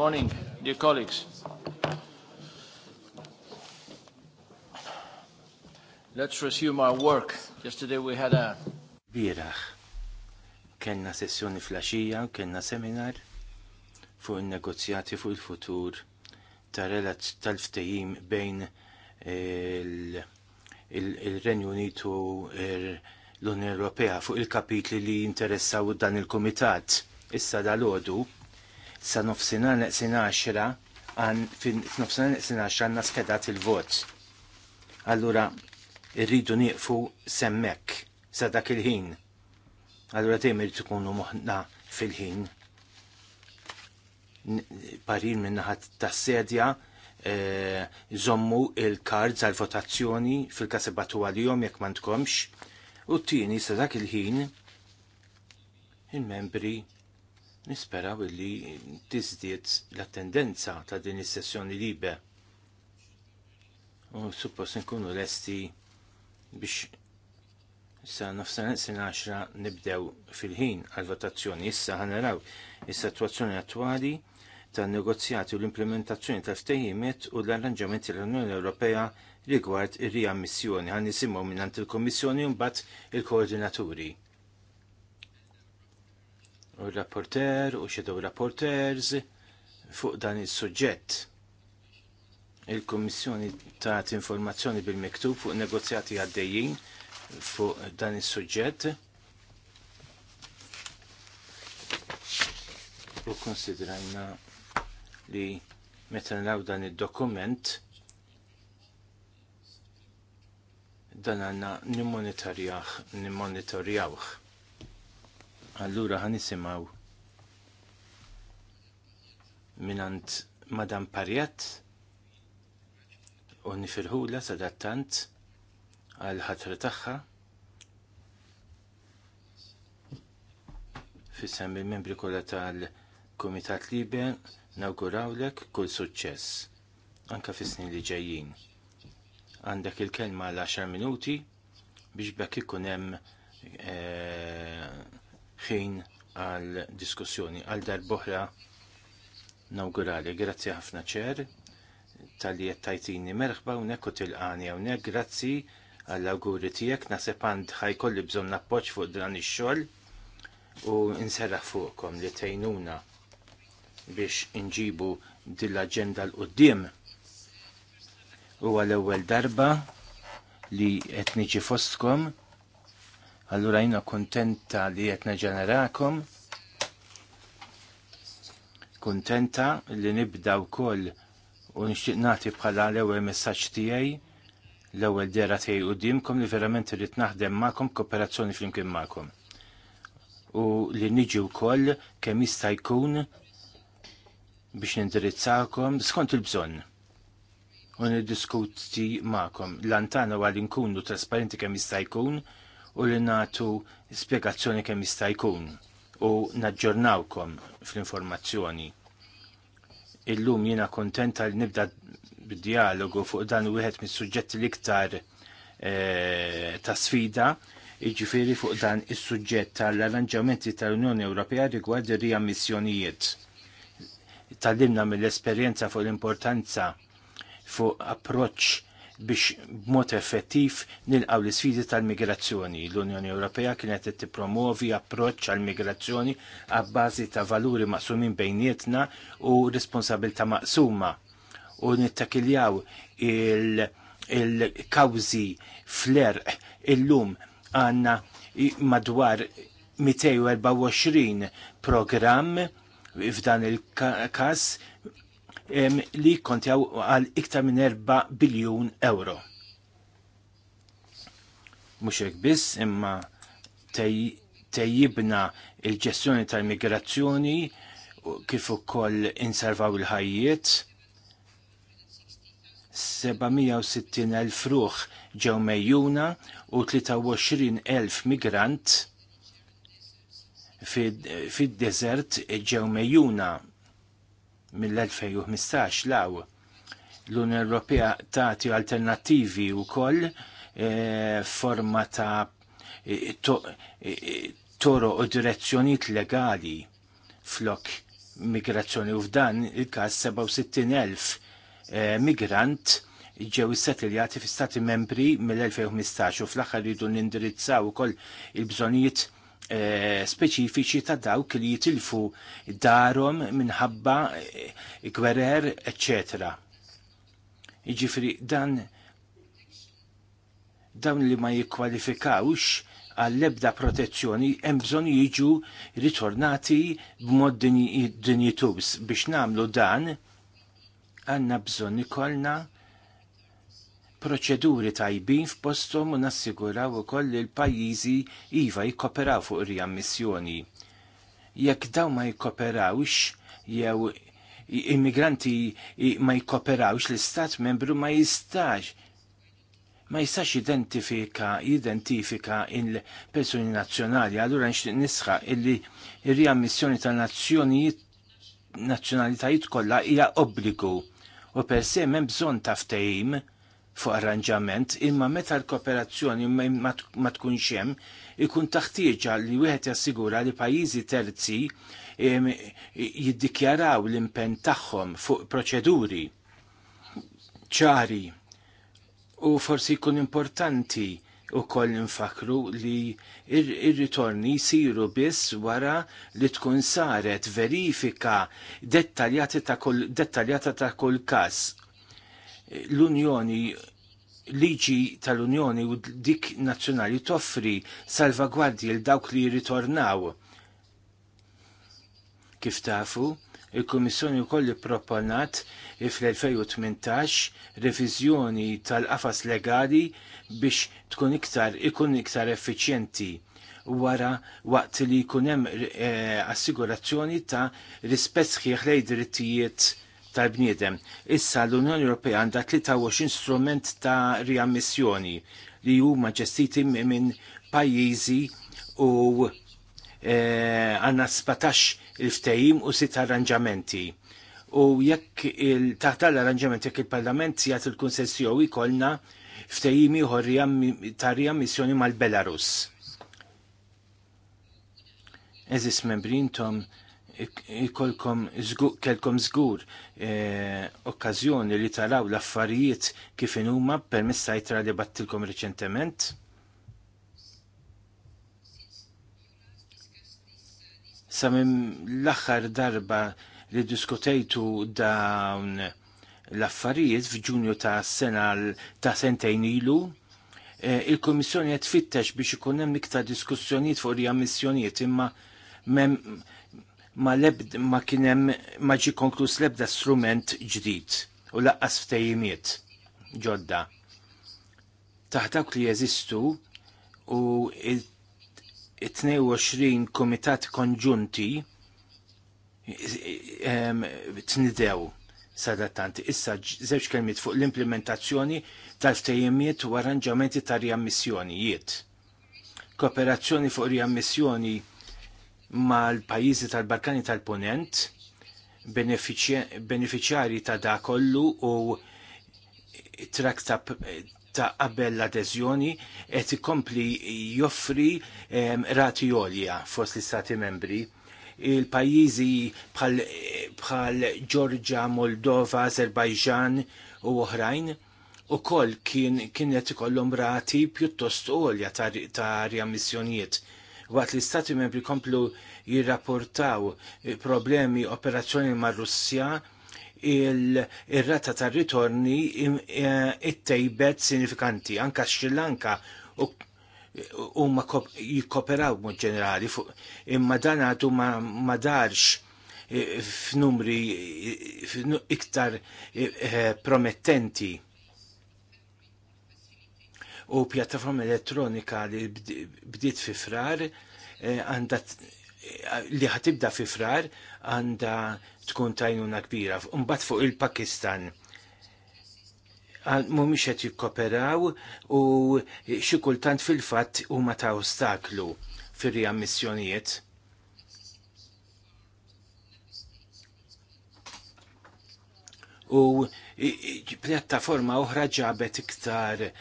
morning, dear colleagues. Let's resume our work. Yesterday we had a... Biraħ, kenna sessjoni flasġija, kenna seminar fuq il-negozjati fuq il-futur ta' relat tal-ftejim bejn il-Renju Unitu l-Unjoni Ewropea fuq il-kapitli li jinteressaw dan il-Komitat. Issa dal-ħodu sa nofsinar neqsin 10 għan f'nofsinar neqsin 10 għanna skedat il-vot. Allura irridu nieqfu semmek sa dak il-ħin. Allura dejjem irrid ikunu moħna fil-ħin. Parir minn naħat tas-sedja żommu e, il-kards għal votazzjoni fil-kasibatu għal-jom jekk mandkomx. U t-tieni sa dak il-ħin il-membri nisperaw li tizdiet la tendenza ta' din is-sessjoni libe. U suppost nkunu lesti biex sa nafsan sen għaxra nibdew fil-ħin għal-votazzjoni. Issa ħanaraw is situazzjoni attwali tan negozjati u l-implementazzjoni tal-ftejjimet u l-arranġamenti l-Unjoni Ewropea rigward ir-riammissjoni. Ħan nisimgħu minn il komissjoni u mbagħad il-Koordinaturi. il koordinaturi u rapporter u xedow rapporters fuq dan il-sujġett. Il-Kommissjoni tat informazzjoni bil-miktub fuq negozjati għaddejjin fuq dan il-sujġett u konsidrajna li meta naraw dan il-dokument dan għanna nimmonitorjawħ, nimmonitorjawħ Allura ħan nisimaw minant Madam Parjat u nifirħula sadattant għal ħatra tagħha fissem il-membri kollha tal-Kumitat Liber nawgurawlek kull suċċess, anka fis-snin li ġejjin. Għandak il-kelma għal 10 minuti biex bekk ikun hemm eh, ħin għal diskussjoni għal darboħra nawgurali. Grazzi ħafna ċer tal-li jettajtini merħba unek u tilqani unek grazzi għall awguri tijek nasib għand ħajkolli bżon appoċ fuq dan ix-xogħol u nserraħ fuqkom li tejnuna biex inġibu din l aġenda l-qoddim. U għal ewwel darba li qed niġi fostkom Allura jina kontenta li qed neġenerakom. Kontenta li nibda wkoll u nixtieq nagħti bħala l-ewwel messaġġ tiegħi l-ewwel dera tiegħi dimkom li verament irid naħdem magħkom kooperazzjoni flimkien magħkom. U li niġi wkoll kemm jista' jkun biex nindirizzakom skont il-bżonn u niddiskuti ma'kom. Lantana għal nkunu trasparenti kemm jista' jkun u li natu spiegazzjoni kemm jista' jkun u naġġornawkom fl-informazzjoni. Illum jiena kontenta li nibda bid-dialogu fuq dan wieħed mis-suġġetti l-iktar e, ta' sfida iġifiri fuq dan is suġġett tal-arranġamenti tal-Unjoni Ewropea rigward ir-riammissjonijiet. Tallimna mill-esperjenza fuq l-importanza fuq approċċ biex b'mod effettiv nilqaw l-isfidi tal-migrazzjoni. L-Unjoni Ewropea kienet qed tippromovi approċċ għall-migrazzjoni għabbażi ta' valuri maqsumin bejnietna u responsabilta' maqsuma u nittakiljaw il-kawzi il fl-erq illum għanna madwar 224 programm f'dan il-kas li kontjaw għal iktar minn 4 biljun euro. Mux hekk biss imma tejjibna il-ġestjoni tal-migrazzjoni kif ukoll inservaw il-ħajjiet. 760.000 ruħ ġew mejjuna u 23.000 migrant fid-desert ġew mejjuna mill-2015 law l-Unjoni Ewropea tagħti alternattivi wkoll e, forma ta' eh, to, eh, toro u direzzjonijiet legali flok migrazzjoni u f'dan il-każ 67,000 migrant ġew istattiljati fi stati membri mill-2015 u fl-aħħar jridu nindirizzaw ukoll il-bżonijiet Eh, speċifiċi ta' dawk li jitilfu darhom minħabba eh, gwerer, etc. Jiġifieri dan dawn li ma jikkwalifikawx għall-ebda protezzjoni hemm bżonn jiġu ritornati b'mod dinjitubs biex nagħmlu dan għandna bżonn ikollna proċeduri tajbin f'postom u nassiguraw ukoll li l-pajjiżi iva jikkoperaw fuq riammissjoni. Jekk daw ma jikkoperawx jew immigranti ma jikkoperawx l-istat membru ma jistax ma jistax identifika identifika il-persuni nazzjonali, allura nixtieq nisħa illi il riammissjoni ta' nazzjonijiet nazzjonalitajiet kollha hija obbligu u per se hemm bżonn ta' ftehim fuq arranġament, imma meta l-kooperazzjoni ma tkunx hemm, ikun taħtieġa li wieħed jassigura li pajjiżi terzi jiddikjaraw l-impenn tagħhom fuq proċeduri ċari u forsi jkun importanti u koll nfakru li ir-ritorni jisiru biss wara li tkun saret verifika dettaljata ta' kull kas. L-Unjoni liġi tal-Unjoni u dik nazzjonali toffri salvagwardji l dawk li ritornaw. Kif tafu, il-Komissjoni wkoll proponat fl-2018 reviżjoni tal-qafas legali biex tkun iktar ikun iktar effiċjenti wara waqt li jkun hemm eh, assigurazzjoni ta' rispett sħiħ lejn drittijiet tal-bniedem. Issa l-Unjoni Ewropea għandha 23 strument ta' riammissjoni li huma ġestiti minn pajjiżi u eh, għanna 17 il-ftehim u sitt arranġamenti. U jekk taħt l-arranġament jekk il-Parlament jagħti il-konsessjoni jkollna ftehim ieħor ta' riammissjoni mal-Belarus. Eżis membri intom kelkom żgur e, okkażjoni li taraw l-affarijiet kif huma permess ta' jitra li battilkom riċentement? Sa minn l-aħħar darba li diskutejtu dawn l-affarijiet f'Ġunju ta' sena ta' sentejn ilu, e, il-Komissjoni qed tfittex biex ikun hemm iktar diskussjonijiet fuq riammissjonijiet imma ma, lebd, ma kienem ma ġi konklus lebda strument ġdid u laqqas ftejimiet ġodda. Taħtak li jeżistu u 22 komitat konġunti tnidew sadattant. Issa żewġ kelmiet fuq l-implementazzjoni tal-ftejimiet u arranġamenti ta' riammissjonijiet. Kooperazzjoni fuq riammissjoni mal-pajizi tal-Balkani tal-Ponent, beneficjari ta' da' kollu u trak ta' qabel l-adeżjoni qed ikompli joffri ehm, rati olja fost l-Istati membri il-pajizi bħal Ġorġa, Moldova, Azerbajġan u oħrajn u koll kien kienet ikollhom rati pjuttost għolja ta' riammissjonijiet waqt li stati membri komplu jirrapportaw eh, problemi operazzjoni ma' Russja il-rata ta' ritorni eh, it-tejbet sinifikanti, anka Sri Lanka u ma jikkoperaw mod ġenerali, imma dan għadu ma darx eh, f'numri iktar promettenti u pjattaforma elettronika li bdiet fi frar eh, għanda eh, li ħatibda fi frar għanda tkun tajnuna kbira. mbagħad fuq il-Pakistan mumiex qed jikkoperaw u xi kultant fil-fatt huma ta' ostaklu fir-riammissjonijiet. U pjattaforma oħra ġabet iktar e,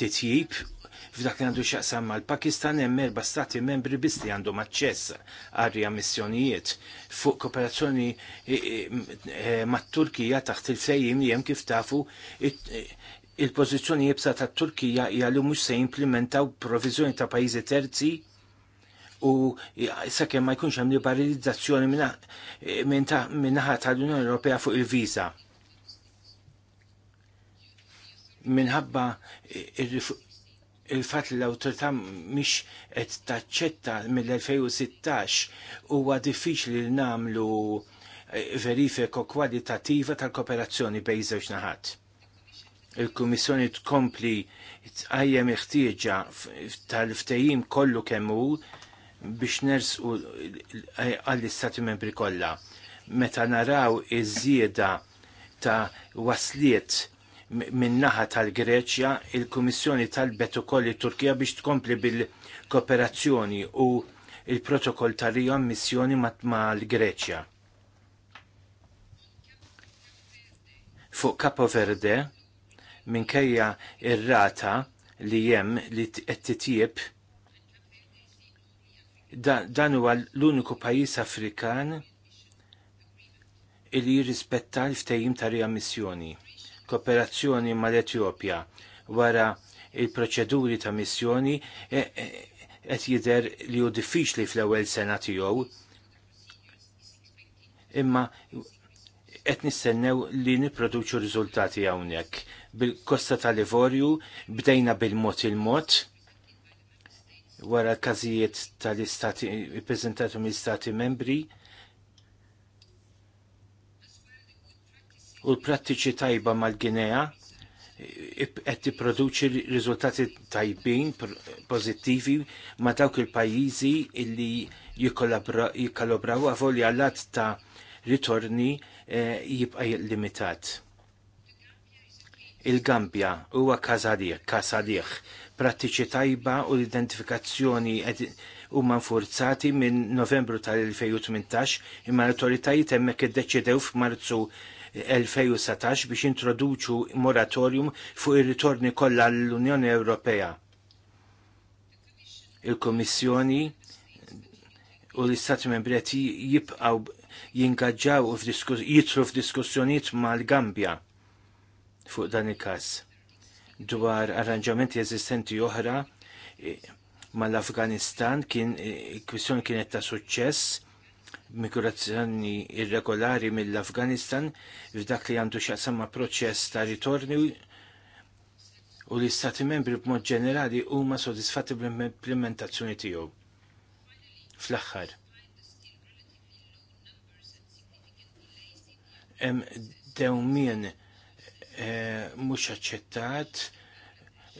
titjib f'dak li għandu xaqsam mal-Pakistan hemm erba' stati membri biss li għandhom aċċess għarja missjonijiet fuq kooperazzjoni e, e, mat-Turkija taħt il-fejjim li hemm kif tafu il-pożizzjoni jibsa tat-Turkija hija li mhux se jimplementaw proviżjoni ta' pajjiżi terzi u sakemm ma jkunx hemm liberalizzazzjoni minnaħa tal-Unjoni Ewropea fuq il-viża minħabba il-fat li l-autorità mhix qed taċċetta mill-2016 huwa diffiċli li nagħmlu eh, verifika kwalitattiva tal-kooperazzjoni bejn żewġ naħat. Il-Kummissjoni tkompli tqajjem iħtieġa tal-ftehim kollu kemm hu biex nersqu għall-Istati Membri kollha. Meta naraw iż-żieda ta' wasliet minnaħa tal-Greċja, il-Kummissjoni talbet ukoll it-Turkija biex tkompli bil-kooperazzjoni u il-protokoll ta' Rio missjoni mal greċja Fuq Capo Verde, minkejja ir-rata li jem li qed titjieb dan huwa l-uniku pajjiż Afrikan li jirrispetta l-ftehim ta' rija missjoni kooperazzjoni mal-Etjopja wara il-proċeduri ta' missjoni qed e, jidher li hu diffiċli fl-ewwel sena tiegħu. Imma qed nistennew li nipproduċu riżultati hawnhekk. Bil-Kosta ta' Livorju bdejna bil-mod il-mod wara l-każijiet tal-istati ippreżentatu mill-istati membri u l-prattiċi tajba mal-Ginea qed tipproduċi riżultati tajbin, pożittivi ma' dawk il-pajjiżi illi jikkalabraw avolja l-att ta' ritorni eh, jibqa' limitat. Il-Gambja huwa kasadieħ, kasadieħ, prattiċi tajba u l-identifikazzjoni huma manfurzati minn Novembru tal-2018 imma l-autoritajiet hemmhekk iddeċidew f'Marzu 2017 biex introduċu moratorium fuq ir-ritorni kollha l-Unjoni Ewropea. il kummissjoni u l-Istati Membri qed jibqgħu jingaġġaw jitru f'diskussjonijiet mal-Gambja fuq dan il-każ dwar arranġamenti eżistenti oħra eh, mal-Afganistan kien eh, kwistjoni kienet ta' suċċess migrazzjoni irregolari mill-Afganistan f'dak li għandu xaqsamma proċess ta' ritorni u li stati membri b'mod ġenerali huma sodisfatti bl-implementazzjoni tiegħu. Fl-aħħar. Hemm dewmien eh, mhux aċċettat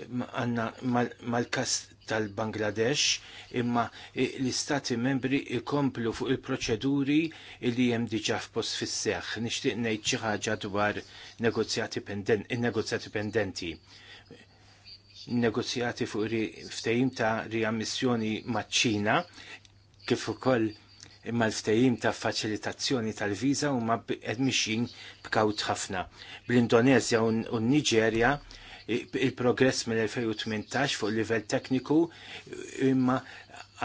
għandna mal-kas tal-Bangladesh imma l-istati membri ikomplu fuq il-proċeduri li hemm diġà f'post fis-seħħ. Nixtieq ngħid xi ħaġa dwar negozjati negozjati pendenti. Negozjati fuq ftehim ta' riammissjoni maċ-Ċina kif ukoll imma l-ftehim ta' faċilitazzjoni tal-viża huma qed mixin b'kawt ħafna. Bl-Indonezja u n-Niġerja il-progress mill-2018 fuq livell tekniku imma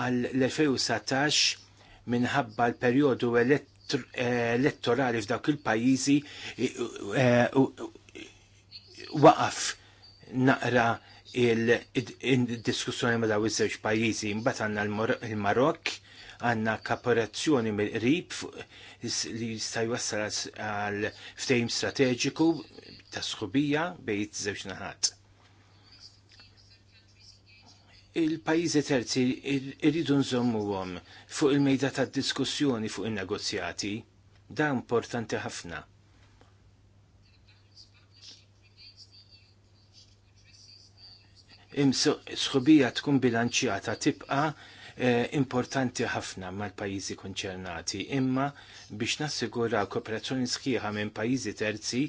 għal-2017 minħabba l-perjodu elettorali f'dawk il-pajjiżi eh, eh, waqaf naqra il-diskussjoni ma' daw iż-żewġ pajjiżi. Mbagħad għandna l-Marokk għandna kooperazzjoni mill-qrib li jista' jwassal għal ftehim strateġiku ta' sħubija bejt zewċ naħat. Il-pajjiżi terzi irridu nżommuhom fuq il-mejda tad diskussjoni fuq in-negozjati, da importanti ħafna. Im sħubija tkun bilanċjata tibqa' Eh, importanti ħafna mal-pajjiżi konċernati, imma biex nassigura kooperazzjoni sħiħa minn pajjiżi terzi,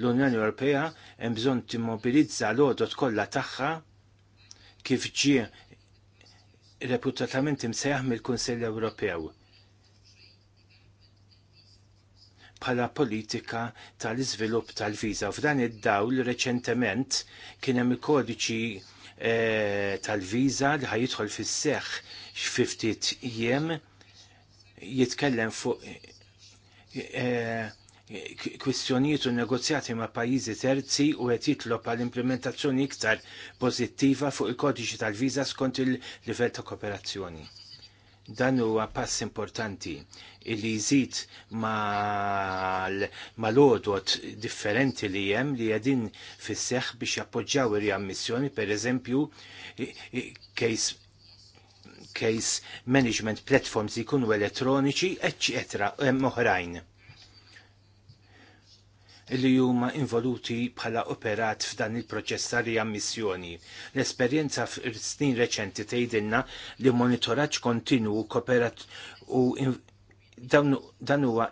l-Unjoni Ewropea hemm bżonn timmobilizza l-għodot kollha tagħha kif ġie reputatament imsejjaħ mill-Kunsell Ewropew bħala politika tal-iżvilupp tal-viża. F'dan id-dawl reċentement kien hemm il-kodiċi eh, tal-viża li ħajidħol fis-seħħ fiftit jiem jitkellem fuq eh, eh, kwistjonijiet u negozjati ma' pajjiżi terzi u qed jitlob għal implementazzjoni iktar pożittiva fuq il-kodiċi tal-viża skont il-livell ta' kooperazzjoni. Dan huwa pass importanti li jżid l odot differenti li hemm li jadin fis-seħħ biex jappoġġaw ir-riammissjoni, pereżempju case case management platforms jikunu elettroniċi, etc. hemm oħrajn li huma involuti bħala operat f'dan il-proċess ta' riammissjoni. L-esperjenza f'snin reċenti tgħidilna li monitoraġġ kontinu u kooperat u dan huwa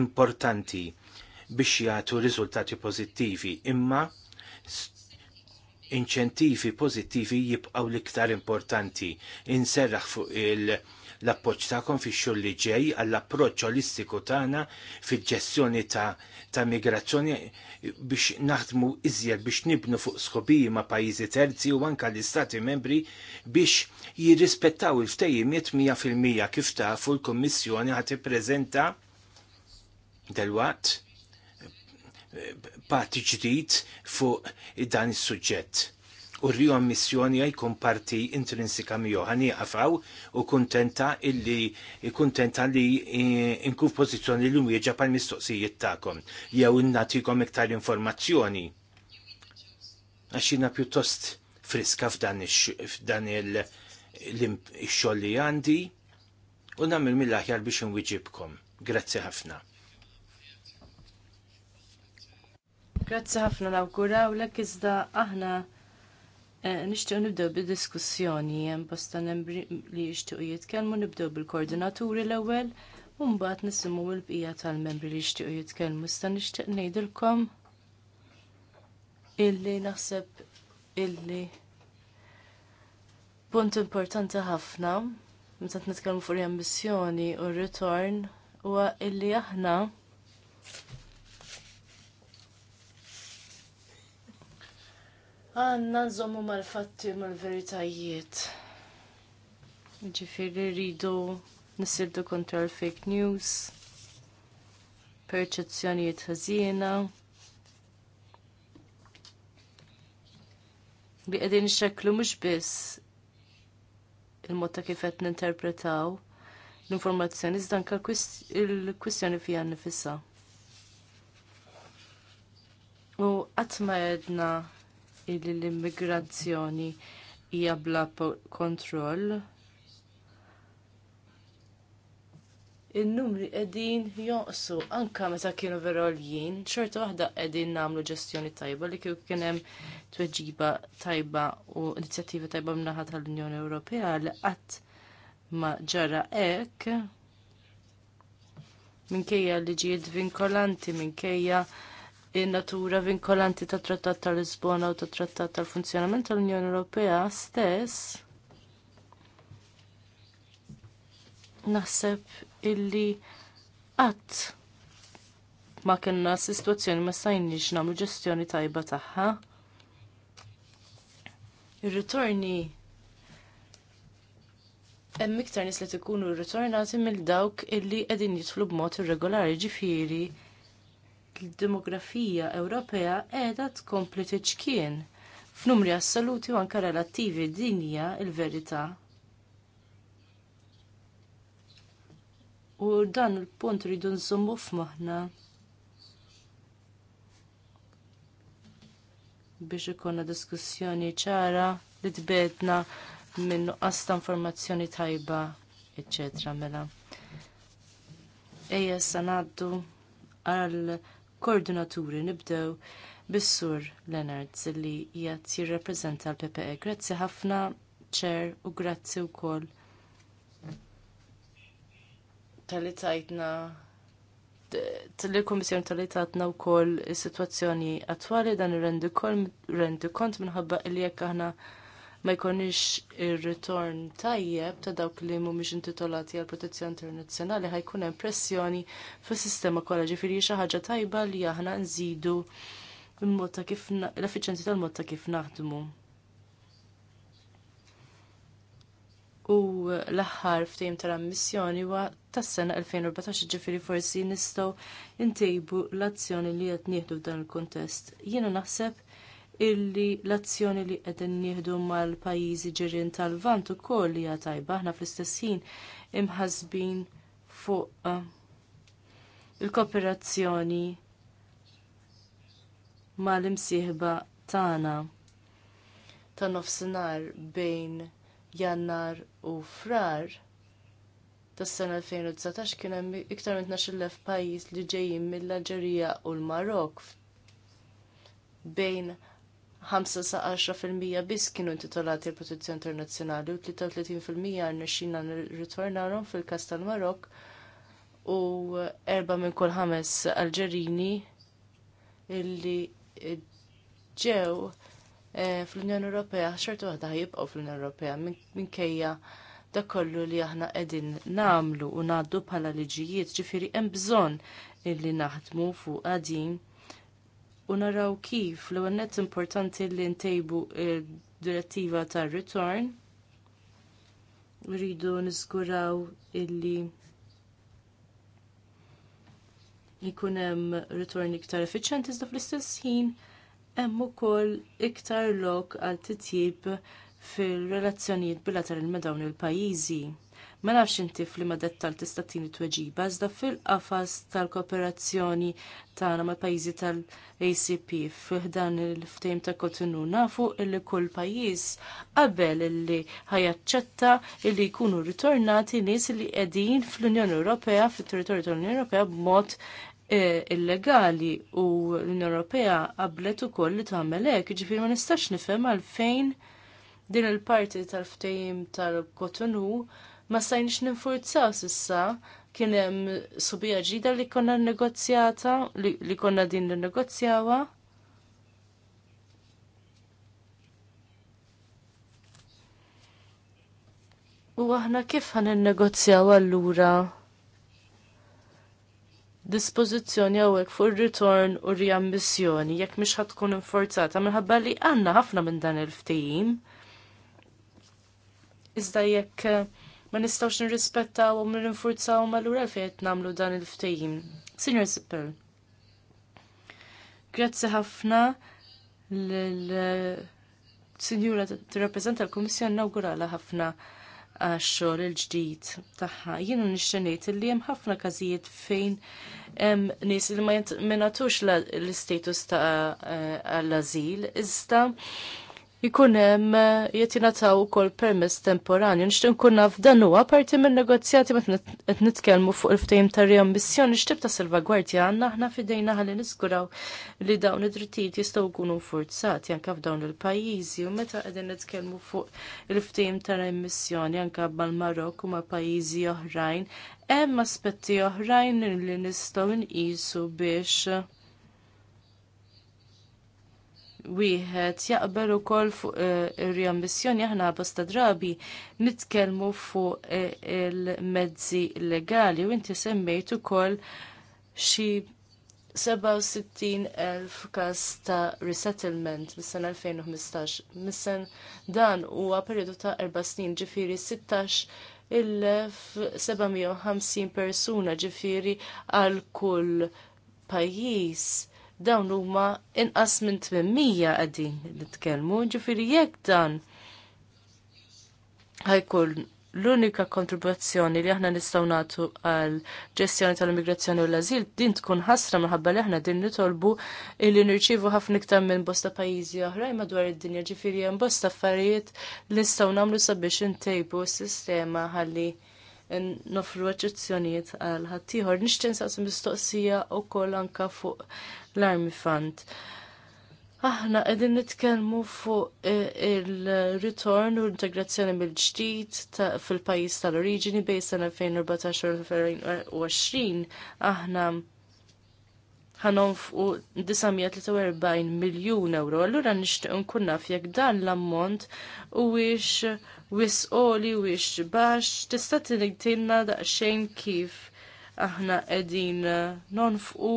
importanti biex jagħtu riżultati pożittivi, imma inċentivi pozittivi jibqaw l-iktar importanti. Inserraħ fuq l-appoċ ta'kom fi xogħol li ġej għall-approċċ olistiku tagħna fi ġestjoni ta', ta migrazzjoni biex naħdmu iżjed biex nibnu fuq skobiji ma' pajjiżi terzi u anka l-istati membri biex jirrispettaw il-ftejjimiet 100% kif tafu l-Kummissjoni prezenta del-waqt parti ġdid fuq dan is-suġġett. U rriju ammissjoni għajkun parti intrinsika miegħu Għani għafaw u kuntenta illi kuntenta li inkuf pozizjoni li mwieġa pal mistoqsijiet tagħkom jew nagħtikom iktar informazzjoni. Għaxina pjuttost friska f'dan il-xogħol li għandi u nagħmel mill-aħjar biex inwiġibkom. Grazzi ħafna. Grazzi ħafna nawgura u l-ek iżda aħna eh, nishtiq nibdew bil diskussjoni hemm bosta membri li jixtiequ jitkellmu nibdew bil-koordinaturi l-ewwel u mbagħad nisimu l-bqija tal-membri li jixtiequ jitkellmu. Sta nixtieq ngħidilkom illi naħseb illi punt importanti ħafna meta nitkellmu fuq l-ambizjoni u r-ritorn huwa illi aħna għanna nżommu mal-fatti mal-veritajiet. Ġifiri rridu nisildu kontra l-fake news, perċezzjonijiet ħażina. Bi qegħdin xeklu mhux biss il-mod ta' kif qed ninterpretaw l-informazzjoni zdanka il-kwistjoni fija nifissa. U qatt ma jedna illi l-immigrazzjoni hija bla kontroll. In-numri qegħdin joqsu anke meta kienu veroljin, xorta waħda qegħdin nagħmlu ġestjoni tajba li kieku kien hemm tweġiba tajba u inizjattiva tajba mnaħa tal-Unjoni Ewropea li qatt ma ġara hekk minkejja ġiet vinkolanti minkejja in-natura vinkolanti tat Trattat tal-Lisbona u tat Trattat tal-Funzjonament tal-Unjoni Ewropea stess naħseb illi qatt ma kena s-sitwazzjoni ma stajniex nagħmlu ġestjoni tajba tagħha. Ir-ritorni hemm iktar nies li tikunu rritornati mill dawk illi qegħdin jidħlu b'mod irregolari ġifieri l-demografija Ewropea qiegħda tkompli tiċkien f'numri assoluti u anke relattivi din hija l-verità. U dan il-punt rridu nżommu f'moħħna biex ikonna diskussjoni ċara li tbedna minn nuqqas ta' informazzjoni tajba, eccetera, mela. Ejja sa ngħaddu għal koordinaturi nibdew bis-sur Leonard li jgħat jirrappreżenta l-PPE. Grazzi ħafna ċer u grazzi wkoll tal-li tal-komissjon tal u tajtna wkoll is-sitwazzjoni attwali dan rendu kont minħabba li jekk aħna ma jkunix ir-ritorn tajjeb ta' dawk li mhumiex intitolati għal protezzjoni internazzjonali ħajkun hemm pressjoni fis-sistema kollha ġifieri xi ħaġa tajba li aħna nżidu l-mod ta' kif l-effiċjenzi tal-mod ta' kif naħdmu. U l-aħħar ftehim tal-ammissjoni huwa tas-sena 2014 ġifieri forsi nistgħu ntejbu l-azzjoni li qed nieħdu f'dan il-kuntest. Jiena naħseb illi l-azzjoni li qegħdin nieħdu mal-pajjiżi ġirien tal-Vant ukoll hija tajba aħna fl-istess ħin imħasbin fuq eh, il-kooperazzjoni mal-imsieħba tagħna ta' nofsinhar bejn Jannar u Frar tas-sena 2019 kien hemm iktar minn 12,000 pajjiż li ġejjin mill-Alġerija u l-Marok bejn 5 10% biss kienu intitolati l-protezzjoni internazzjonali u 33% għarnexxina nirritornarhom fil-każ tal-Marok u erba minn kull ħames Alġerini illi ġew eh, fl-Unjoni Ewropea xorta waħda ħajibqgħu fl-Unjoni Ewropea minkejja dak kollu li aħna qegħdin nagħmlu u ngħaddu bħala liġijiet ġifieri hemm bżonn illi naħdmu fuq qadin u naraw kif l għannet importanti li ntejbu il-direttiva tar return rridu niżguraw illi jkun hemm return iktar efficient iżda fl-istess ħin hemm ukoll iktar lok għal titjib fil-relazzjonijiet bilaterali ma' dawn il-pajjiżi. Ma nafx inti f'liema dettal tista' tieni tweġiba iżda fil-qafas tal-kooperazzjoni tagħna mal pajjiżi tal-ACP f'dan il-ftehim ta' Kotinu nafu illi kull pajjiż qabel illi ħajaċċetta illi jkunu ritornati nies li qegħdin fl-Unjoni Ewropea fit-territorju tal-Unjoni Ewropea b'mod eh, illegali u l-Unjoni Ewropea qablet ukoll li tagħmel hekk, jiġifieri ma nistax nifhem għalfejn din il-parti tal-ftehim tal-Kotinu ma stajnix ninfurzaw sissa kien hemm subija ġida li konna negozjata li, li konna din ninnegozjawha, negozjawa. U aħna kif ħan negozjaw allura dispożizzjoni għawek fuq ir-ritorn u riammissjoni jekk mhix ħad tkun infurzata minħabba li għandna ħafna minn dan il-ftehim. Iżda jekk ma nistawx nirrispetta u nirrinfurzaw ma l-ura fejt namlu dan il-ftejim. Senior Sippel, grazzi ħafna l eh, senjura t-rappresenta l-Komissjon inaugurala ħafna eh, għax il-ġdid tagħha. Jiena nixtenejt li hemm ħafna każijiet fejn hemm nies li ma jingħatux l-istatus ta' eh, l-azil. iżda jikunem hemm eh, taw kol ukoll permess temporani, Nixtieq nkun naf huwa parti minn negozjati meta qed nitkellmu fuq il-ftehim ta' riammissjoni Nishtu ta' salvagwardja għandna aħna f'idejna ħalli niskuraw li dawn id-drittijiet jistgħu jkunu forzati anke f'dawn il-pajjiżi u meta qegħdin nitkellmu fuq il-ftehim ta' riammissjoni anke bal marok u ma' pajjiżi oħrajn hemm aspetti oħrajn li nistgħu nqisu biex wieħed jaqbel ukoll fuq eh, ir-riammissjoni aħna bosta drabi nitkellmu fuq eh, il-mezzi legali u inti semmejt ukoll xi 67,000 każ ta' resettlement mis-sen 2015. Mis-sen dan huwa perjodu ta' erba' snin ġifieri 16,750 persuna ġifieri għal kull pajjiż dawn huma inqas minn 800 qegħdin nitkellmu, ġifieri jekk dan ħajkun l-unika kontribuzzjoni li aħna nistgħu nagħtu għal ġestjoni tal-immigrazzjoni u l ażil din tkun ħasra minħabba li aħna din nitolbu illi nirċievu ħafna iktar minn bosta pajjiżi oħrajn madwar id-dinja ġifieri hemm bosta affarijiet li nistgħu nagħmlu sabiex intejbu s-sistema ħalli nofru eċezzjonijiet għal ħaddieħor. Nixtieq nsaqsi mistoqsija wkoll anke fuq l-Army Fund. Aħna qegħdin nitkellmu fuq il-ritorn u l-integrazzjoni mill-ġdid fil-pajjiż tal origini bejn sena 2014 2020 aħna ħanon fuq 943 miljun euro. Allura nixtieq nkun naf jekk dan l-ammont huwiex wisqoli wiex baxx tista' tilna daqsxejn kif aħna qegħdin eh, nonfqu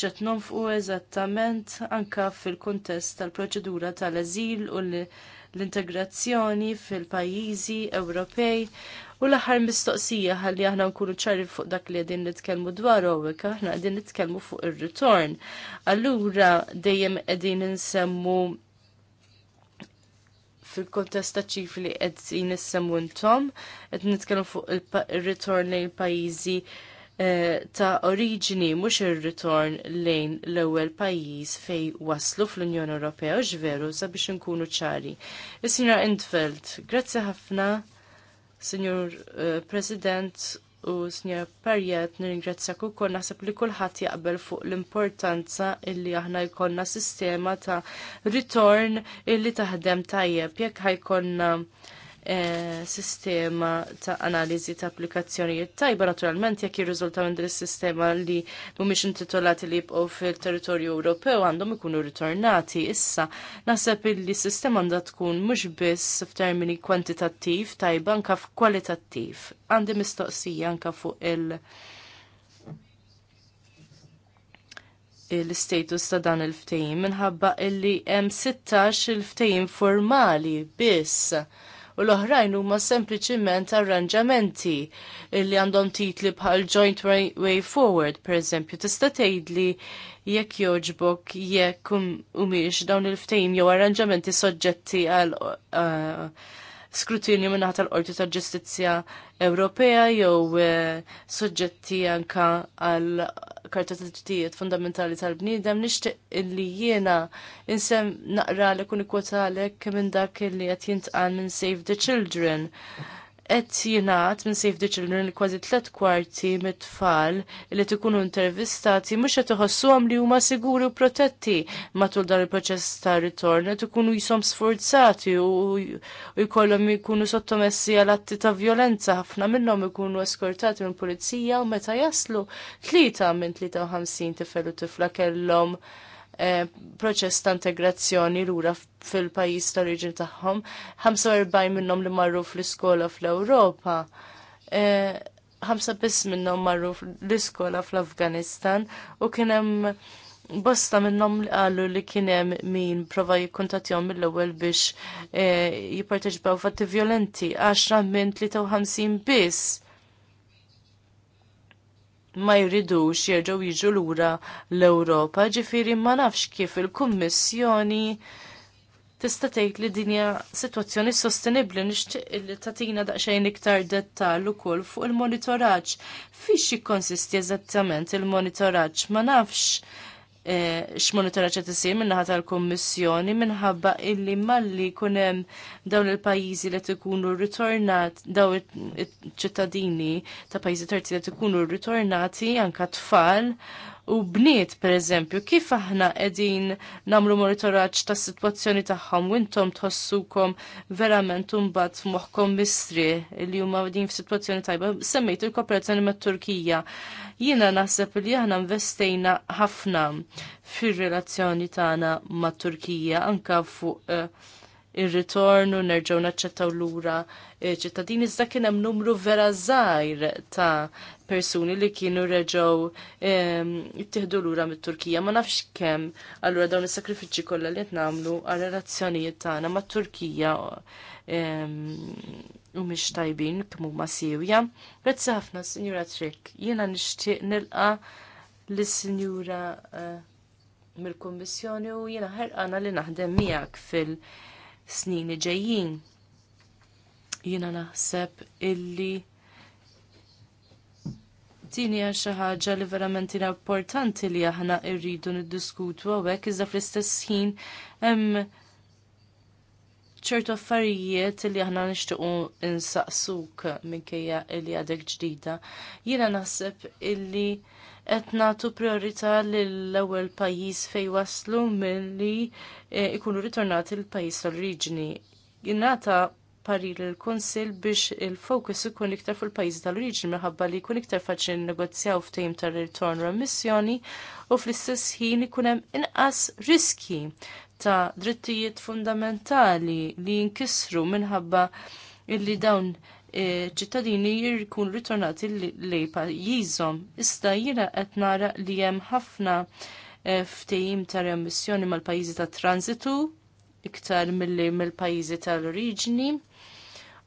xet nonfqu eżattament anka fil-kuntest tal-proċedura tal azil u l-integrazzjoni fil-pajjiżi Ewropej U l-aħħar mistoqsija ħalli aħna nkunu ċari fuq dak li qegħdin nitkellmu dwar għek aħna qegħdin nitkellmu fuq ir-ritorn. Allura dejjem qegħdin insemmu fil kontesta ċif li qed nissemmu intom, qed nitkellmu fuq il-ritorn lejn pajjiżi eh, ta' oriġini mhux il-return lejn l-ewwel pajjiż fej waslu fl-Unjoni Ewropea u ġveru sabiex inkunu ċari. Is-Sinjor Intfeld, grazzi ħafna Signor eh, President u Signor Perjet, nirringrazzjak ukoll naħseb li kulħadd jaqbel fuq l-importanza illi aħna jkollna sistema ta' return illi taħdem tajjeb jekk ħajkonna E, sistema ta' analiżi ta' applikazzjonijiet tajba naturalment jekk jirriżulta minn din is-sistema li mhumiex intitolati li jibqgħu fil-territorju Ewropew għandhom ikunu ritornati. Issa naħseb li s-sistema għandha tkun mhux biss f'termini kwantitattiv tajba anke f'kwalitattiv. Għandi mistoqsija anke fuq il- l-status ta' dan il-ftejim minħabba illi hemm 16 il-ftejim formali biss u l-oħrajn huma sempliċiment arranġamenti li għandhom titli bħal Joint Way Forward, per eżempju, tista' tgħidli jekk joġbok jekk um, humiex dawn il-ftehim jew arranġamenti soġġetti għal uh, skrutinju minna tal-Qorti tal Ġustizzja Ewropea jew uh, soġġetti anka għal karta ta' ġdijiet fundamentali tal-bniedem nixtieq illi jiena insem naqra li kun ikwotalek minn dak illi għat jintqan minn Save the Children qed jingħad minn Save the Children li kważi tliet kwarti mit-tfal li tikunu intervistati mhux qed iħossuhom li huma siguri u protetti matul dan il-proċess ta' ritorn qed ikunu jisom sforzati u jkollhom ikunu sottomessi għal atti ta' violenza ħafna minnhom ikunu eskortati minn pulizija u meta jaslu tlieta minn 53 tifel u tifla kellhom Eh, proċess ta' integrazzjoni lura fil-pajjiż ta' oriġin tagħhom, 45 minnhom li marru fl-iskola fl-Ewropa. Eh, ħamsa biss minnhom marru fl iskola fl-Afganistan u kien hemm bosta minnom li għallu li kienem min prova jikkontatjom mill-ewel biex eh, jipparteġbaw fatti violenti, 10 minn 53 biss ma jridux jerġgħu jiġu lura l-Ewropa, ġifieri ma nafx kif il-Kummissjoni tista' tgħid li dinja sitwazzjoni sostenibbli nixtieq li tagħtina daqsxejn iktar dettall ukoll fuq il-monitoraġġ. Fiex jikkonsisti eżattament il-monitoraġġ ma nafx Eh, x-monitora qed isir minnaħa tal-Kummissjoni minħabba illi malli jkun hemm dawn il-pajjiżi li ikunu ritornat daw iċ-ċittadini ta' pajjiżi terzi li ikunu ritornati anke tfal u bniet pereżempju, kif aħna qegħdin nagħmlu monitoraġġ tas-sitwazzjoni tagħhom u intom tħossukom verament unbat moħkom mistri li huma f f'sitwazzjoni tajba. Semmejt il-kooperazzjoni mat-Turkija. Jiena naħseb li aħna investejna ħafna fir-relazzjoni tagħna mat-Turkija anke fuq uh, ir-ritorn u nerġgħu naċċettaw lura eh, ċittadini iżda kien hemm numru vera żgħir ta' persuni li kienu reġgħu ehm, jittieħdu lura mit-Turkija ma nafx kemm allura dawn is-sakrifiċċji kollha li qed nagħmlu għal relazzjonijiet tagħna mat-Turkija u ehm, mhix tajbin kemm huma Sirja. Grazzi ħafna, Sinjura Trick. Jiena nixtieq nilqa lis-Sinjura eh, mill-Kummissjoni u jiena ħerqana li naħdem miegħek fil- snin li ġejjin. Jiena naħseb illi din hija xi ħaġa li verament hija importanti li aħna rridu niddiskutu hawnhekk iżda fl-istess ħin hemm ċertu affarijiet li aħna nixtiequ insaqsuk minkejja li għadek ġdida. Jiena naħseb illi qed nagħtu priorità lill-ewwel pajjiż fejn waslu milli eh, ikunu ritornati l-pajjiż tal-oriġini. Jingħata parir il-Konsil biex il-fokus ikun iktar fil pajjiżi tal-oriġini minħabba li jkun iktar faċli negozjaw ftehim tar-ritorn remissjoni u fl-istess ħin ikun hemm inqas riski ta' drittijiet fundamentali li jinkisru minħabba illi dawn ċittadini jirkun ritornati lejn pajjiżhom. jizom. jiena qed nara li hemm ħafna eh, ftejim ta' remissjoni mal-pajjiżi ta' transitu iktar milli mill-pajjiżi tal-oriġini.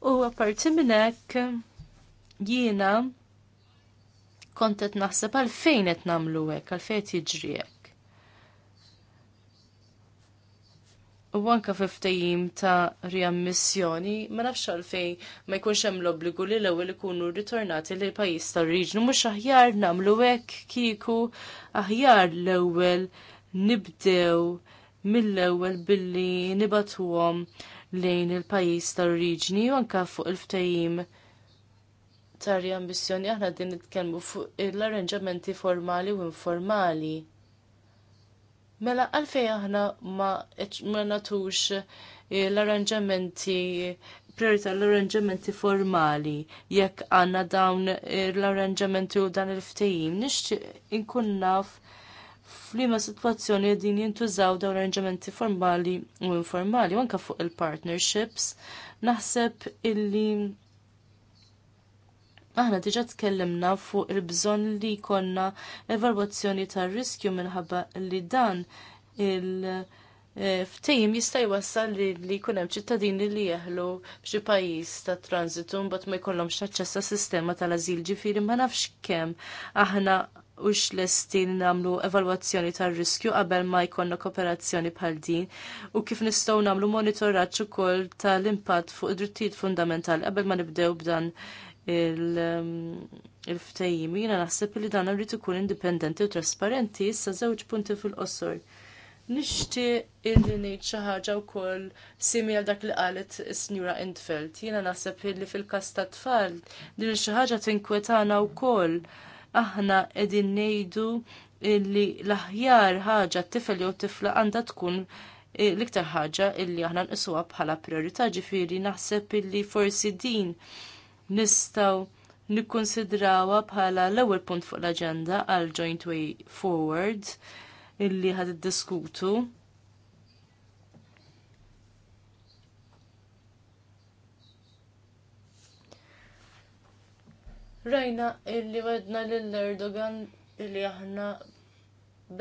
U apparti minn hekk jiena kont qed naħseb għalfejn qed nagħmlu hekk, għalfejn qed jiġri u anka fiftajim ta' riammissjoni, ma nafx għalfej ma jkunx hemm l-obbligu li l-ewwel ikunu ritornati lil pajjiż ta' riġnu mhux aħjar nagħmlu hekk kieku aħjar l-ewwel nibdew mill-ewwel billi nibatuhom lejn il-pajjiż ta' riġni u anka fuq il-ftajim ta' riammissjoni aħna din nitkellmu fuq l-arranġamenti formali u informali. Mela għalfej aħna ma, natux eh, l-arranġamenti priorità l-arranġamenti formali jekk għanna dawn eh, l-arranġamenti u dan il-ftejim nixtieq inkun naf f'liema sitwazzjoni din jintużaw dawn arranġamenti formali u informali u anke fuq il-partnerships naħseb illi Aħna diġa tkellimna fuq il-bżonn li konna evalwazzjoni tar riskju minħabba li dan il- eh, Ftejim jista' jwassal li, li jkun hemm ċittadini li jeħlu f'xi pajjiż ta' transitu mbagħad ma jkollhomx aċċess sistema tal-ażil ġifieri ma nafx kemm aħna u x-lesti namlu evalwazzjoni tar riskju qabel ma jkollna kooperazzjoni bħal din u kif nistgħu namlu monitoraġġ ukoll tal-impatt fuq id-drittijiet fundamentali qabel ma nibdew b'dan Um, il-ftejjim. Jiena naħseb li dan rrid ikun indipendenti u trasparenti issa żewġ punti fil-qosor. Nixti illi ngħid xi ħaġa wkoll simi għal dak li qalet is-Sinjura Intfeld. Jiena naħseb illi fil-każ ta' tfal din xi ħaġa tinkwetana wkoll. Aħna qegħdin ngħidu illi l-aħjar ħaġa t-tifel jew tifla għandha tkun l-iktar ħaġa illi aħna nqisuha bħala priorità ġifieri naħseb illi forsi din nistgħu nikkonsidrawha bħala l-ewwel punt fuq l-aġenda għal Joint Way Forward illi ħad iddiskutu. Rajna illi wedna lill-Erdogan illi aħna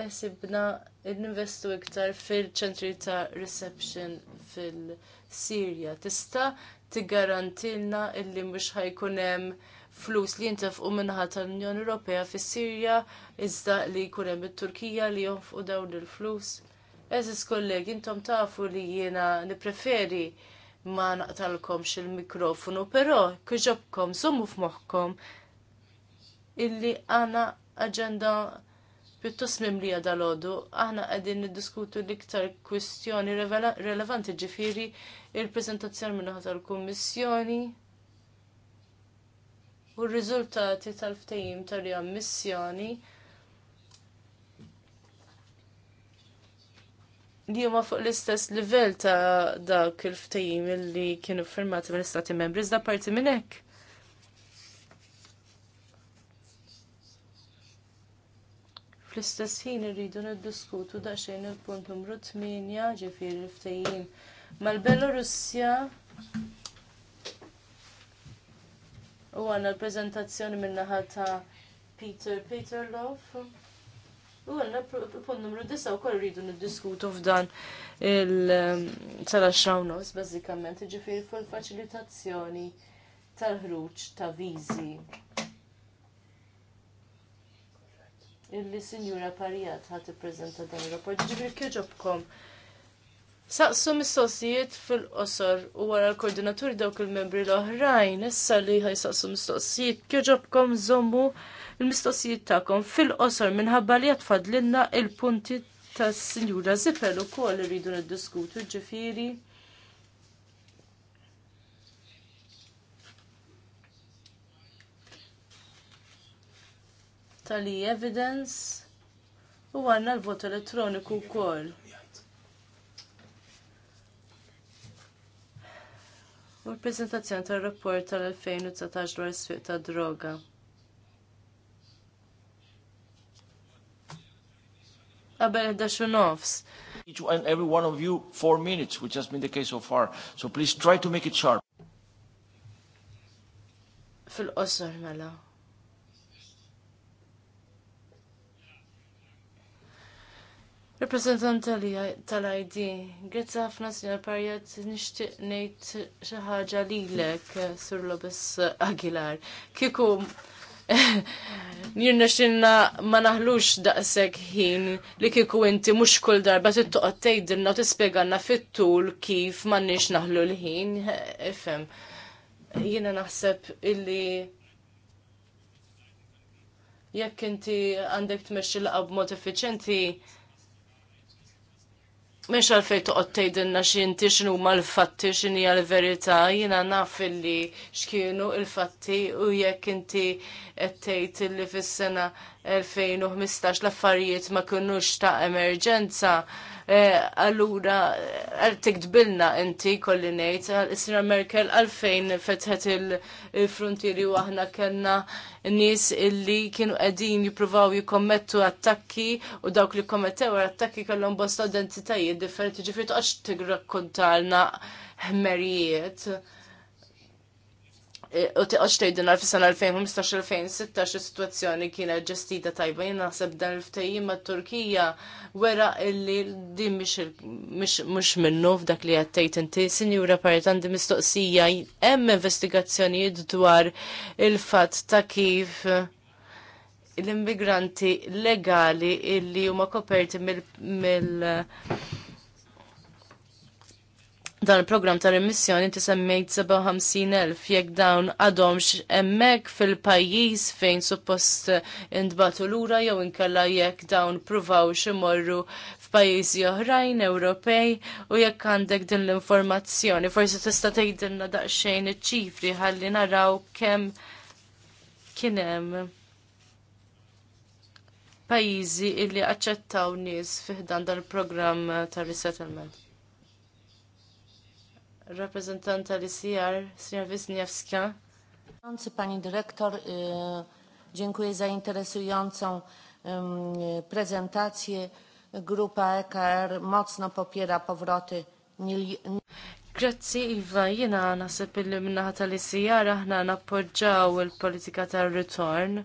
besibna ninvestu iktar fil-ċentri ta' reception fil-Sirja. Tista' tigarantilna illi mhux ħajkun hemm flus li jintefqu minnaħa tal-Unjoni Ewropea fis-Sirja iżda li jkun hemm it-Turkija li jonfqu dawn il-flus. Eżis kollegi, intom tafu li jiena nippreferi ma naqtalkomx il-mikrofonu, però kħiġobkom, summu f'moħħkom illi għana aġenda pjuttost mimlija dal-ħodu, aħna għedin niddiskutu l-iktar kwistjoni relevanti ġifiri il-prezentazzjoni minnaħat tal-Kummissjoni u r-riżultati tal-ftejim tal-jammissjoni li huma fuq l-istess livell ta' dak il ftehim li kienu firmati mill-Istati Membri, iżda parti minn hekk fl-istess ħin irridu niddiskutu daqsxejn il-punt numru 8 ġifieri ftehim mal-Belorussja u għandna l-preżentazzjoni min-naħa ta' Peter Peterlof. U għanna punt numru 9 u koll rridu niddiskutu f'dan il ehm, nofs bazzikament, jiġifieri fuq il-facilitazzjoni tal-ħruġ ta' viżi illi Sinjura Parijat ħat prezenta dan il-rapport. Ġibri kieġobkom. Saqsu mistoqsijiet fil-qosor u wara l-koordinaturi dawk il-membri l-oħrajn, issa li ħaj saqsu mistoqsijiet kieġobkom zommu il-mistoqsijiet tagħkom fil-qosor minħabba li jatfadlinna il-punti tas Sinjura Zipel u koll rridu niddiskutu ġifiri. tal-evidence u għanna l-vot elettroniku kol. U l-prezentazzjoni tal-rapport tal-2019 dwar s swieq ta' droga. Għabel, 11 nofs. Each and every one of you four minutes, which has been the case so far. So please try to make it sharp. Fil-qosor mela. Rappresentant tal-ID, grazzi ħafna sinjor Parjat, nixtieq ngħid xi ħaġa lilek sur lobis Aguilar. Kieku njirna xinna ma naħlux daqseg ħin li kieku inti mhux kull darba tittoqgħod tgħidilna u tispjegalna fit-tul kif m'għandniex naħlu l-ħin. ifem Jiena naħseb illi jekk inti għandek tmexxi qab mod effiċenti Mex għalfej toqgħod tgħidilna x'inti x'inhu l-fatti x'inhi l-verità, jiena naf illi x'kienu l-fatti u jekk inti qed tgħid illi fis-sena 2015 l-affarijiet ma kinux ta' emerġenza, Eh, allura għartik eh, dbilna inti kolli ngħid Isra Merkel għalfejn fetħet il-frontieri u aħna kena nies illi kienu qegħdin jippruvaw jikkommettu attakki u dawk li kommettew attakki kellhom bosta identitajiet differenti ġifieri għax tigrakkontalna ħmerijiet u tiqax tgħidilna fis-sena 2015-2016 is-sitwazzjoni kienet ġestita tajba jina naħseb dan il-ftehim mat-Turkija wera illi di mhux minnu f'dak li qed tgħid inti sinjura di mistoqsija hemm investigazzjonijiet dwar il-fatt ta' kif l-immigranti legali illi huma koperti mill dan il-program ta' remissjoni tisemmejt 57.000 jekk dawn għadhomx emmek fil-pajjiż fejn suppost intbatu lura jew inkella jekk dawn pruvaw ximorru f'pajjiżi oħrajn Ewropej u jekk għandek din l-informazzjoni. Forsi tista' tgħidilna daqsxejn iċ-ċifri ħalli naraw kemm kien hemm pajjiżi illi aċċettaw nies fiħdan dan dal programm ta' resettlement rappreżentanta li sijar, sijar Wisniewska. Pani Dyrektor, dziękuję za interesującą prezentację. Grupa EKR mocno popiera powroty Grazie Iva, jena nasib illi minnaħat li sijar aħna nappoġġaw il-politika tal-return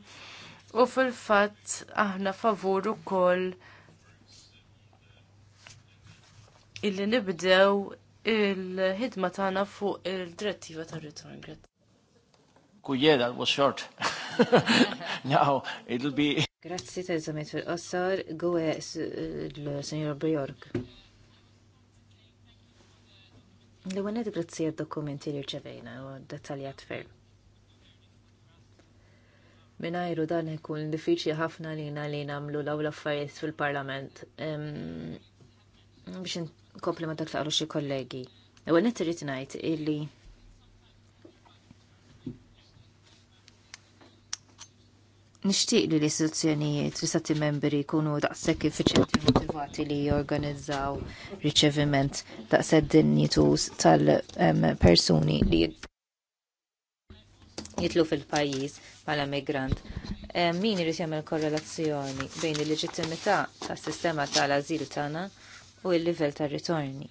u fil-fat aħna favur ukoll illi nibdew il-ħidma tagħna fuq il-direttiva tar-ritorn. Kujjed, that was short. Now, it'll be... Grazzi ta' zamet fil-qassar, għuwe l senjor Bjork. L-għanet grazzi għad-dokumenti li rċevejna u dettaljat ferm. Minajru dan ikun diffiċi ħafna li na li namlu law l-affarijiet fil-parlament. Biex kompliment dak li xi kollegi. Ewwel net irid ngħid illi nixtieq li l-istituzzjonijiet li stati membri jkunu daqshekk effiċenti motivati li jorganizzaw riċeviment daqshekk dinjitus tal-persuni li jitlu fil-pajjiż bħala migrant. Min irid jagħmel korrelazzjoni bejn il-leġittimità tas-sistema tal-ażil tagħna u il-livell ta' ritorni.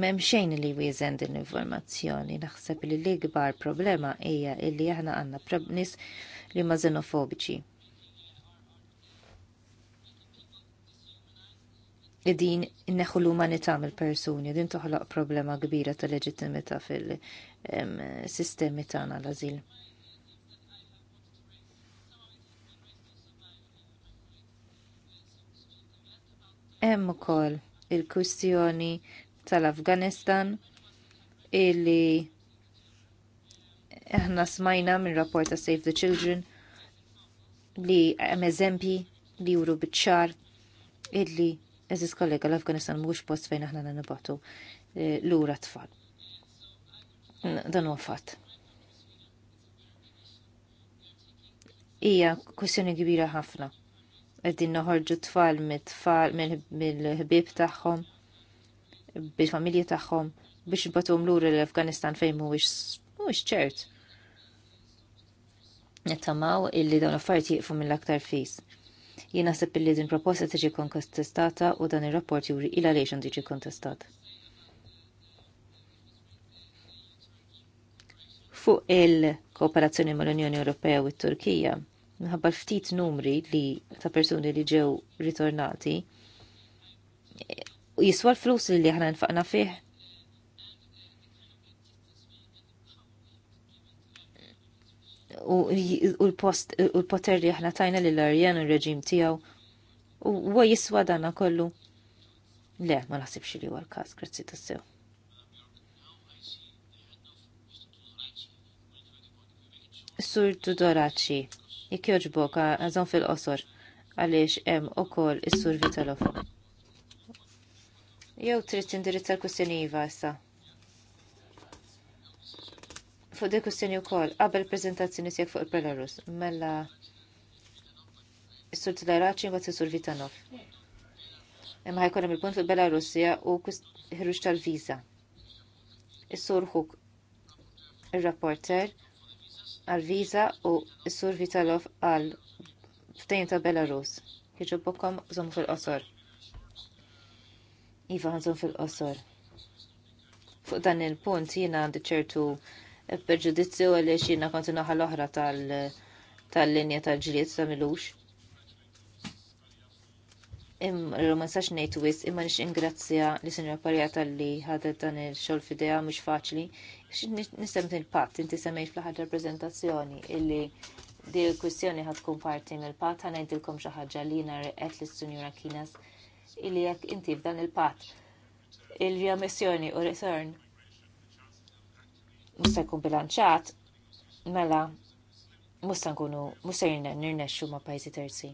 Mem xejn li wiżen din l-informazzjoni, naħseb li l-ikbar problema hija illi aħna għandna prebnis li ma' xenofobiċi. din neħu l-umanità mill-persuni, din toħloq problema kbira tal leġittimità fil-sistemi tagħna l-azil. Hemm ukoll il-kwistjoni tal-Afganistan illi aħna smajna minn rapport ta' Save the Children li hemm eżempji li juru biċ-ċar illi eżis kollega l-Afganistan mhux post fejn aħna nibatu eh, lura tfal. Dan huwa fatt. Hija kwistjoni kbira ħafna qegħdin noħorġu tfal mit-tfal mill-ħbieb tagħhom bil-familji tagħhom biex batum lura l-Afganistan fejn mhuwiex mhuwiex ċert. Nittamaw illi dawn affarijiet jieqfu mill-aktar fis. Jien naħseb illi din proposta tiġi kontestata u dan ir-rapport juri il għaliex għandu jiġi kontestat. Fuq il-kooperazzjoni mal-Unjoni Ewropea u t-Turkija, minħabba ftit numri li ta' persuni li ġew ritornati u jiswa l-flus li aħna nfaqna fih. U l-post u l-poter li aħna tajna l arjan u reġim tiegħu u huwa jiswa dana kollu. Le, ma naħsibx li huwa l-każ, grazzi tas-sew. Sur doraċi jikjoġbok għazon fil-qosor għaliex hemm ukoll is-survi tal-ofol. Jew trid tindirizza l kustjoni iva issa. Fuq dik kwistjoni wkoll qabel preżentazzjoni tiegħek fuq il-Belarus mela is-sur tal-Iraċi mbagħad is-sur Vitanov. Imma ħajkun hemm il-punt fil-Belarusja u ħruġ tal-viża. Is-sur Huk, ir-rapporter, għal-viza u s-sur Vitalov għal ftejn ta' Belarus. Jiġu bokkom fil-qosor. Iva għanżom fil-qosor. Fuq dan il-punt jina għandi ċertu perġudizzju għaliex jina konti l oħra tal-linja tal-ġliet sa milux ma sax ngħid wis imma nix ingrazzja li sinjor Parjata li ħadet dan il-xogħol f'idea mhux faċli. Nisem il-patt inti semmejt fl-ħaġa prezentazzjoni illi di l-kwistjoni ħad tkun parti mill-patt ħa ngħidilkom xi ħaġa li jiena qed lis-Sinjura Kinas illi jekk inti f'dan il-patt il missjoni u return musta jkun bilanċat mela musta nkunu musta jirnexxu ma' pajjiżi terzi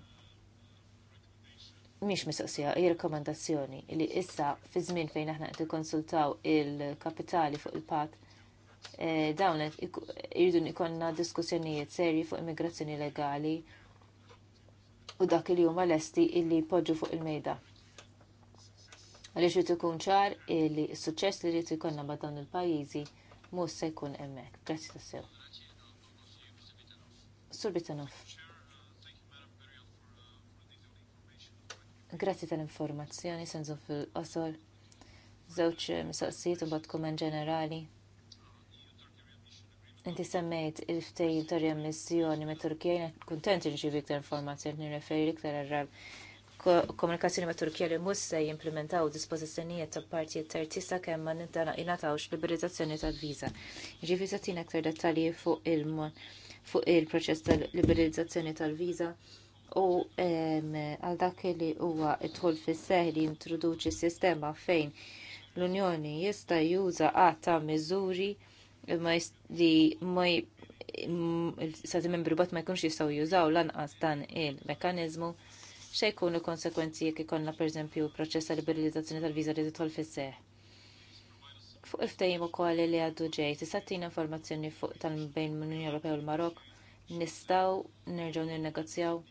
mhix mistoqsija, hija rekomendazzjoni li issa fi żmien fejn aħna qed ikkonsultaw il-kapitali fuq il-pat e, dawn dawn irridu ikonna diskussjonijiet serji fuq immigrazzjoni legali u dak li huma esti illi jpoġġu fuq il-mejda. Għaliex irid ikun ċar illi s-suċċess li rrid ikonna ma' dawn il-pajjiżi mhux se jkun hemmhekk. Grazzi tassew. Sur Bitanov. Grazzi tal-informazzjoni, senżu fil-qosor, zewċ mistoqsijiet u bat komment ġenerali. Inti semmejt il-ftej tarja missjoni me Turkija, kontent nġib tal informazzjoni, nirreferi iktar għarral komunikazzjoni ma' Turkija li musse se jimplementaw dispozizjonijiet ta' partijiet terzi sakemm ma jingħatawx liberizzazzjoni tal-viża. Ġifi se tina aktar dettalji fuq il-proċess tal-liberizzazzjoni tal-viża u għal dak li huwa idħol fis seħħ li jintroduċi sistema fejn l-Unjoni jista' juża għata' ta' miżuri li ma stati membri bat ma jkunx jistgħu jużaw lanqas dan il-mekkaniżmu se jkunu konsekwenzi jekk ikollna pereżempju proċess ta' liberalizzazzjoni tal-viża li tidħol fis seħħ Fuq il-ftehim ukoll li għadu ġej, tista' tina informazzjoni fuq tal-bejn l-Unjoni Ewropea u l-Marok nistgħu nerġgħu nirnegozjaw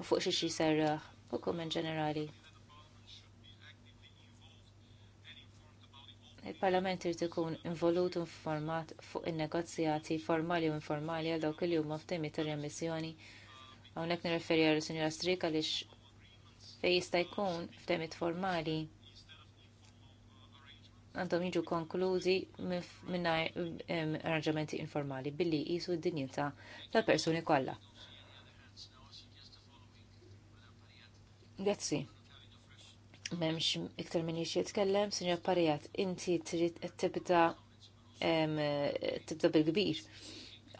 u fuq xi serraħ u kumment ġenerali. Il-Parlament irid ikun involut u informat fuq in-negozjati formali u informali għal dawk li huma ftehmi tar-remissjoni. Hawnhekk nirreferi għal sinjura Strika għaliex fejn jista' jkun ftehmiet formali għandhom jiġu konklużi minn arranġamenti informali billi jisu d-dinjità tal-persuni kollha. Grazzi. Memx iktar minni xie jitkellem, sinja parijat, inti trid tibda tibda bil-kbir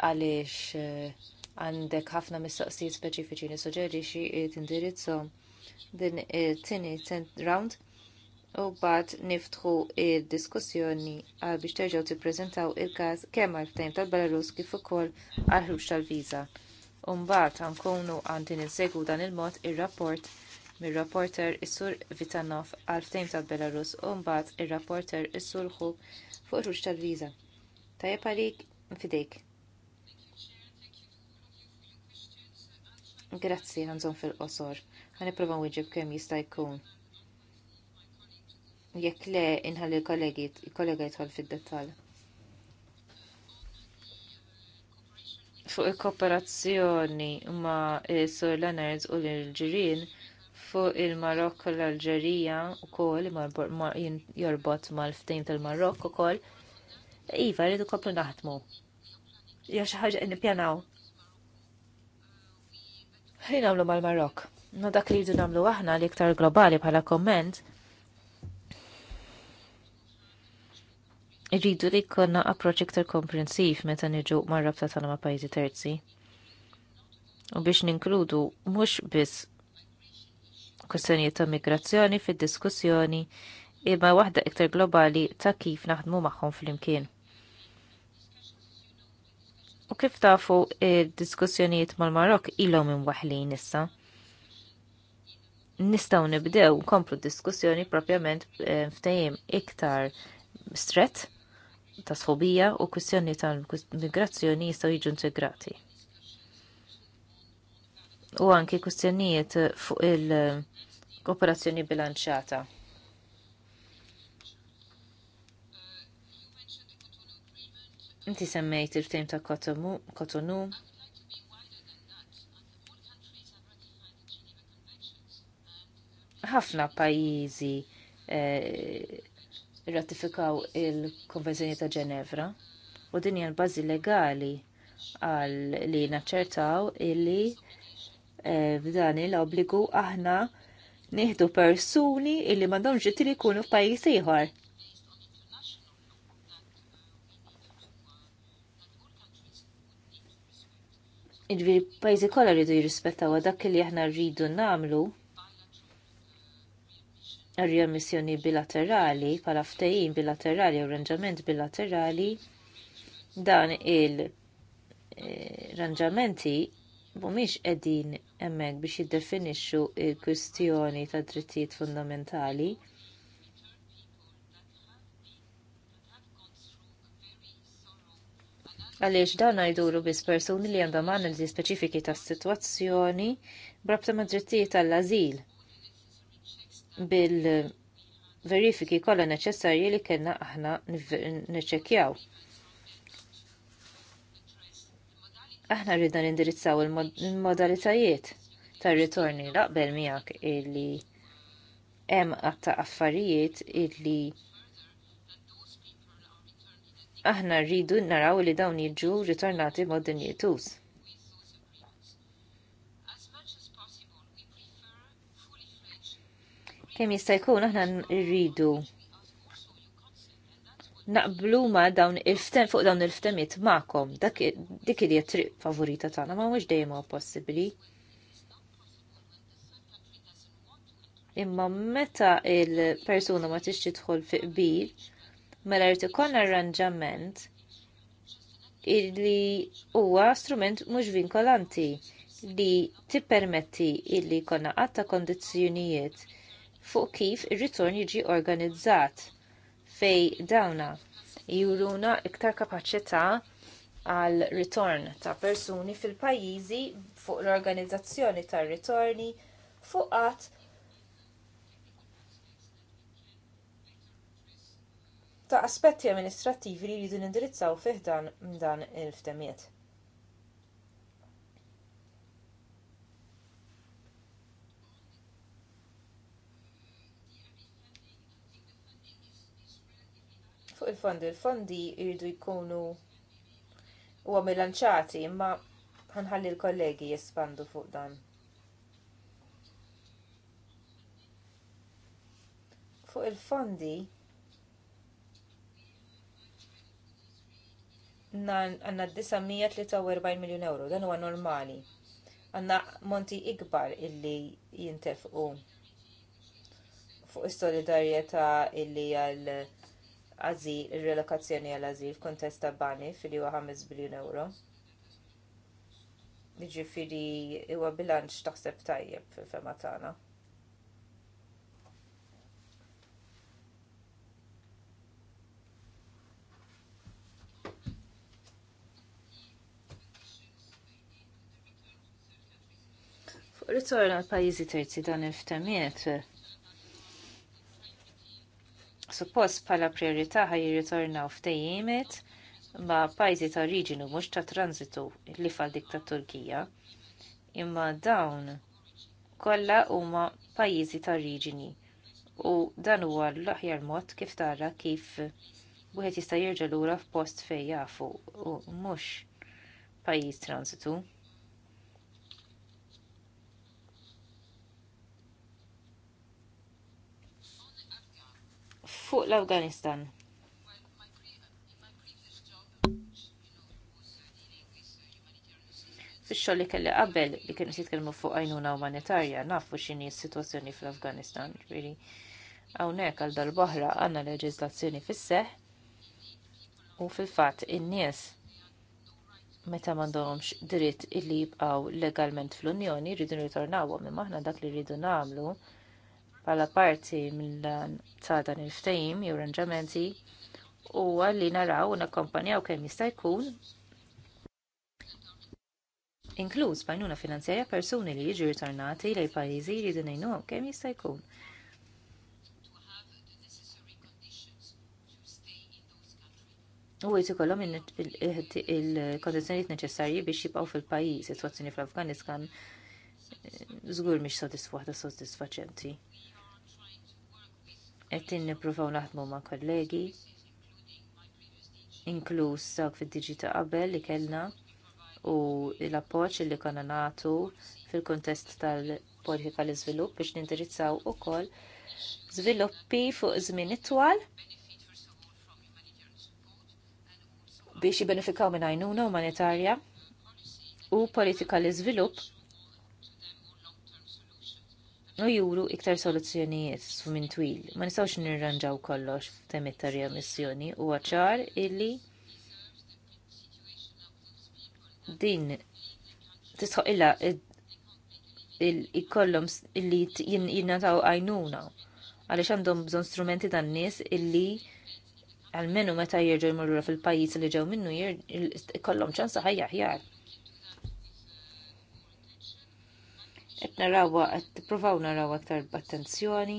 għaliex eh, għandek ħafna mistaqsijiet speċifiċi nissuġġeri xi tindirizzhom din it-tieni round u mbagħad niftħu il diskussjoni għal biex terġgħu tippreżentaw il-każ kemm għal ftajn tal-Belarus kif ukoll għal ħruġ tal-viża. U mbagħad nkunu għandin insegwu dan il-mod ir-rapport mir-rapporter is-sur Vitanov għal ftehim tal-Belarus u mbagħad ir-rapporter is-sur Hub fuq ir tal-viża. Tajjeb għalik fidejk. Grazzi ħanżon fil-qosor. nipprova nwiġġib kemm jista' jkun. Jekk le inħalli l-kollegi kollega jidħol fid-dettall. Fuq il-kooperazzjoni ma' Sur Leonards u l-ġirien, fuq il marokko l-Alġerija u kol jorbot mal-ftejn tal-Marokk u kol. Iva, rridu koplu naħdmu. Ja xi ħaġa nippjanaw. Ħin nagħmlu mal marok No dak li jridu nagħmlu aħna li iktar globali bħala komment. Rridu li jkollna approċċ iktar komprensiv meta niġu mar-rabta tagħna ma' pajjiżi terzi. U biex ninkludu mhux biss kwistjonijiet ta' migrazzjoni fid-diskussjoni imma waħda iktar globali ta' kif naħdmu magħhom flimkien. U kif tafu id-diskussjonijiet mal-Marok ilhom imwaħlin issa. Nistgħu nibdew nkomplu diskussjoni propjament eh, ftehim iktar stret, ta' sħobija u kwestjoni tal-migrazzjoni jistgħu jiġu integrati u anki kustjonijiet fuq il-kooperazzjoni bilanċata. Inti semmejt il-ftejm ta' Kotonu. Ħafna pajjiżi eh, ratifikaw il-Konvenzjoni ta' Ġenevra u din hija l-bażi legali għal li naċċertaw illi Eh, f'dan l-obbligu aħna nieħdu persuni illi m'għandhomx ġitri jkunu f'pajjiż ieħor. Iġviri pajzi kolla rridu jirrispettaw dak li aħna rridu namlu missjoni bilaterali, pala ftejin bilaterali, arranġament bilaterali, dan il-ranġamenti eh, mhumiex qegħdin hemmhekk biex jiddefinixxu l-kwistjoni tad drittijiet fundamentali. Għaliex dan għajduru biss persuni li għandhom analiżi speċifiki tas-sitwazzjoni b'rabta ma' drittijiet tal-azil bil-verifiki kollha neċessarji li kellna aħna niċċekkjaw. aħna rridna nindirizzaw il-modalitajiet tar-ritorni laqbel miegħek illi hemm għatta affarijiet illi aħna rridu naraw li dawn jiġu ritornati mod dinjetus. Kemm jista' jkun aħna rridu naqblu ma dawn il-ftem fuq dawn il-ftemiet ma'kom, dik li triq favorita tagħna ma mhux dejjem huwa possibbli. Imma meta il-persuna ma tixtri tħol fi qbil, mela rid ikun arranġament illi huwa strument mhux vinkolanti li tippermetti illi konna qatt ta' kondizzjonijiet fuq kif ir-ritorn jiġi organizzat fej dawna juruna iktar kapaċità għal ritorn ta' persuni fil-pajjiżi fuq l-organizzazzjoni tar ritorni fuq qatt ta' aspetti amministrativi li jridu nindirizzaw fih dan dan il-ftemiet. fuq il-fondi. Il-fondi jridu jkunu u lanċati imma ħanħalli l-kollegi jespandu fuq dan. Fuq il-fondi, għanna 943 miljon euro, dan huwa normali. Għanna monti ikbar illi jintefqu fuq is-solidarjetà illi għal għazil, il-relokazzjoni għal-għazil f'kontest ta' bani fil u għamiz biljun euro. Ġifiri, u bilanċ taħseb tajjeb fil-fema tagħna. Ritorna għal pajizi terzi dan il-ftemiet, suppost bħala priorità ħaj jirritornaw ftejjimet ma' pajjiżi ta' oriġinu mhux ta' transitu li fal dik ta' Turkija. Imma dawn kollha huma pajjiżi ta' oriġini u dan huwa l-aħjar mod kif tara kif wieħed jista' jerġa' lura f'post fejn jafu u mhux pajjiż transitu. fuq l-Afganistan. fix-xogħol li kelli qabel li kienu jitkellmu fuq għajnuna umanitarja nafu xini s-sitwazzjoni fl-Afganistan, ġifieri hawnhekk għal dal bohra għandna leġizlazzjoni fisseħ u fil-fatt in-nies meta m'għandhomx dritt illi jibqgħu legalment fl-Unjoni jridu ritornawhom minn aħna dak li rridu nagħmlu bħala parti mill dan il ftajim jew ranġamenti u għalli naraw u nakkompanjaw kemm jista' jkun inkluż bajnuna finanzjarja persuni li jiġu ritornati lejn pajjiżi li ngħinuhom kemm jista' jkun. U jt ikollhom il-kondizzjonijiet neċessarji biex jibqgħu fil-pajjiż. Is-sitwazzjoni fl-Afganistan eh, żgur mhix sodisfatta sodisfaċenti qed nippruvaw naħdmu ma' kollegi inkluż dawk fid-diġi ta' qabel li kellna u l-appoġġ li konna nagħtu fil-kuntest tal-politika l-iżvilupp biex nindirizzaw ukoll żviluppi fuq żmien itwal biex jibenefikaw minn għajnuna umanitarja u politika l-iżvilupp u juru iktar soluzzjonijiet su minn twil. Ma nistawx nirranġaw kollox f'temmit ta' riammissjoni u għacħar illi din tisħoq illa il-kollom illi jinnataw għajnuna għalix għandhom bżon strumenti tan nies illi għalmenu meta jirġu jmurru fil-pajis li ġew minnu kollom ċansa ħajja ħjar. qed narawha qed nippruvaw naraw aktar b'attenzjoni.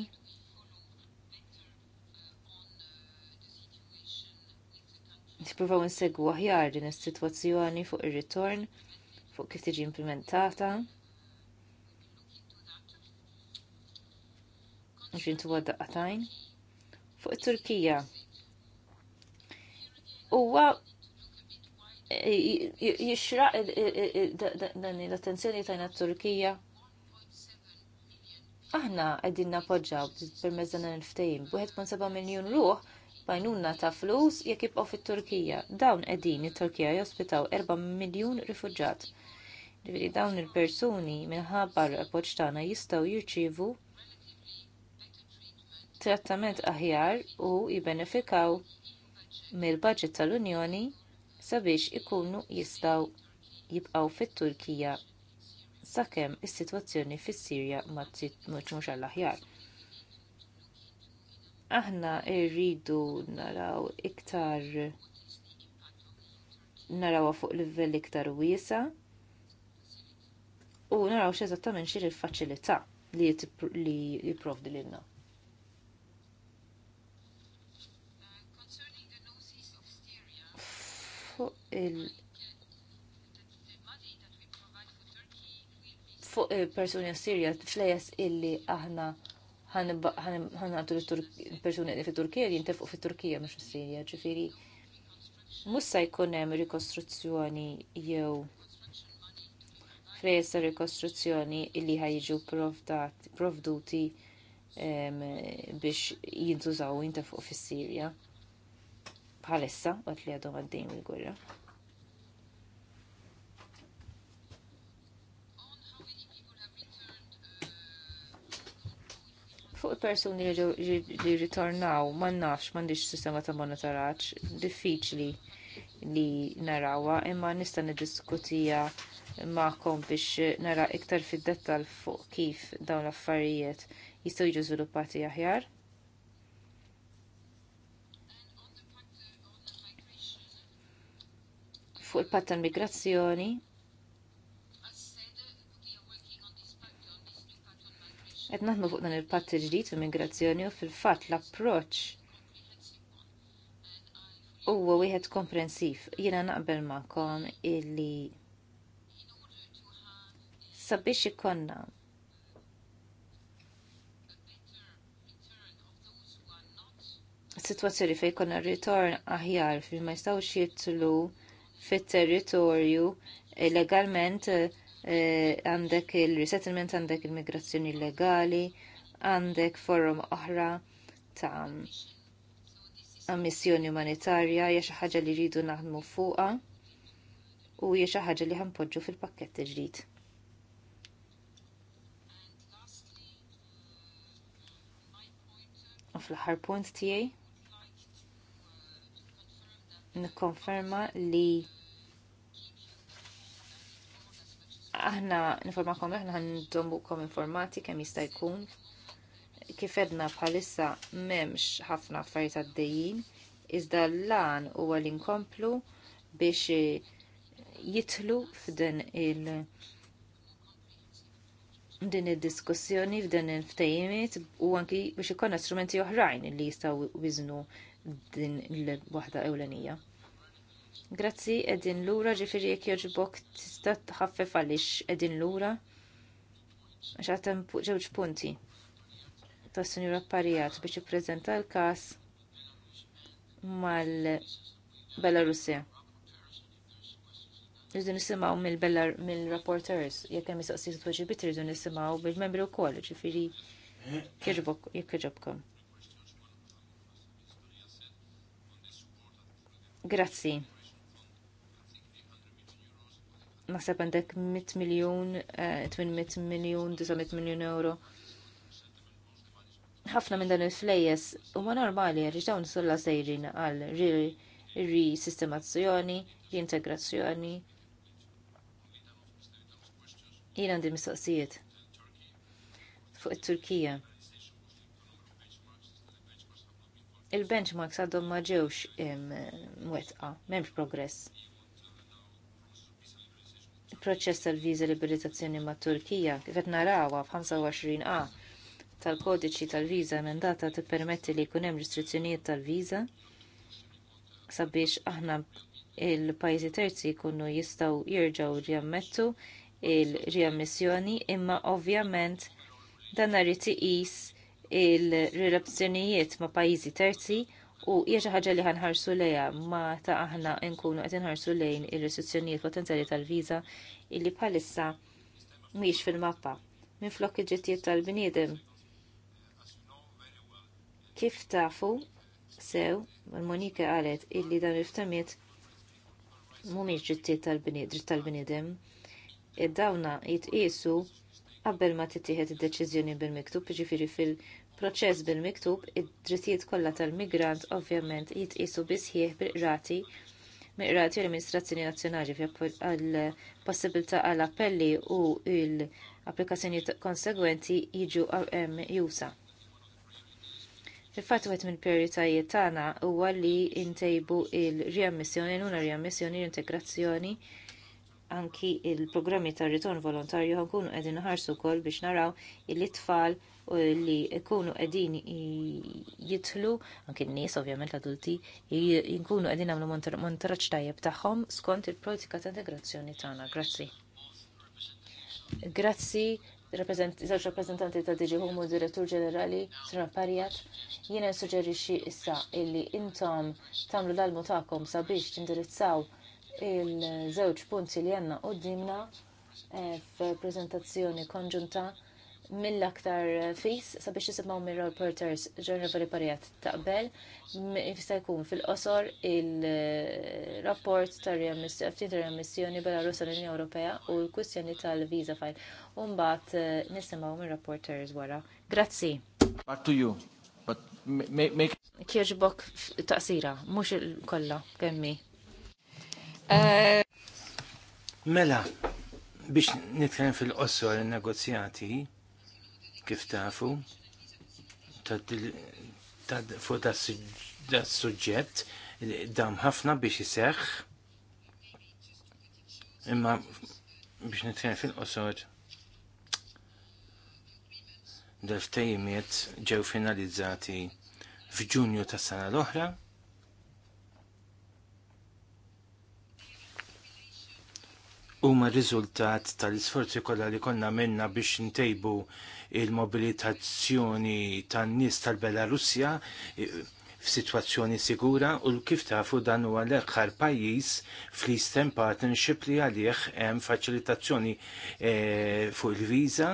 Nippruvaw nsegwu aħjar din is-sitwazzjoni fuq ir-ritorn fuq kif tiġi implementata. Ġin tuwa daqqatajn. Fuq it-Turkija. Uwa, jixraq dan l-attenzjoni tajna t-Turkija aħna qegħdin napoġġaw permezz dan il-ftehim b'1.7 miljun ruħ bajnuna ta' flus jekk jibqgħu fit-Turkija. Dawn qegħdin it-Turkija jospitaw 4 miljun rifugġat. Ġifieri dawn il-persuni minħabba l-appoġġ tagħna jistgħu jirċievu trattament aħjar u jibbenefikaw mill-baġit tal-Unjoni sabiex ikunu jistgħu jibqgħu fit-Turkija sakemm is-sitwazzjoni fis-Sirja ma tmurx għall-aħjar. Aħna rridu naraw iktar narawha fuq livell iktar wiesa' u naraw x'eżattament xi il-faċilità li jipprovdi lilna. Fuq il- fuq eh, persuni Sirja flejes illi aħna ħanatu l-persuni li fit-Turkija li jintefqu fit-Turkija mhux is-Sirja, ġifieri mhux se jkun hemm rikostruzzjoni jew flejes ta' rikostruzzjoni illi ħajġu provduti biex jintużaw jintefqu fis-Sirja bħalissa waqt li għadhom għaddim il-gwerra. Fuq persuni li ritornaw, ma nafx, m'għandix sistema ta' monitoraġġ, diffiċli li narawha, imma nista' niddiskutija magħkom biex nara iktar fid-dettal fuq kif dawn l-affarijiet jistgħu jiġu żviluppati aħjar. Fuq il-patt tal-migrazzjoni, Qed naħdmu fuq dan il-patt ġdid immigrazzjoni u fil-fatt l-approċċ huwa wieħed komprensiv. Jiena naqbel magħkom illi sabiex ikonna situazzjoni fejn konna ritorn aħjar fil ma jistgħux jitlu fit-territorju legalment uh, Eh, għandek il-resettlement, għandek il-migrazzjoni legali, għandek forum oħra ta' missjoni umanitarja, jiex ħaġa li rridu naħdmu fuqha u hija xi ħaġa li ħanpoġġu fil-pakkett ġdid. U fl-aħħar punt tiegħi nikkonferma li aħna informakom aħna ħandombukom informati kemm jista' jkun kif edna bħalissa m'hemmx ħafna affarijiet għaddejjin iżda l-lan huwa li nkomplu biex eh, jitlu f'din il- din id-diskussjoni f'din il-ftejimiet u anki biex ikonna strumenti oħrajn li jistgħu biżnu din il waħda ewlenija. Grazzi, edin lura, ġifiri jek joġbok tista tħaffef għalix edin lura. Għaxħatem ġewġ punti ta' Sinjura Parijat biex jipprezenta l-kas mal-Belarusja. Rridu nisimaw mill reporters jek hemm mistoqsijiet tweġibit rridu nisimaw bil-membri wkoll, ġifiri jekk jogħġobkom. Grazzi Nasab għandek 100 miljon, 800 eh, miljon, 900 miljon euro. ħafna minn dan il-flejjes huma normali għaliex dawn sulla sejrin għal risistemazzjoni, reintegrazzjoni. Jien għandi mistoqsijiet fuq it-Turkija. Il-benchmarks għadhom ma ġewx mwettqa, m'hemmx progress proċess tal-viza liberizzazzjoni ma' Turkija, kif qed narawha f'25a tal-kodiċi tal-viza emendata tippermetti li jkun hemm restrizzjonijiet tal-viza sabiex aħna il-pajjiżi terzi jkunu jistgħu jerġgħu riammettu il-riammissjoni imma ovvjament dan irid iqis il-relazzjonijiet ma' pajjiżi terzi U hija xi ħaġa li ħanħarsu lejha ma ta' aħna nkunu qed inħarsu lejn ir-restrizzjonijiet potenzjali tal-viża illi bħalissa miex fil-mappa minn flok il-ġittijiet tal-bniedem. Kif tafu sew, Monika qalet illi dan il-ftamiet mhumiex ġittijiet tal-bniedem, id-dawna jitqisu qabel ma tittieħed id-deċiżjoni bil-miktub, jiġifieri fil-proċess bil-miktub, id-drittijiet kollha tal-migrant ovvjament jitqisu bisħieħ bil-qrati miqrati l-Amministrazzjoni Nazzjonali għal possibilità għal appelli u l-applikazzjoni konsegwenti jiġu jusa. Fil-fatt wieħed mill-prijoritajiet tagħna huwa li ntejbu il-riammissjoni l-una riammissjoni l-integrazzjoni anki il-programmi ta' ritorn volontarju nkunu qegħdin ħarsu wkoll biex naraw il-tfal li jkunu qegħdin jidħlu anki n-nies ovvjament l-adulti jkunu qegħdin għamlu monitoraġġ tajjeb tagħhom skont il-politika ta' integrazzjoni tagħna. Grazzi. Grazzi żewġ rappreżentanti ta' Diġi d Direttur Ġenerali, Sra Parjat, jiena nissuġġerixxi issa illi intom tagħmlu l-almu tagħkom sabiex tindirizzaw il-żewġ punti li għandna eh, f-prezentazzjoni konġunta mill-aktar fis sabiex nisimgħu mir reporters ġenerali parijat taqbel jista' jkun fil-qosor il-rapport ftit remissjoni Belarus l-Unjoni Ewropea u l-kwistjoni tal-visa file. U mbagħad eh, nisimgħu mir reporters wara. Grazzi. Back to you. But make Kieġbok taqsira, mhux il kemm kemmi. Mela, biex nitkellem fil-qossor għal negozjati kif tafu, fuq da suġġett dam ħafna biex iseħħ imma biex nitkellem fil-qosor dal-ftejmiet ġew finalizzati f'Ġunju tas-sena l-oħra huma riżultat tal-isforzi kollha li konna minna biex ntejbu il-mobilitazzjoni tan-nies tal-Belarusja eh, f'sitwazzjoni sigura u kif tafu dan huwa l-aħħar pajjiż fl-Eastern Partnership li għalih hemm faċilitazzjoni e, fuq il-viża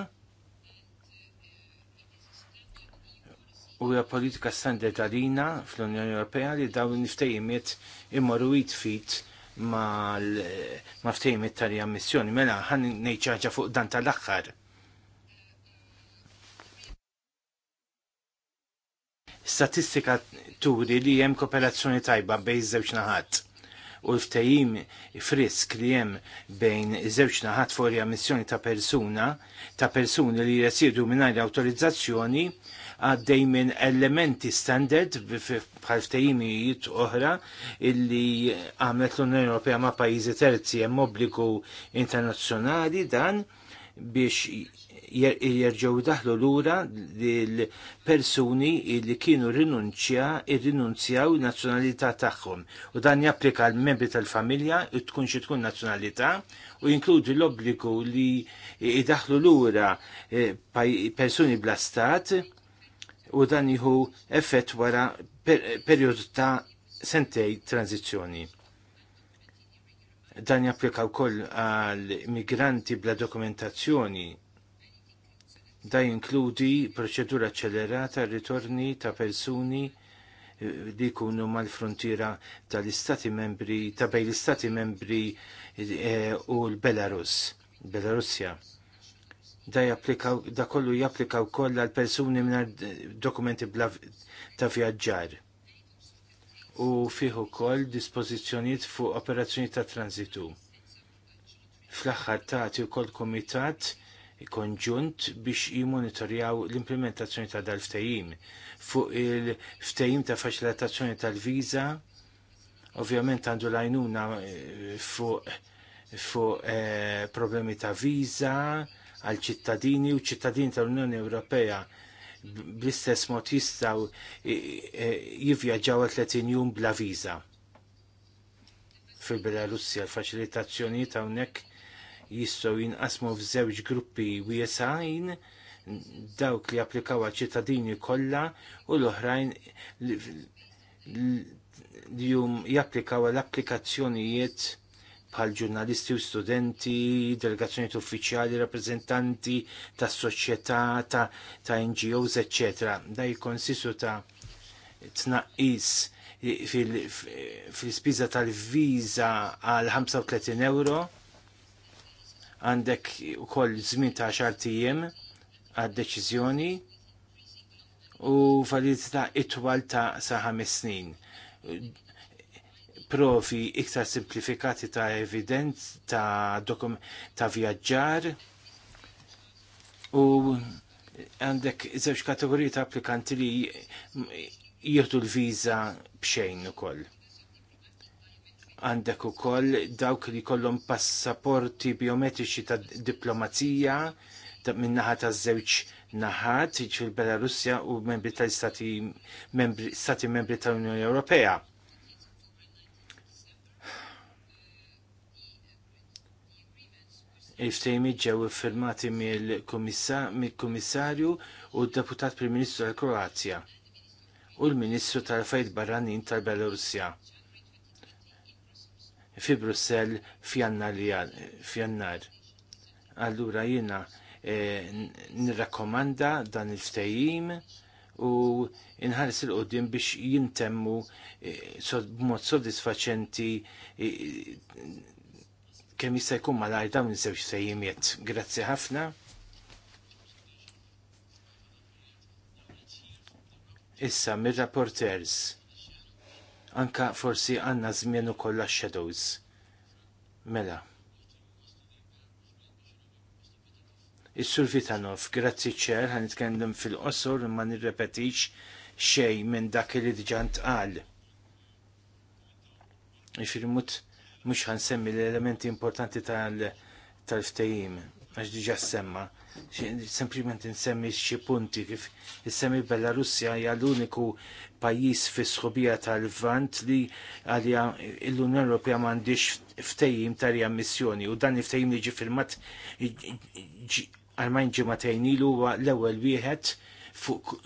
u hija politika standard għalina fl-Unjoni Ewropea li dawn niftejjimiet imorru jitfit ma ftejim it tari missjoni, mela ħan nejċaġa fuq dan tal-axħar. Statistika turi li jem kooperazzjoni tajba bej żewġ naħat u l ftejim frisk li jem bejn żewġ naħat fuq ammissjoni ta' persuna, ta' persuni li jesidu l autorizzazzjoni għaddej minn elementi standard bħal ftejimijiet oħra illi għamlet l-Unjoni Ewropea ma' pajjiżi terzi hemm obbligu internazzjonali dan biex jerġgħu daħlu lura l-persuni li kienu rinunċja irrinunzjaw nazzjonalità tagħhom. U dan japplika l-membri tal-familja u tkun xi tkun nazzjonalità u jinkludi l-obbligu li l lura eh, persuni bla stat u dan jieħu effett wara perjodu ta' sentej tranzizjoni. Dan japplika wkoll għal migranti bla dokumentazzjoni. Da jinkludi proċedura accelerata ritorni ta' persuni eh, li jkunu mal-frontiera tal-istati membri, ta' bej l-istati membri e, u l-Belarus, Belarusja da japplikaw, da kollu japplikaw koll għal persuni minn dokumenti bla ta' vjaġġar. U fiħu koll dispozizjoniet fuq operazzjoni ta' transitu. Fl-axħar tagħti wkoll komitat konġunt biex jimonitorjaw l-implementazzjoni ta' dal ftajim fuq il ftajim ta' faċilitazzjoni tal viza ovvjament għandu lajnuna eh, fuq fuq eh, problemi ta' viza għal ċittadini u ċittadini tal-Unjoni Ewropea bl-istess mod jistaw jivvjaġġaw 30 jum bla viża. Fil-Belarusja l-faċilitazzjoni ta' hawnhekk jistgħu jinqasmu f'żewġ gruppi wiesajn dawk li applikaw għal ċittadini kollha u l-oħrajn li jum japplikaw għal applikazzjonijiet bħal ġurnalisti u studenti, delegazzjoni uffiċjali, rappresentanti ta' soċjetà, ta, ta' NGOs, etc. Da' jkonsisu ta' tnaqqis fil-spiża fil tal-viza għal 35 euro għandek u koll zmin ta' xartijem għad deċizjoni u validità itwal ta' sa' snin provi iktar simplifikati ta' evidenz ta' dokum ta' vjaġġar u għandek żewġ kategoriji ta' applikanti li jieħdu l-viża bxejn ukoll. Għandek ukoll dawk li kollhom passaporti biometriċi ta' diplomazija minnaħa ta' żewġ naħat fil-Belarusja u membri tal-Stati membri, stati membri tal-Unjoni Ewropea. il-ftejmi ġew firmati mill-Kummissarju u d-Deputat Prim-Ministru tal-Kroazja u l-Ministru tal-Affarijiet Barranin tal-Belorussja fi Brussell f'Jannar. Allura jiena eh, nirrakkomanda dan il-ftejim u inħares il-qoddim biex jintemmu eh, b'mod sodisfaċenti eh, kemm jista' jkun malajr dawn iż-żewġ sejjimiet. Grazzi ħafna. Issa mir-rapporters anka forsi għanna żmien ukoll shadows. Mela. Is-Sur Vitanov, grazzi ċer, ħan nitkellem fil-qosor ma nirrepetix xejn minn dak li diġà ntqal. Ifirmut mhux ħansemmi l-elementi importanti tal ftajim għax diġà semma. Sempliment nsemmi xi punti kif issemmi Belarusja hija l-uniku pajjiż fi sħubija tal-Vant li għalija l-Unjoni Ewropea m'għandix ftejim tarja missjoni u dan il liġi li ġi firmat għalmajn ġimatejn ilu l-ewwel wieħed fuq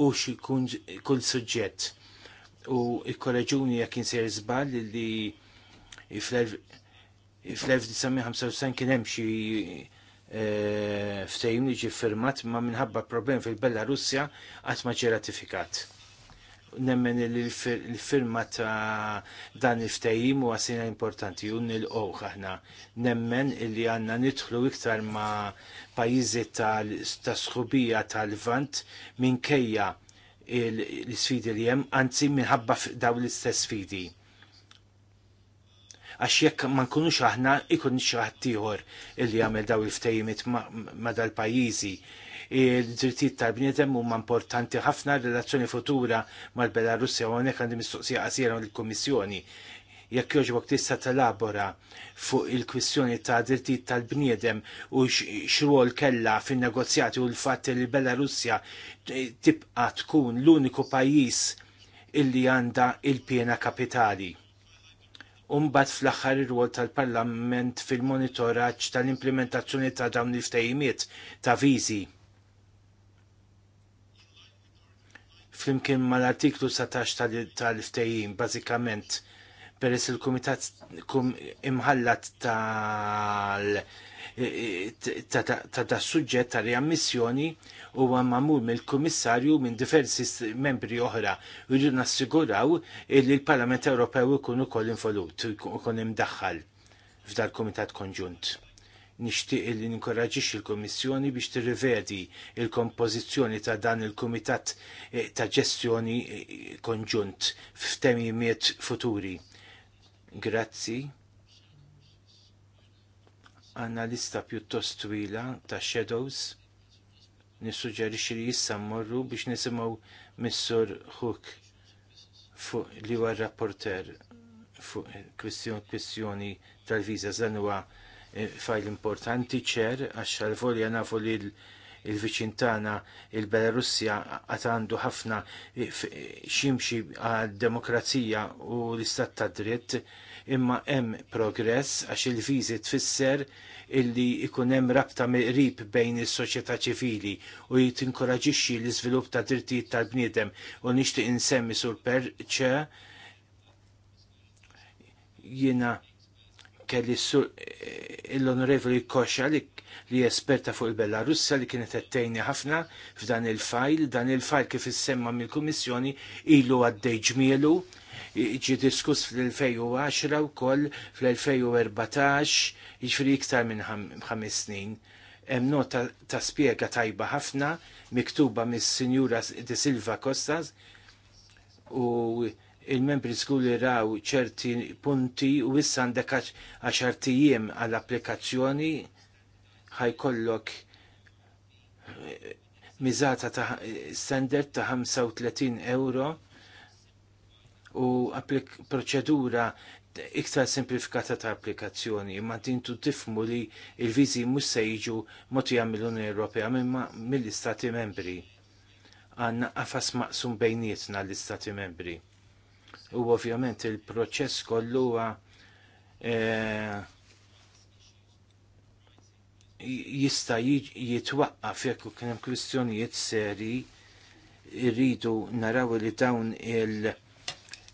u xi kull suġġett. U l-kolleġuni jekk insir żball li fl-1995 kien hemm xi e, ftehim li ġi firmat ma minħabba problem fil-Belarusja qatt ma ġi ratifikat. Nemmen il-firma ta' dan il-ftehim u għasina importanti u il qoħ aħna. Nemmen li għanna nidħlu iktar ma' pajizi ta' sħubija tal-vant minkejja l-sfidi li jem, anzi minħabba daw l-istess sfidi għax jekk ma nkunux aħna ikun xaħat ieħor illi jagħmel daw il ma' dal-pajjiżi. Il-drittijiet tal-bniedem huma importanti ħafna r relazzjoni futura mal-Belarusja u hawnhekk għandi mistoqsija qasira lill-Kummissjoni jekk joġbok tista' telabora fuq il-kwistjoni ta' drittijiet tal-bniedem u x-rwol kella fin-negozjati u l-fatt li Belarusja tibqa' tkun l-uniku pajjiż illi għandha il-pjena kapitali. Umbat fl-axħar ir-rwol tal-Parlament fil-monitoraġġ tal-implementazzjoni ta' dawn il-ftejimiet ta' viżi. Flimkien mal-artiklu 17 tal-ftejim, bażikament, peress il-Kumitat imħallat tal- ta' da' suġġett ta' riammissjoni u mamur mill-Kummissarju minn diversi membri oħra u s nassiguraw li l-Parlament Ewropew ikun ukoll involut u ikun imdaħħal f'dal kumitat konġunt. Nixtieq li ninkoraġix il-Kummissjoni biex tirrivedi il-kompożizzjoni ta' dan il-Kumitat eh, ta' ġestjoni eh, konġunt f'temijiet futuri. Grazzi għanna lista pjuttost twila ta' shadows nissuġġerixxi li issa mmorru biex nisimgħu Missur Hook fuq li huwa rapporter fuq kwistjoni tal-viża dan huwa eh, fajl importanti ċer għax għal-volja nafu li il-viċin tagħna il-Belarusja għad għandu ħafna eh, eh, ximxi għad-demokrazija u l-istat ta' dritt imma hemm progress għax il-viżi tfisser illi ikun hemm rabta meqrib bejn is-soċjetà ċivili u jitinkoraġixxi l-iżvilupp ta' drittijiet tal-bniedem u nixtieq insemmi sur perċe jiena kelli eh, l-onorevoli Koxa li, li esperta fuq il-Bellarussa li kienet ettejni ħafna f'dan il-fajl, dan il-fajl kif issemma mill-Kummissjoni ilu għaddej ġmielu ġi diskuss fl-2010 u koll fl-2014, iġfri iktar minn ħames snin. Hemm nota ta' spiega tajba ħafna miktuba mis-Sinjura De Silva Costas u il-membri skuli raw ċerti punti u issa għandek għaxartijiem għall-applikazzjoni ħajkollok eh, mizata ta' standard ta' 35 euro u proċedura iktar simplifikata ta' applikazzjoni, imma tintu tifmu li il vizi mhux se jiġu moti mill-Unjoni Ewropea minn mill-Istati Membri. Għanna għafas maqsum bejnietna l-Istati Membri. U ovvjament il-proċess kollu huwa e, jista jitwaqqa jekk kien hemm kwistjonijiet seri irridu naraw li dawn il-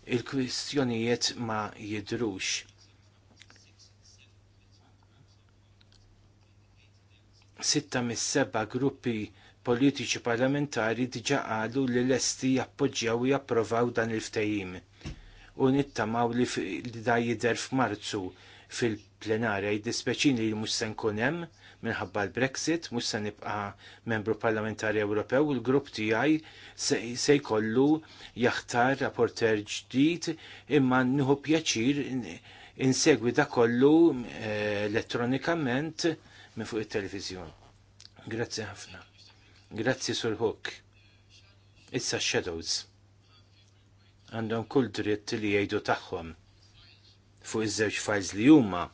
il-kwistjonijiet ma jidrux. Sitta mis-seba gruppi politiċi parlamentari diġa qalu li lesti jappoġġjaw u japprovaw dan il ftajim u nittamaw li, da jidher f'Marzu fil-plenarja jiddispeċini li mhux se nkun hemm minħabba l-Brexit, mux se nibqa membru parlamentari Ewropew, u l-grupp tijaj se jkollu jaħtar rapporter ġdid imma nħu pjaċir insegwi da kollu eh, elettronikament minn fuq il-televizjon. Grazzi ħafna. Grazzi sur Hook. Issa Shadows. Għandhom kull dritt li jgħidu tagħhom fuq iż-żewġ files li huma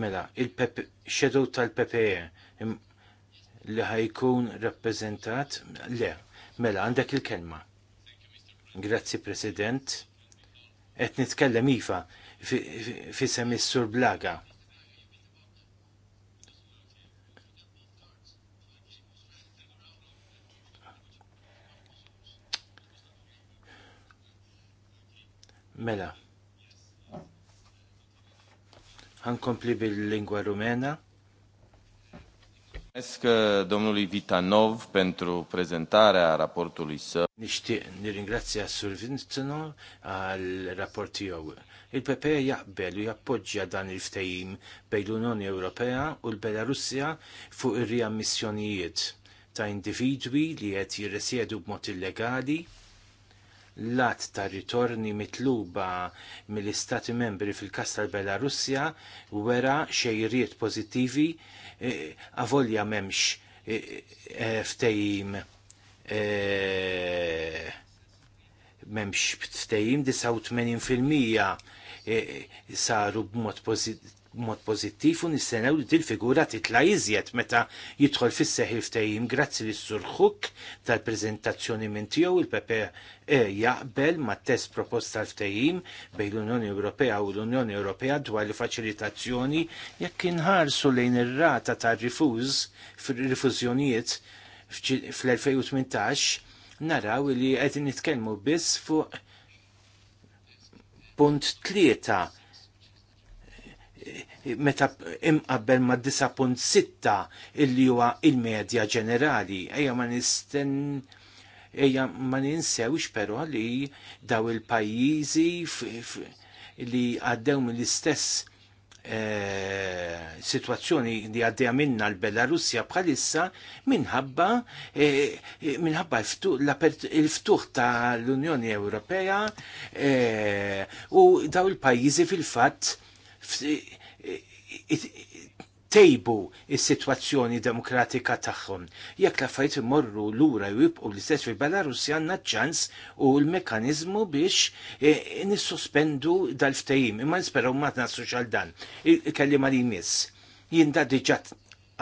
Mela, il-xedu tal-PPE li ħajkun rappresentat, le, mela, għandek il-kelma. Grazzi, President. Et nitkellem ifa fi semissur blaga. Mela. Ħankompli bil-lingwa rumena. Esk eh, Domnuli Vitanov pentru prezentarea raportului sa. Nishti nirringrazzja Sur Vintanov għal rapporti tiegħu. Il-PP jaqbel u jappoġġja dan il-ftehim bejn l-Unjoni Ewropea u l belarusja fuq ir-riammissjonijiet ta' individwi li qed jirresiedu b'mod illegali lat ta' ritorni mitluba mill-Istati membri fil-kas tal-Belarusja wera xejriet pozittivi e, avolja e, e, memx ftejim memx ftejim 89% saru b'mod mod pozittiv u nistennew li til-figura titla iżjed meta jidħol fis-seħi ftehim grazzi lis surħuk tal-preżentazzjoni minn tiegħu il pepe eh, jaqbel ma' test proposta tal-ftehim bejn l-Unjoni Ewropea u l-Unjoni Ewropea dwar il-faċilitazzjoni jekk inħarsu lejn ir-rata tar-rifuż fir-rifużjonijiet fl-2018 naraw li qegħdin nitkellmu biss fuq punt tlieta meta imqabbel ma' 9.6 illi huwa il-medja ġenerali. Ejja ma nisten ejja ma ninsewx però li daw il-pajjiżi li għaddew mill-istess E, situazzjoni li għaddeja minna l-Belarusja bħalissa minħabba e, minħabba il-ftuħ ta' l-Unjoni Ewropea e, u daw il-pajjiżi fil-fatt tejbu is-sitwazzjoni demokratika tagħhom. Jekk l-affarijiet imorru lura jibqu l-istess fil-Belarusja għandna ċans u l-mekkaniżmu biex e, nissospendu dal-ftehim, imma nisperaw ma tnassu xal dan. Kellima li jmiss. da diġà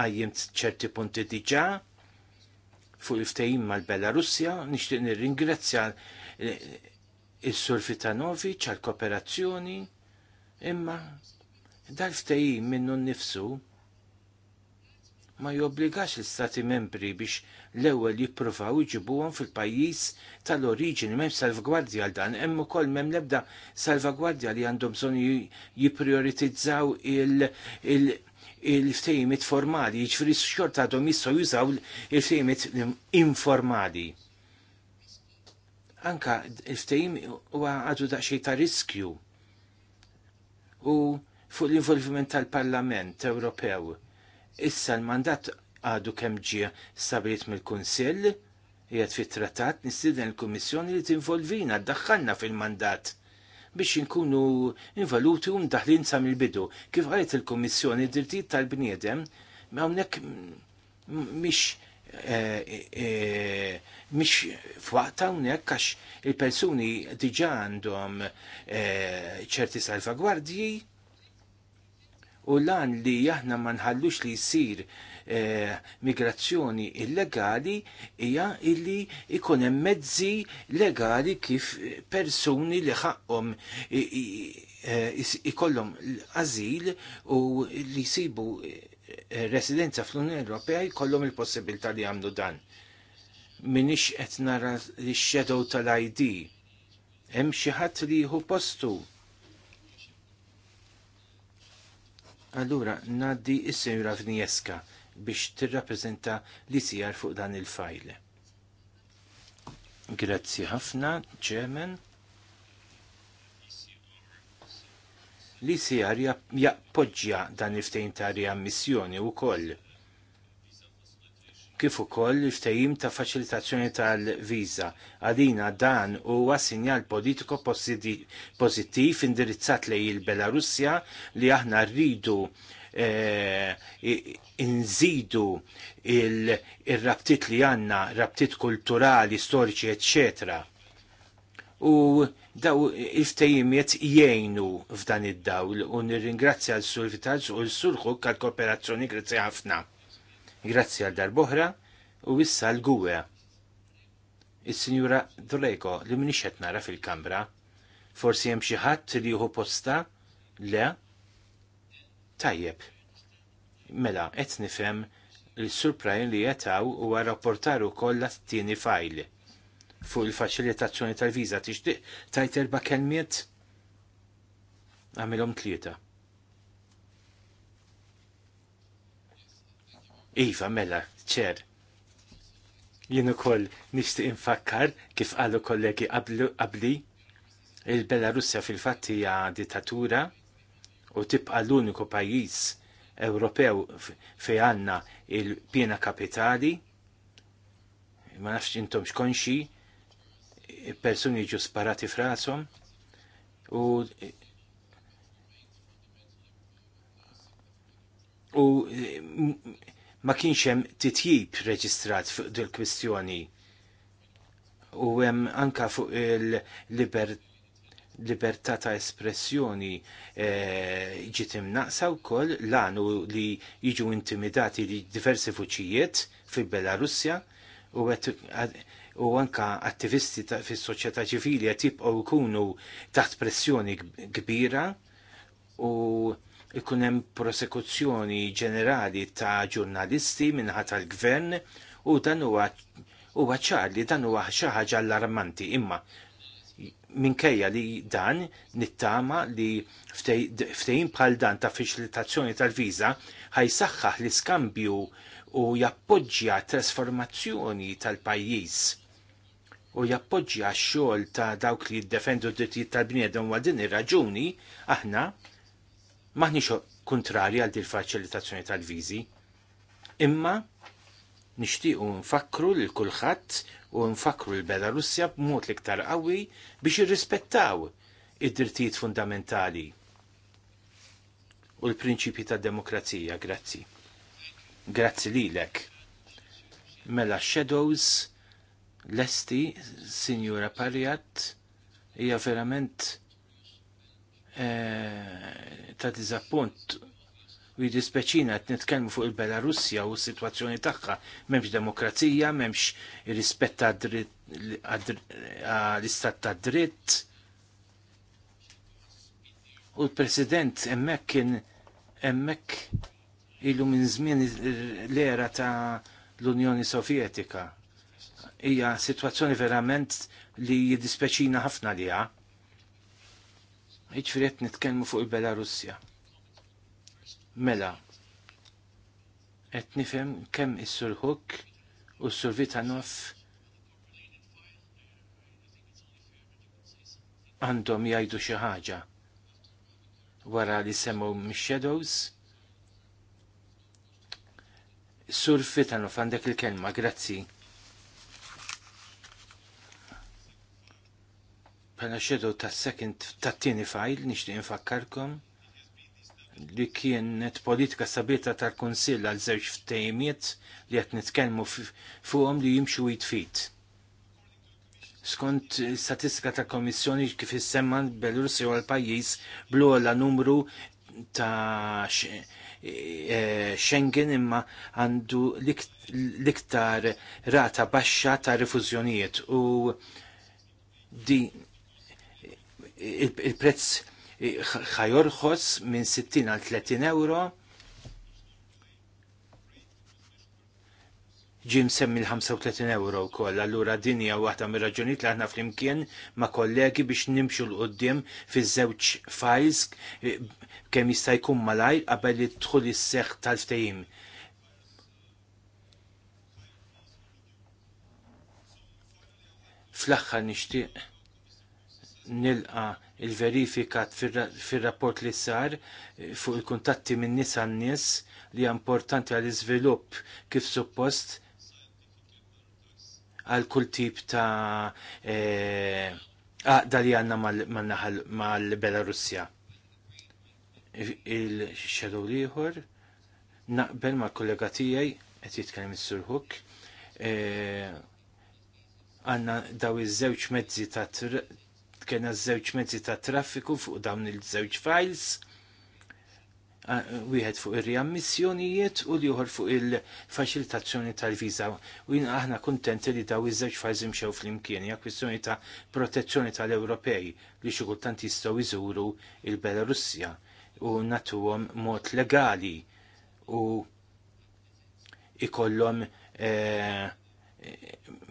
għajjem ċerti punti diġà fuq il-ftehim mal-Belarusja, nixtieq nirringrazzja e, e, is-Sur Fitanovi ċal-kooperazzjoni Imma dal-ftejim minnu nnifsu ma jobbligax l-Stati membri biex l-ewwel jippruvaw iġibuhom fil-pajjiż tal-oriġini m'hemm salvgwardja għal dan, hemm ukoll m'hemm l-ebda salvgwardja li għandhom bżonn jipprioritizzaw il-, il il-ftejmit formali, ġifri xorta għadhom jistgħu jużaw il-ftejmit informali. Anka il-ftejm huwa għadu daqsxejn ta' riskju u fuq l-involviment tal-Parlament Ewropew. Issa l-mandat għadu kemm ġie stabilit mill-Kunsill, jgħed fit-trattat nistiden l-Kummissjoni li tinvolvina, ddaħħalna fil-mandat biex inkunu involuti u mdaħlin sa mill-bidu. Kif għajt il-Kommissjoni d-dirtit tal-bniedem, ma' unnek miex mish fwaqta unnek għax il-persuni diġa għandhom eh, ċerti salvagwardji u lan li jahna ma nħallux li jisir eh, migrazzjoni illegali hija illi ikun hemm mezzi legali kif persuni li ħaqhom eh, ikollhom azil u li jsibu residenza fl-Unjoni Ewropea jkollhom il-possibilità li jagħmlu dan. Minix qed nara l-shadow tal-ID. Hemm xi ħadd li jieħu postu. Allura, naddi is-Sinjura Vnieska biex tirrappreżenta li sijar fuq dan il-fajle. Grazzi ħafna, Chairman. li sijar jappoġġja dan il-ftejim ta' riammissjoni u koll. Kif ukoll il-ftejim ta' faċilitazzjoni tal viza Għalina dan huwa sinjal politiko pożittiv indirizzat lej il-Belarusja li aħna rridu eh, inżidu il-rabtit li għanna, rabtit kulturali, storiċi, eccetera u daw il jgħinu f'dan id-dawl u nirringrazzja l-Sur Vitaġ u l-Sur Xuk għal-kooperazzjoni grazzi ħafna. Grazzi għal darboħra u issa l guwe Il-Sinjura Drego li minix qed nara fil-kamra. Forsi hemm xi ħadd li juhu posta? Le? Tajjeb. Mela, qed nifhem il-surprajn li jetaw u għarrapportaru kollha t-tieni fajli fuq il-faċilitazzjoni tal-viża tixtieq tajt erba' kelmiet għamilhom tlieta. Iva, mela, ċer. Jien ukoll nixtieq infakkar kif qalu kollegi qabli il-Belarusja fil-fatt hija dittatura u tibqa l-uniku pajjiż Ewropew fejn għandna il-pjena kapitali ma nafx intom xkonxi persuni ġu sparati frasom u u ma kienx hemm titjib reġistrat fuq dil kwistjoni u hemm anka fuq il-libertà ta' espressjoni eh, ġiet imnaqsa wkoll lanu li jiġu intimidati li diversi fuċijiet fil-Belarusja u għet u anka attivisti fis-soċjetà ċivili qed jibqgħu jkunu taħt pressjoni kbira u ikun hemm prosekuzzjoni ġenerali ta' ġurnalisti minħat tal-gvern u dan huwa huwa ċar li dan huwa xi ħaġa allarmanti imma minkejja li dan nittama li ftejn bħal dan ta' fiċilitazzjoni tal-viża ħajsaħħaħ l-iskambju u jappoġġja trasformazzjoni tal-pajjiż u jappoġġja x-xogħol ta' dawk li jiddefendu d-drittijiet tal-bniedem wa din ir-raġuni aħna maħniex kuntrarji għal din faċilitazzjoni tal-viżi. Imma nixtiequ nfakru lil kulħadd u nfakru l belarussja b'mod l-iktar qawwi biex jirrispettaw id-drittijiet fundamentali u l-prinċipji ta' demokrazija. Grazzi. Grazzi lilek. Mela Shadows Lesti, Sinjura Parjat, hija verament eh, ta' dizappunt u jidispeċina qed nitkellmu fuq il-Belarusja u s-sitwazzjoni tagħha m'hemmx demokrazija, m'hemmx rispett għall-istat ta' dritt. U l-President hemmhekk kien hemmhekk ilu minn żmien l-era ta' l-Unjoni Sovjetika hija situazzjoni verament li jiddispeċina ħafna li ha. Iġifieri qed nitkellmu fuq il-Belarusja. Mela, qed nifhem kemm is-Sur u s-Sur Vitanov għandhom jgħidu xi ħaġa wara li semmu mix-shadows. Surfitano, fandek għandek il-kelma, grazzi. Pana xedu ta' second ta' tieni fajl nixtieq infakkarkom li kienet politika sabieta tal-Kunsill għal żewġ ftejmiet li qed nitkellmu fuqhom li jimxu jitfit. Skont statistika tal komissjoni kif issemma Belurusi għal pajjiż blu għal numru ta' e, Schengen imma għandu l-iktar rata baxxa ta' rifużjonijiet u di il-prezz ħajorħos minn 60 għal 30 euro ġim semmi l-35 euro koll, għallura dinja waħda mir raġunijiet li aħna flimkien ma kollegi biex nimxu l-qoddim fi żewġ files e, kemm jista' jkun malaj qabel jidħul is-seħħ tal-ftehim. Fl-aħħar nixtieq nilqa il-verifika fil-rapport li sar eh, fuq il-kuntatti minn nies għan nies li importanti għal iżvilupp kif suppost għal kull tip ta' eh, għaqda li għanna mal-Belarusja. Il-xedow liħor naqbel ma' kollega tijaj, għet jitkellem il-Sur Hook, eh, għanna daw iż-żewġ mezzi ta' kena żewġ mezzi ta' traffiku fuq dawn il-żewġ files, wieħed fuq ir-riammissjonijiet u l-ieħor fuq il-faċilitazzjoni tal-viża. U jien aħna kuntenti li daw iż-żewġ files imxew flimkien, hija kwistjoni ta' protezzjoni tal-Ewropej li xi kultant jistgħu jżuru il-Belarusja u natuhom mod legali u ikollhom eh,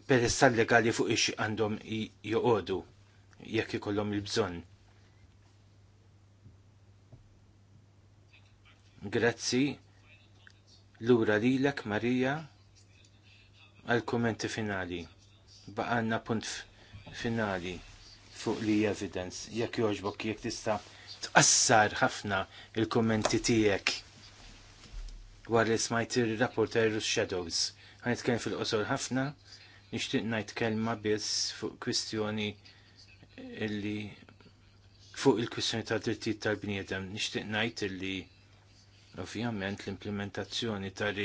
peress legali fuq ix għandhom joqodu jekk ikollhom il-bżonn. Grazzi lura lilek Marija għal kummenti finali. Baqanna punt finali fuq li evidence. Jekk jogħġbok jekk tista' tqassar ħafna il-kummenti tiegħek Wara li smajt ir-rapporter Shadows. Ħanitkellem fil-qosor ħafna, nixtieq ngħid kelma biss fuq kwistjoni illi fuq il-kwissjoni ta' drittijiet tal-bniedem nixtieq ngħid illi ovvjament l-implementazzjoni tal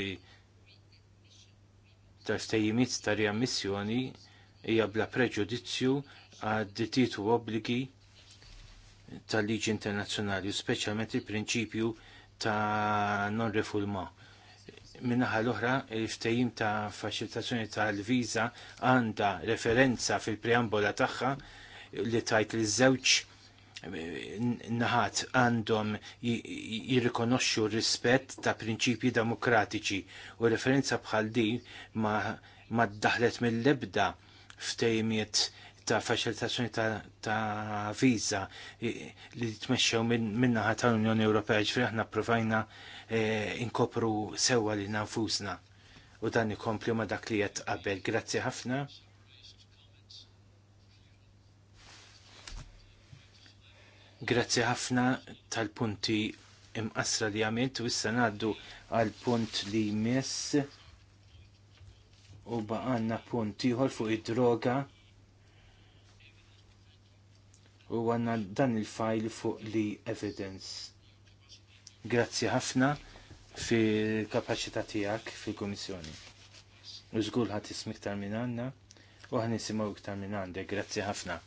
tal-stejjimiet ta' riammissjoni hija bla preġudizzju għad drittijiet u obbligi tal-liġi internazzjonali, speċjalment il-prinċipju ta' non-refulma. Minnaħa l-oħra, il-ftejim ta' faċilitazzjoni tal-viza għanda referenza fil-preambola tagħha li tajt li żewġ eh, naħat għandhom jirrikonoxxu rispett ta' prinċipji demokratiċi u referenza bħal di ma, ma daħlet mill-lebda ftejmiet ta' faċilitazzjoni ta', ta viza eh, li tmexxew minnaħa tal-Unjoni Ewropea ġifri aħna provajna eh, inkopru sewwa li nafusna U dan ikompli ma' dak li qed qabel. Grazzi ħafna. Grazzi ħafna tal-punti imqasra li għamilt u issa ngħaddu għal punt li jmiss u baqanna punt ieħor fuq id-droga u għanna dan il-fajl fuq li evidence. Grazzi ħafna fil kapacita tiegħek fil-Kummissjoni. U żgur ħadd ismi iktar minn għanna u ħanisimgħu iktar minn għandek. Grazzi ħafna.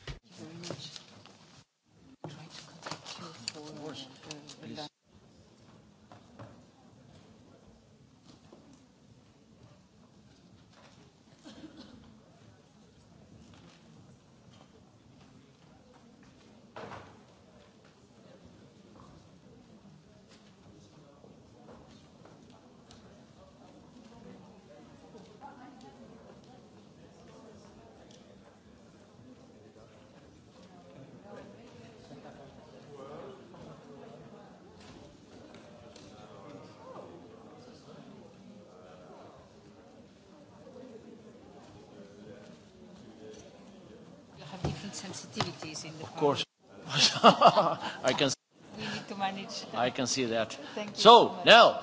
Of course. I can We need to manage. That. I can see that. Thank you so, so now,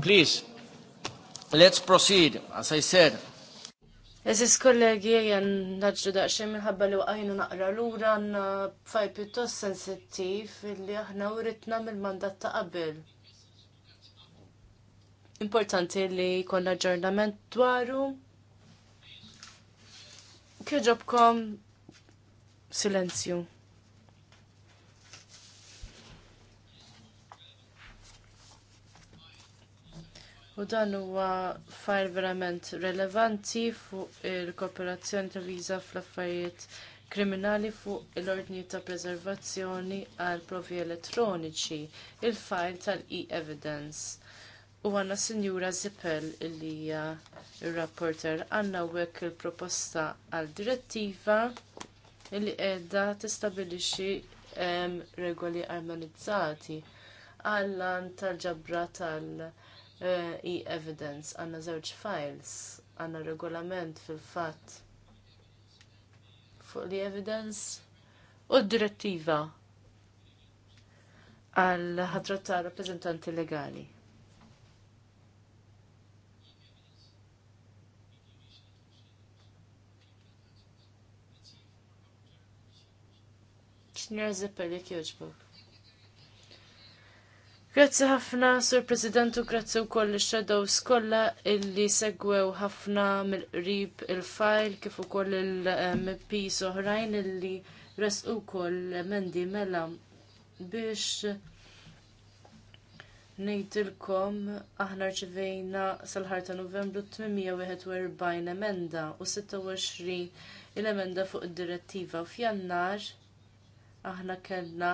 please, let's proceed. As I said, Eżis kollegi jen naġġu daċxie minħabba li waqajna naqra l-ura għanna faj piuttost sensittiv li aħna u uritna mill-mandat ta' qabel. Importanti li konna ġornament dwaru. Kieġobkom Silenzju. U dan huwa fajl verament relevanti fuq il-kooperazzjoni ta' viza fl-affarijiet kriminali fuq l-ordni ta' preservazzjoni għal provi elettroniċi, il-fajl tal-e-evidence. U għanna Sinjura Zippel illi hija il-rapporter għanna wek il-proposta għal direttiva li qiegħda tistabilixxi regoli armonizzati għall-lan tal-ġabra tal-e-evidence eh, għandna żewġ files għandna regolament fil-fatt fuq li evidence u d-direttiva għal ħatra ta' rappresentanti legali. Signora li kjoġbok. Grazzi ħafna, Sur Presidentu, grazzi u koll shadows kolla illi segwew ħafna mill-qrib il-fajl kif ukoll il-MP soħrajn illi u koll mendi mela biex ngħidilkom aħna rċivejna sal-ħar ta' Novembru 841 emenda u 26 il-emenda fuq id-direttiva f'jannar aħna kellna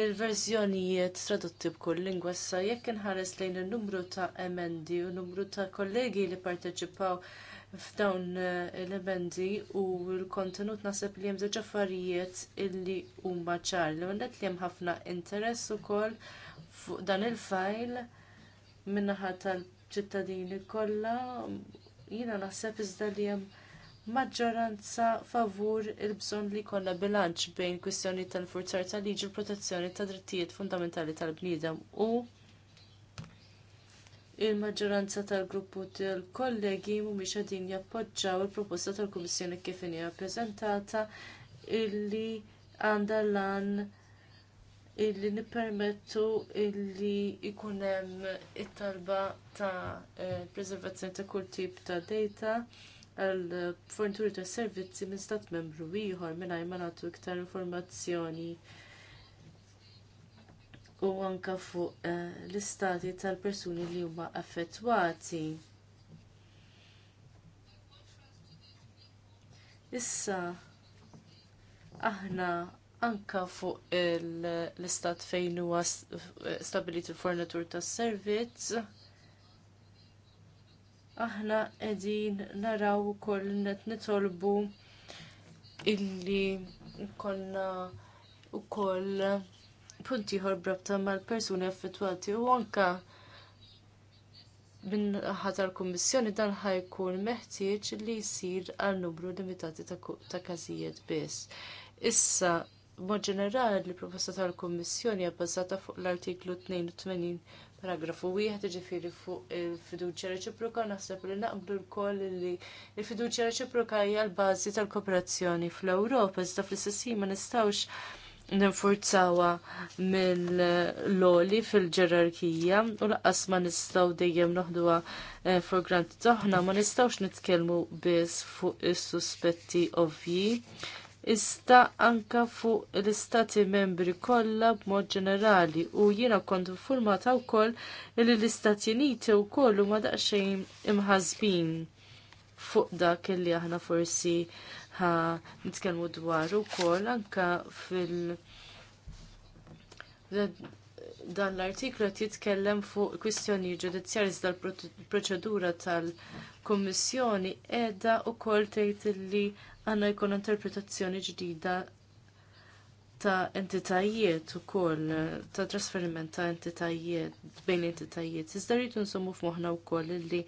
il-verżjonijiet tradotti b'kull lingwa issa jekk inħares lejn in-numru ta' emendi u numru ta' kollegi li parteċipaw f'dawn eh, l-emendi u l-kontenut naħseb li hemm żewġ affarijiet illi huma ċar li għandet li hemm ħafna interess ukoll fuq dan il-fajl min-naħa tal-ċittadini kollha jiena naħseb iżda li hemm maġġoranza favur il-bżonn li jkollna bilanċ bejn kwistjoni tal-forzar tal-liġi l protezzjoni tad drittijiet fundamentali tal-bniedem u il-maġġoranza tal-gruppu tal-kollegi mhumiex qegħdin jappoġġjaw il-proposta tal-Kummissjoni kif hija ppreżentata illi għandha lan illi nippermettu illi jkun hemm it-talba ta' eh, preservazzjoni ta' kull tip ta' data għal fornituri ta' servizzi minn stat membru ieħor mingħajr ma nagħtu iktar informazzjoni u anke fuq eh, l-istati tal-persuni li huma affettwati. Issa aħna anka fuq l-istat fejn huwa eh, stabilit il-fornitur tas-servizz aħna qegħdin naraw ukoll net nitolbu illi konna ukoll punti brabta mal-persuni affettwati u anka minn ħatar kummissjoni dan ħajkun meħtieġ li jsir għal numru limitati ta' każijiet biss. Issa, b'mod ġenerali, l proposta tal-Kummissjoni hija bbażata fuq l-artiklu 82 paragrafu wieħed iġifieri fuq il-fiduċja reċiproka naħseb li naqblu wkoll li l-fiduċja reċiproka hija l-bażi tal-kooperazzjoni fl-Ewropa iżda fl-istess ma nistgħux ninfurzawa mill-loli fil-ġerarkija u lanqas ma nistgħu dejjem noħduha eh, for granted aħna ma nistgħux nitkellmu biss fuq is-suspetti ovvji Ista anka fuq l-istati membri kollha b'mod ġenerali u jiena kont informata wkoll li l-Istati Uniti wkoll huma daqsxejn imħazbin fuq dak li aħna forsi ha nitkellmu dwar ukoll anka fil- dan l-artiklu qed jitkellem fuq kwistjoni ġudizzjarji dal proċedura tal-Kummissjoni qiegħda wkoll tgħid li għanna jkun interpretazzjoni ġdida ta' entitajiet ukoll ta' trasferiment ta' entitajiet bejn entitajiet. Iżda rridu nsommu u wkoll illi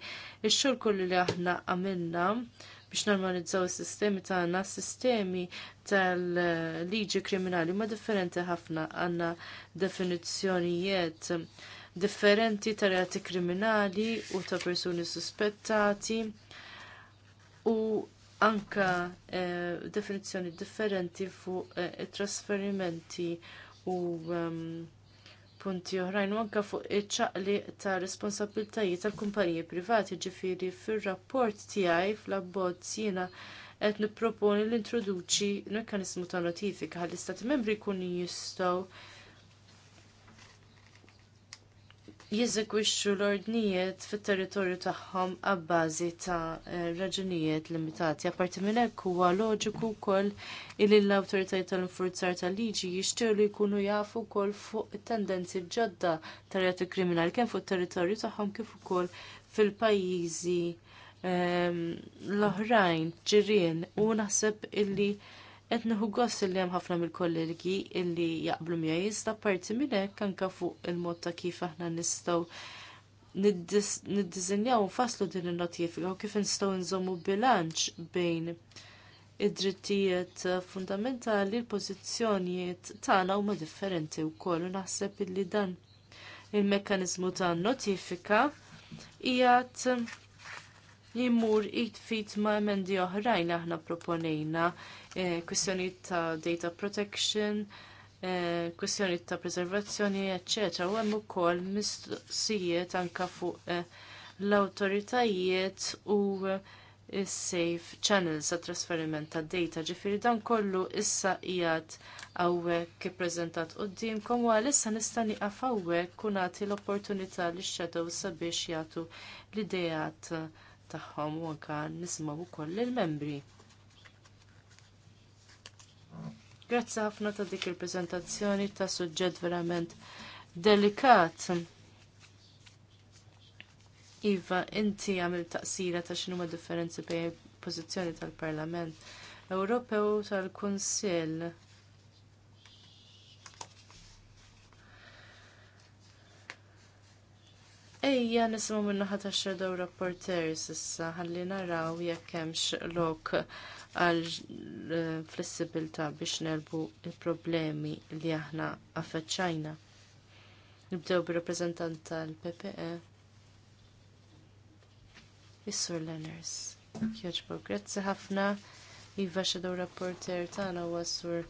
x-xogħol kollu li aħna għamilna biex normalizzaw is-sistemi tagħna, sistemi tal-liġi kriminali ma differenti ħafna għandna definizzjonijiet differenti ta' reati kriminali u ta' persuni suspettati u anka eh, definizzjoni differenti fuq eh, trasferimenti u ehm, punti oħrajn u anke fuq iċ-ċaqli ta' responsabiltajiet tal-kumpaniji privati ġifieri fir-rapport tiegħi fl-abbozz jiena qed nipproponi l introduċi mekkaniżmu ta' notifika ħalli istati membri jkunu jistgħu jeżegwixxu l-ordnijiet fit-territorju tagħhom għabbażi ta' eh, raġunijiet limitati. Apparti minn hekk huwa loġiku wkoll li l-awtoritajiet tal-infurzar tal-liġi jixtiequ li jkunu jafu wkoll fuq it-tendenzi ġodda tal-reati kriminali kemm fuq it-territorju tagħhom kif ukoll fil-pajjiżi ehm, l-oħrajn ġirien u naħseb illi Qed neħu gost li hemm ħafna mill-kollegi illi jaqblu miegħi iżda parti minn hekk anke fuq il-mod ta' kif aħna nistgħu niddiżinjaw nfasslu din in-notifika u kif nistgħu nżommu bilanċ bejn id-drittijiet fundamentali l-pożizzjonijiet tagħna huma differenti wkoll u naħseb illi dan il-mekkaniżmu ta' notifika qiegħed jimur id fit ma' emendi oħrajn aħna proponejna Eh, kwistjoni ta' data protection, eh, kwistjoni ta' preservazzjoni, ecc. U hemm ukoll mistoqsijiet anke fuq eh, l-awtoritajiet u safe channels ta' trasferiment ta' data ġifiri dan kollu issa qiegħed hawnhekk ippreżentat qudiemkom u għalissa nista' nieqaf hawnhekk u nagħti l-opportunità li x-xedew sabiex jagħtu l-idejat tagħhom u anke nisimgħu wkoll il-membri. Grazzi ħafna ta' dik il-prezentazzjoni ta' suġġett verament delikat. Iva, inti għamil taqsira ta' x'inhuma differenzi bejn pożizzjoni tal-Parlament Ewropew tal-Kunsill. Ejja nisimgħu min-naħa tax shadow rapporteurs issa ħalli naraw jekk hemmx lok għal eh, flessibilta biex nerbu il-problemi li aħna affeċċajna. Nibdew bir-rappreżentant tal-PPE. Is-Sur Lenners. Kjoġbo, grazzi ħafna. Iva xedaw rapporter tagħna huwa sur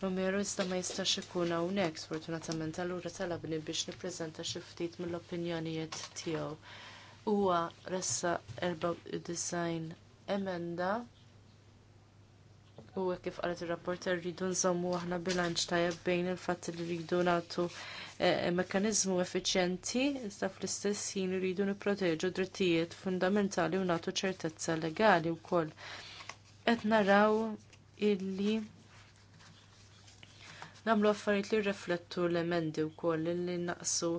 Romero iżda ma jistax ikun hawnhekk sfortunatament allura talabni biex nippreżenta xi ftit mill-opinjonijiet tiegħu. Huwa ressa erba' design emenda U kif qalet ir-rapporter rridu nżommu aħna bilanċ tajjeb bejn il fat li rridu nagħtu eh, mekkaniżmu effiċjenti staf fl-istess jien rridu nipproteġu drittijiet fundamentali u nagħtu ċertezza legali wkoll. Qed naraw illi namlu affarijiet li rriflettu l-emendi wkoll li naqsu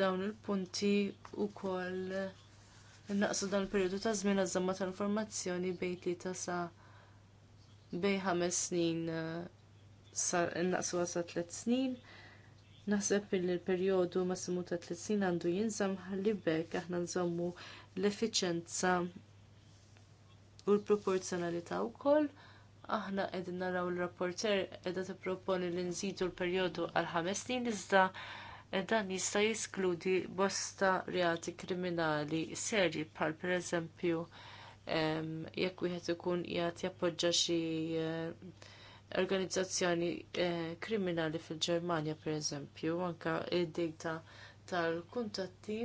dawn il-punti wkoll naqsu dan il periodu ta' żmien għaż tal-informazzjoni bejn ta' sa' bej ħames snin eh, sar innaqsu sa tliet snin. Naħseb li l-perjodu simu ta' tliet snin għandu jinżam ħalli bekk aħna nżommu l-effiċenza u l-proporzjonalità wkoll aħna qegħdin naraw l-rapporter qiegħda tipproponi li nżidu l-perjodu għal ħames snin iżda dan jista' jiskludi bosta reati kriminali serji bħal pereżempju jekk wieħed ikun qiegħed jappoġġa xi eh, organizzazzjoni eh, kriminali fil-Ġermanja pereżempju, anke id-data tal-kuntatti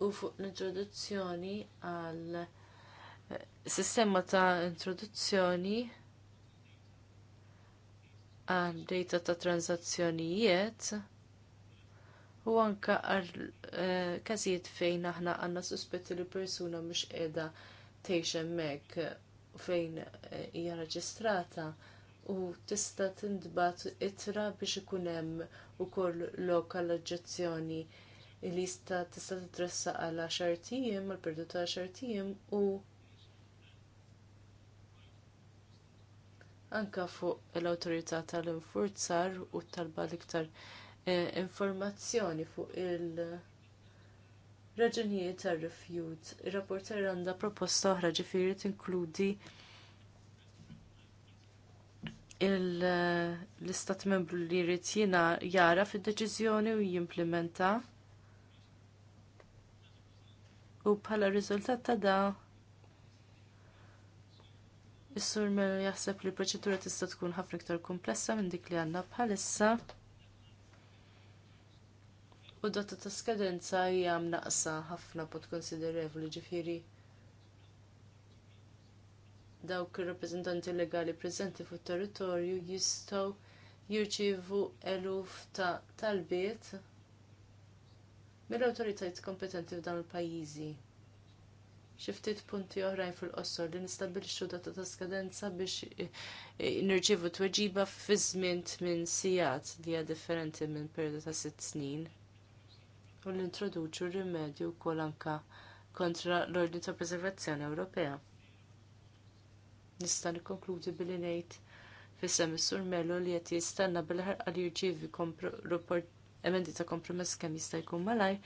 u fuq l-introduzzjoni għal eh, sistema ta' introduzzjoni għal data ta' transazzjonijiet u anka eh, każijiet fejn aħna għandna suspetti li persuna mhux qiegħda tgħix hemmhekk fejn eh, hija reġistrata u tista' tindbat ittra biex ikun hemm ukoll lokal oġġezzjoni li jista tista' titressa għal xartijem, għal perdu ta' xartijem u anka fuq l-autorità tal-infurzar u talba l-iktar E, informazzjoni fuq il- Raġunijiet tar-rifjut. Ir-rapporter għandha proposta oħra ġifieri tinkludi l-istat membru li jrid jiena jara fid-deċiżjoni u jimplementa. U bħala riżultat ta' da is-sur jaħseb li l-proċedura tista' tkun ħafna iktar komplessa minn dik li għandna bħalissa u data ta' skadenza hija mnaqsa ħafna pod konsiderevoli ġifieri dawk ir-rappreżentanti legali preżenti fuq territorju jistgħu jirċievu eluf ta' talbiet mill-awtoritajiet kompetenti f'dawn il-pajjiżi. Xi ftit punti oħrajn fil-qosor li nistabilixxu data ta' skadenza biex eh, nirċievu tweġiba fi żmien minn sigħat li hija differenti minn perjodu ta' sitt snin u nintroduċu rimedju wkoll anke kontra l-Ordni ta' Preservazzjoni Ewropea. Nista' nikkonkludi billi ngħid fis-sem is-Sur Mello li qed jistenna bil-ħarqa li jirċievi emendi ta' kompromess kemm jista' jkun malajr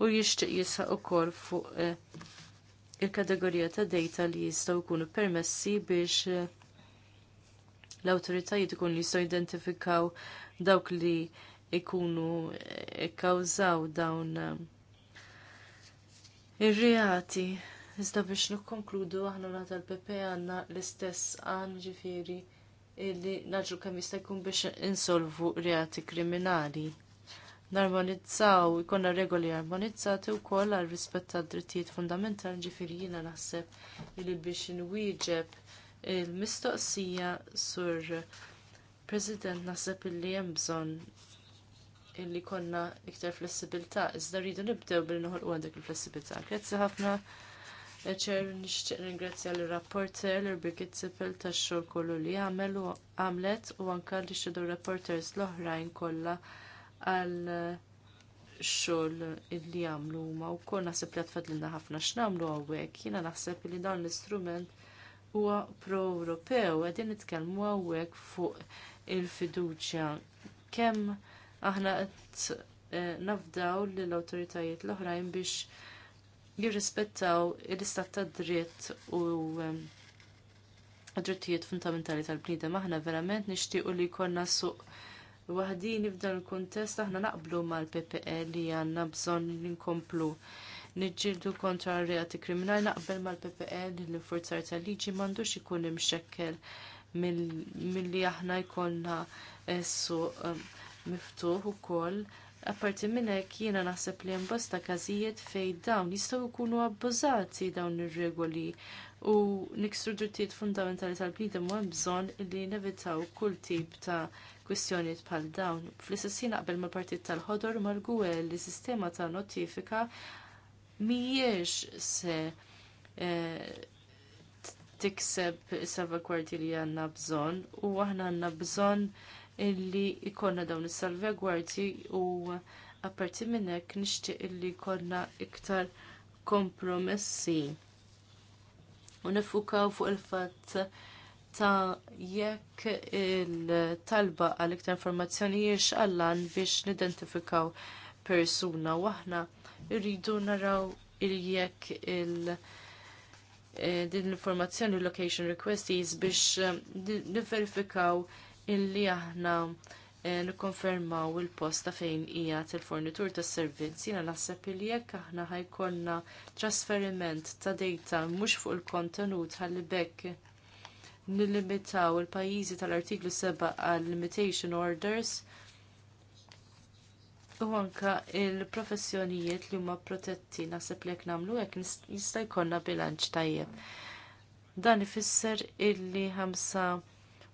u jixtieq jisħaq ukoll fuq eh, il-kategorija ta' dejta li jistgħu jkunu permessi biex eh, l-awtoritajiet ikun jistgħu jidentifikaw dawk li ikunu eh, kkawżaw dawn eh, ir-reati. Iżda biex nikkonkludu aħna nata l-PP e għandna l-istess għan ġifieri illi naġru kemm jista' jkun biex insolvu reati kriminali. Narmonizzaw, ikonna regoli armonizzati wkoll għal rispett tad drittijiet fundamentali ġifieri jiena naħseb illi biex inwieġeb il-mistoqsija sur President naħseb illi hemm bżonn illi konna iktar flessibilità, iżda rridu nibdew billi noħolqu għandek il-flessibilità. Grazzi ħafna. Eċer nixtieq ringrazzja l-rapporter l-Birgit Zippel tax-xogħol kollu li għamel u għamlet u anke li xedu reporters l-oħrajn kollha għal xogħol illi għamlu huma wkoll naħseb li għatfadlilna ħafna x'namlu hawnhekk. Jiena naħseb li dawn l-istrument huwa pro-Ewropew qegħdin nitkellmu hawnhekk fuq il-fiduċja kemm aħna qed eh, nafdaw lill awtoritajiet l-oħrajn biex jirrispettaw l-istat ta' dritt u ehm, drittijiet fundamentali tal-bniedem. Aħna verament nixtiequ li jkollna suq waħdini f'dan il-kuntest aħna naqblu mal-PPE li għandna bżonn li nkomplu niġġieldu kontra r-reati kriminali naqbel mal-PPE li l-forzar tal-liġi m'għandux ikun imxekkel milli aħna jkollna es-suq. Ehm, miftuħ ukoll. Apparti minn hekk jiena naħseb li hemm bosta każijiet fejn dawn jistgħu jkunu abbużati dawn ir-regoli u niksru drittijiet fundamentali tal-bniedem u hemm bżonn li nevitaw kull tip ta' kwistjonijiet bħal dawn. Fl-istess jien qabel mal-Partit tal-Ħodor mal-Gwe li sistema ta' notifika mhijiex se e, tikseb is-salvagwardji li għandna bżonn u aħna għandna bżonn illi ikonna dawn is-salvegwardi u apparti minn hekk nixtieq illi jkollna iktar kompromessi. U nifukaw fuq il-fatt ta' jekk il-talba għal iktar informazzjoni jiex għallan biex nidentifikaw persuna waħna irridu naraw il-jekk il-, eh, din l-informazzjoni location request biex eh, niverifikaw illi aħna eh, nikkonfermaw il-post ta' fejn hija il-fornitur tas servizzi jiena naħseb li jekk aħna ħajkollna trasferiment ta' data mhux fuq il-kontenut ħalli bekk nillimitaw il-pajjiżi tal-artiklu 7 għal limitation orders u anke l professjonijiet li huma protetti naħseb li jekk nagħmlu hekk jista' jkollna bilanċ tajjeb. Dan ifisser illi ħamsa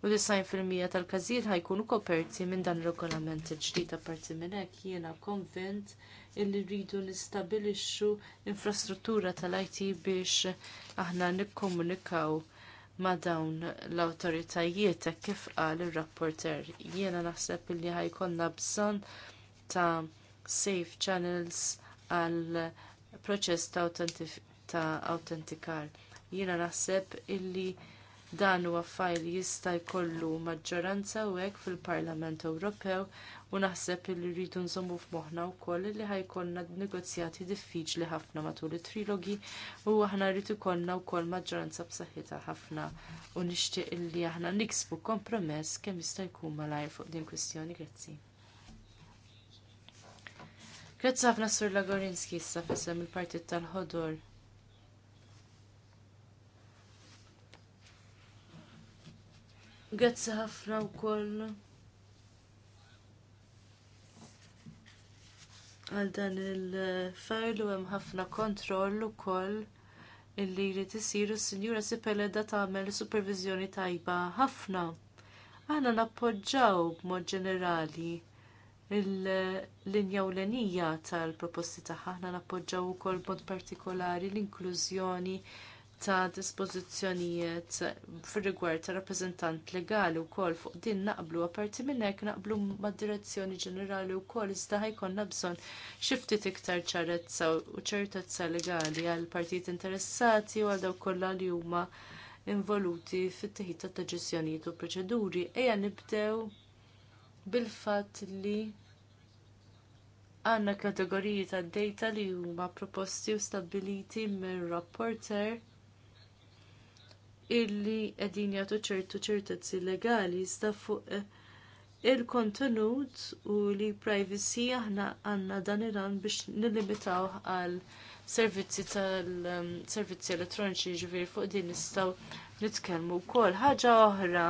u fil-mija tal-każijiet ħajkunu koperti minn dan ir-regolament il-ġdid apparti minn hekk jiena konvent illi rridu nistabilixxu infrastruttura tal-IT biex aħna nikkomunikaw ma' dawn l-awtoritajiet hekk kif qal ir-rapporter. Jiena naħseb illi ħajkonna bżonn ta' safe channels għal proċess ta' autentikar. Jiena naħseb illi dan huwa fajl jista' jkollu maġġoranza u hekk fil-Parlament Ewropew u naħseb li rridu nżommu f'moħħna wkoll li ħajkonna negozjati diffiċli ħafna matul it-trilogi u aħna rrid ikollna wkoll maġġoranza b'saħħitha ħafna u nixtieq li aħna niksbu kompromess kemm jista' jkun malajr fuq din kwistjoni. Grazzi. Grazzi ħafna Sur Lagorinski issa f'isem il-Partit tal-Ħodor. Grazzi ħafna wkoll għal dan il fajlu hemm ħafna kontroll ukoll illi jrid isir is-Sinjura Sipeleda tagħmel supervizjoni tajba ħafna. Aħna nappoġġaw b'mod ġenerali il-linja l-enija tal-proposti tagħha aħna nappoġġaw ukoll b'mod partikolari l-inklużjoni ta' dispożizzjonijiet fir-rigward ta' rappreżentant legali wkoll fuq din naqblu apparti minn hekk naqblu mad direzzjoni ġenerali wkoll iżda ħajkonna bżonn xi ftit iktar ċarezza u ċertezza legali għall partit interessati u għal dawk kollha li huma involuti fit-teħid ta' deċiżjonijiet u proċeduri. Ejja nibdew bil-fatt li għandna kategoriji ta' data li huma proposti u stabbiliti minn rapporter illi qegħdin jagħtu ċertu ċertezzi legali iżda fuq eh, il-kontenut u li privacy aħna għandna dan il-għan biex nillimitaw għal servizzi tal-servizzi ehm, elettroniċi ġifiri fuq din nistaw nitkellmu wkoll. Ħaġa oħra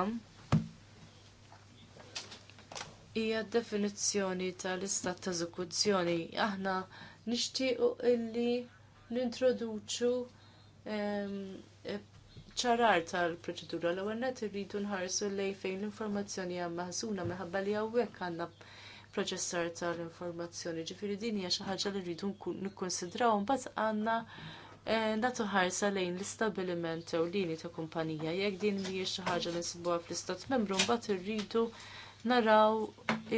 hija d definizzjoni tal-istat ta' eżekuzzjoni. Aħna nixtiequ illi nintroduċu ehm, ċarar tal-proċedura l ewwel nett irridu nħarsu lejn fejn l-informazzjoni hija maħżuna minħabba li hawnhekk għandna proċessar tal-informazzjoni. Ġifieri din hija xi ħaġa li rridu nikkonsidraw mbagħad għandna eh, natu ħarsa lejn l-istabiliment ewlieni ta' kumpanija. Jekk din mhijiex xi ħaġa li nsibuha fl-istat membru, imbagħad irridu naraw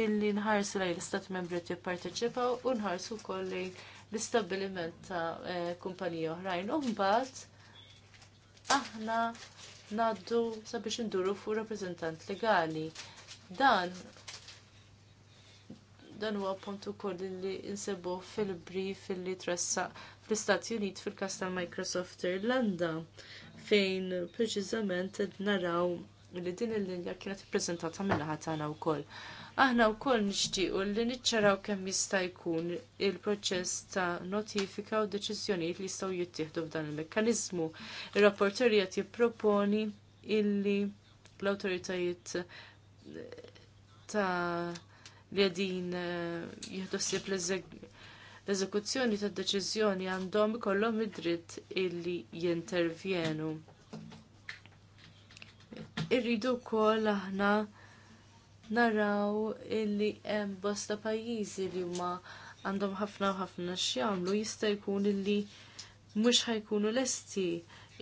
illi nħarsu lejn l-istat membru li jipparteċipaw u nħarsu wkoll lejn l-istabiliment ta' eh, kumpanija oħrajn. U mbagħad aħna naddu sabiex induru fuq rappreżentant legali. Dan dan huwa punt ukoll li insebu fil-brief li tressa fl-Istati Unit fil-kas ta' Microsoft Irlanda fejn preċiżament naraw li din il-linja kienet ippreżentata minnaħa tagħna wkoll. Aħna wkoll nixtiequ li niċċaraw kemm jista' jkun il-proċess ta' notifika u deċiżjonijiet li jistgħu jittieħdu f'dan il-mekkaniżmu. Ir-rapporter qed jipproponi illi l-awtoritajiet ta' li għedin eh, jihdu ssib l-eżekuzzjoni tad deċiżjoni għandhom ikollhom id-dritt illi jintervjenu. Irridu wkoll aħna naraw illi hemm bosta pajjiżi li huma għandhom ħafna u ħafna x'jagħmlu jista' jkun illi mhux ħajkunu lesti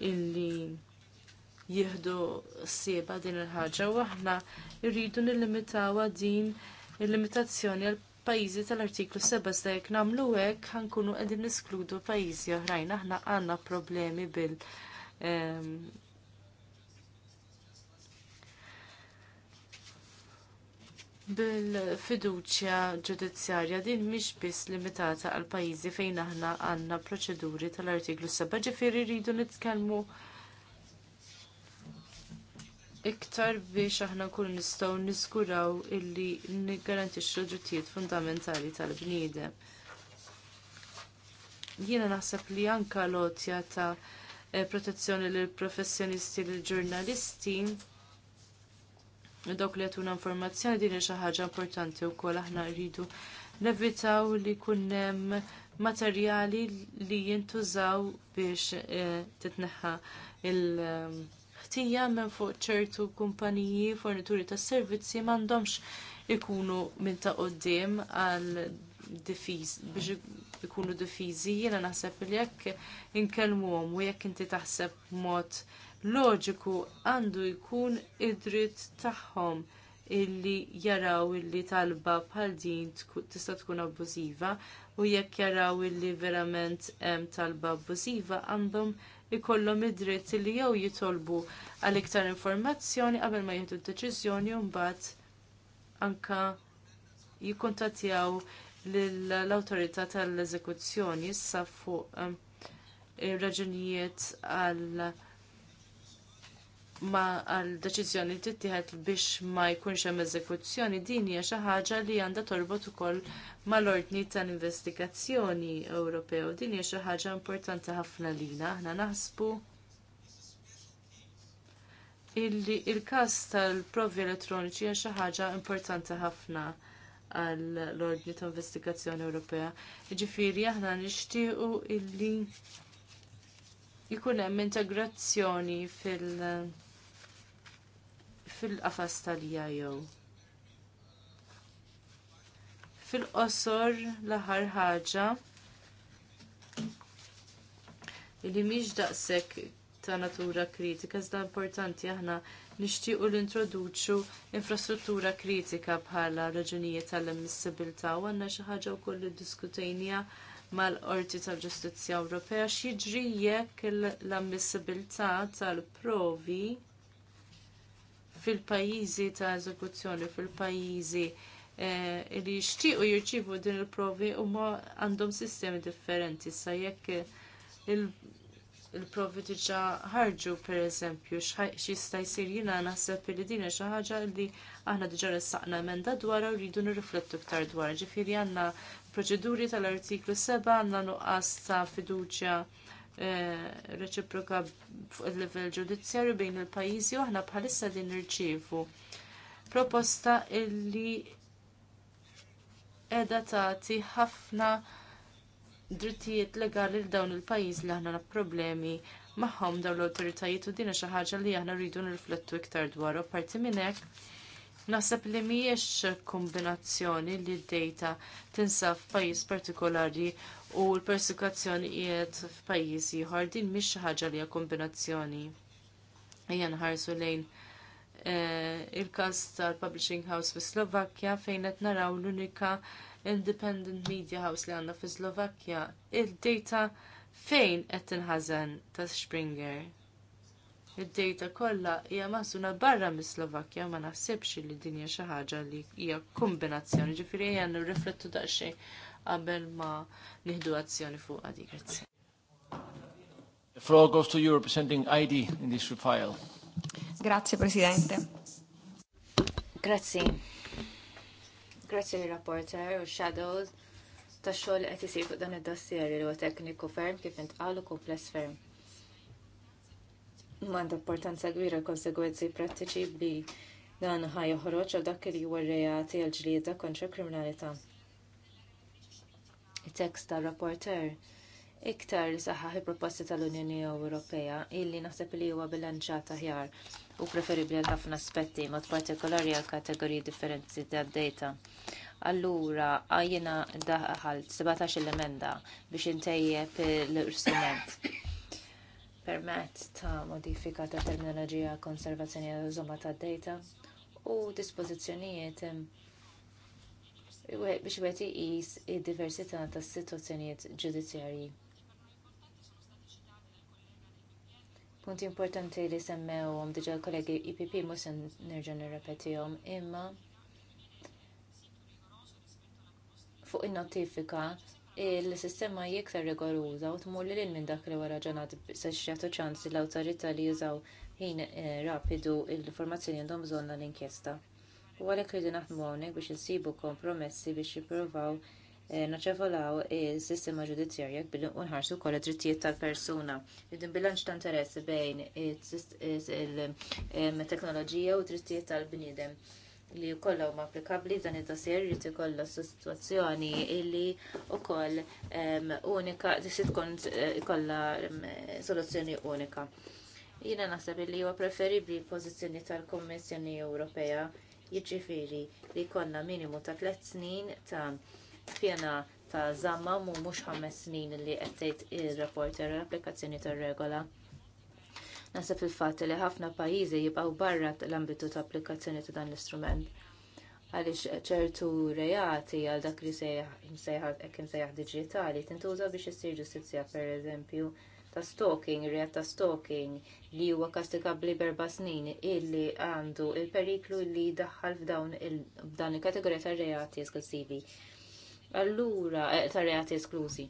illi jieħdu s-sieba din il-ħaġa u aħna rridu nillimitaw din il-limitazzjoni għal pajjiżi tal-artiklu 7 jekk nagħmlu hekk ħankunu qegħdin niskludu pajjiżi oħrajn aħna għandna problemi bil ehm, bil-fiduċja ġudizzjarja din mhix biss limitata għal pajjiżi fejn aħna għandna proċeduri tal-artiklu 7 ġifieri rridu nitkellmu iktar biex aħna nkunu nistgħu niskuraw illi niggarantixxu drittijiet fundamentali tal-bniedem. Jiena naħseb li anke lotja ta' eh, protezzjoni lill professjonisti lill ġurnalisti dawk li għatuna informazzjoni din xi ħaġa importanti wkoll aħna rridu nevitaw li jkun hemm materjali li jintużaw biex eh, titneħħa il-ħtija minn fuq ċertu kumpaniji fornituri tas servizzi m'għandhomx ikunu minn ta' qoddim għal biex ikunu difiżi jiena naħseb li jekk inkellmuhom u jekk inti taħseb mod loġiku għandu jkun id-dritt tagħhom illi jaraw illi talba bħal din tista' tkun abbużiva u jekk jaraw illi verament hemm talba abbużiva għandhom ikollhom id-dritt illi jew jitolbu għal iktar informazzjoni qabel ma jieħdu d-deċiżjoni u mbagħad anke jikkuntattjaw l awtorità tal-eżekuzzjoni issa fuq ehm, ir-raġunijiet għal ma għal deċiżjoni tittieħed biex ma jkunx hemm eżekuzzjoni din hija xi ħaġa li għandha torbot ukoll mal-ordni tal-investigazzjoni Ewropew. Din hija xi ħaġa importanti ħafna lina aħna naħsbu illi il-każ tal-provi elettroniċi hija xi ħaġa importanti ħafna għall ordni ta' investigazzjoni Ewropea. Ġifiri, aħna nixtiequ illi jkun hemm integrazzjoni fil- fil-qafas tal-IAO. Fil-qosor l-aħħar ħaġa li mhix daqshekk ta' natura kritika, iżda importanti aħna nixtiequ l-introduċu infrastruttura kritika bħala raġunijiet tal-immissibilità u għandna xi ħaġa wkoll li diskutejnija mal-Qorti tal-Ġustizzja Ewropea x'jiġri jekk l-ammissibilità tal-provi fil-pajjiżi ta' eżekuzzjoni, fil-pajjiżi eh, li jixtiequ jirċivu din il-provi huma għandhom sistemi differenti sa jekk il-provi diġa' ħarġu pereżempju x'jista' jsir jiena naħseb li din xi ħaġa li aħna diġà ressaqna emenda dwar u rridu nirriflettu aktar dwar. Ġifieri għandna proċeduri tal-artiklu 7 għandna nuqqas ta' fiduċja Eh, reċiproka fuq il-livell ġudizzjarju bejn il-pajjiżi u aħna bħalissa din nirċievu proposta illi qiegħda tagħti ħafna drittijiet legali l dawn il-pajjiż li aħna problemi magħhom dawn l-awtoritajiet u din xi ħaġa li aħna rridu nirriflettu iktar dwar u parti minn hekk Naħseb li mhijiex kombinazzjoni li d-data tinsab f'pajjiż partikolari u l-persekuzzjoni qiegħed f'pajjiż ieħor din mhix xi ħaġa li hija kombinazzjoni. Ejja nħarsu lejn e, il-każ tal-Publishing House fi Slovakkja fejn qed naraw l-unika independent media house li għandna fi Slovakkja. Il-data fejn qed tinħażen ta' Springer id-dejta kollha hija maħsuna barra mis-Slovakkja ma naħsibx li din hija xi ħaġa li hija kombinazzjoni, ġifieri hija nirriflettu daqsxejn qabel ma nieħdu azzjoni fuq għadi. Grazzi. The floor goes to you representing ID in this file. Grazie Presidente. Grazie. Grazie li rapporter u shadows ta' xogħol qed isir fuq dan id-dossier li huwa tekniku ferm kif intqalu kumpless ferm manda importanza kbira konsegwenzi prattiċi li dan ħaj joħroġ għal dak li huwa reati għal ġlieda kontra kriminalità. It-tekst tar-rapporter iktar saħħaħ il-proposti tal-Unjoni Ewropea illi naħseb li huwa bilanċata ħjar u preferibbli għal ħafna aspetti mod partikolari għal kategoriji differenti tad data. Allura għajjina daħal 17 l-emenda biex intejjeb l-istrument permezz ta' modifika ta' terminoloġija konservazzjoni għal żomma ta' data u dispożizzjonijiet biex wieħed iqis id-diversità ta' sitwazzjonijiet ġudizzjarji. Punti importanti li semmewhom diġà l-kollegi IPP e mhux se nerġa' nirrepetihom imma fuq in-notifika il-sistema hija iktar rigoruża u tmur lil minn dak li wara ġanat se xjagħtu ċans l-awtorità li jużaw ħin eh, rapidu l-informazzjoni għandhom bżonna l-inkjesta. U għalhekk rridu naħdmu hawnhekk biex insibu kompromessi biex jippruvaw eh, naċevolaw is-sistema ġudizzjarja billi unħarsu wkoll id-drittijiet tal-persuna. Id bilanċ ta' interess bejn eh, il-teknoloġija u d-drittijiet tal-bniedem li kollha huma applikabbli dan id-dossier jrid ikollha sitwazzjoni li wkoll unika tista' tkun eh, ikollha soluzzjoni unika. Jiena naħseb li huwa preferibbli l-pożizzjoni tal-Kummissjoni Ewropea jiġifieri li jkollna minimu ta' tliet snin ta' pjena ta' zamma mu mhux ħames snin li qed tgħid ir-rapport tal-applikazzjoni tar-regola. Nasib il fat li ħafna pajjiżi jibqgħu barra l-ambitu ta' applikazzjoni ta' dan l-istrument għaliex ċertu reati għal dak li sejħ digitali tintuża biex issir ġustizzja pereżempju ta' stalking, reat ta' stalking li huwa kastikabli berba snin illi għandu il-periklu li daħħal f'dawn il-kategorija ta' reati esklusivi. Allura, eh, ta' reati esklużi.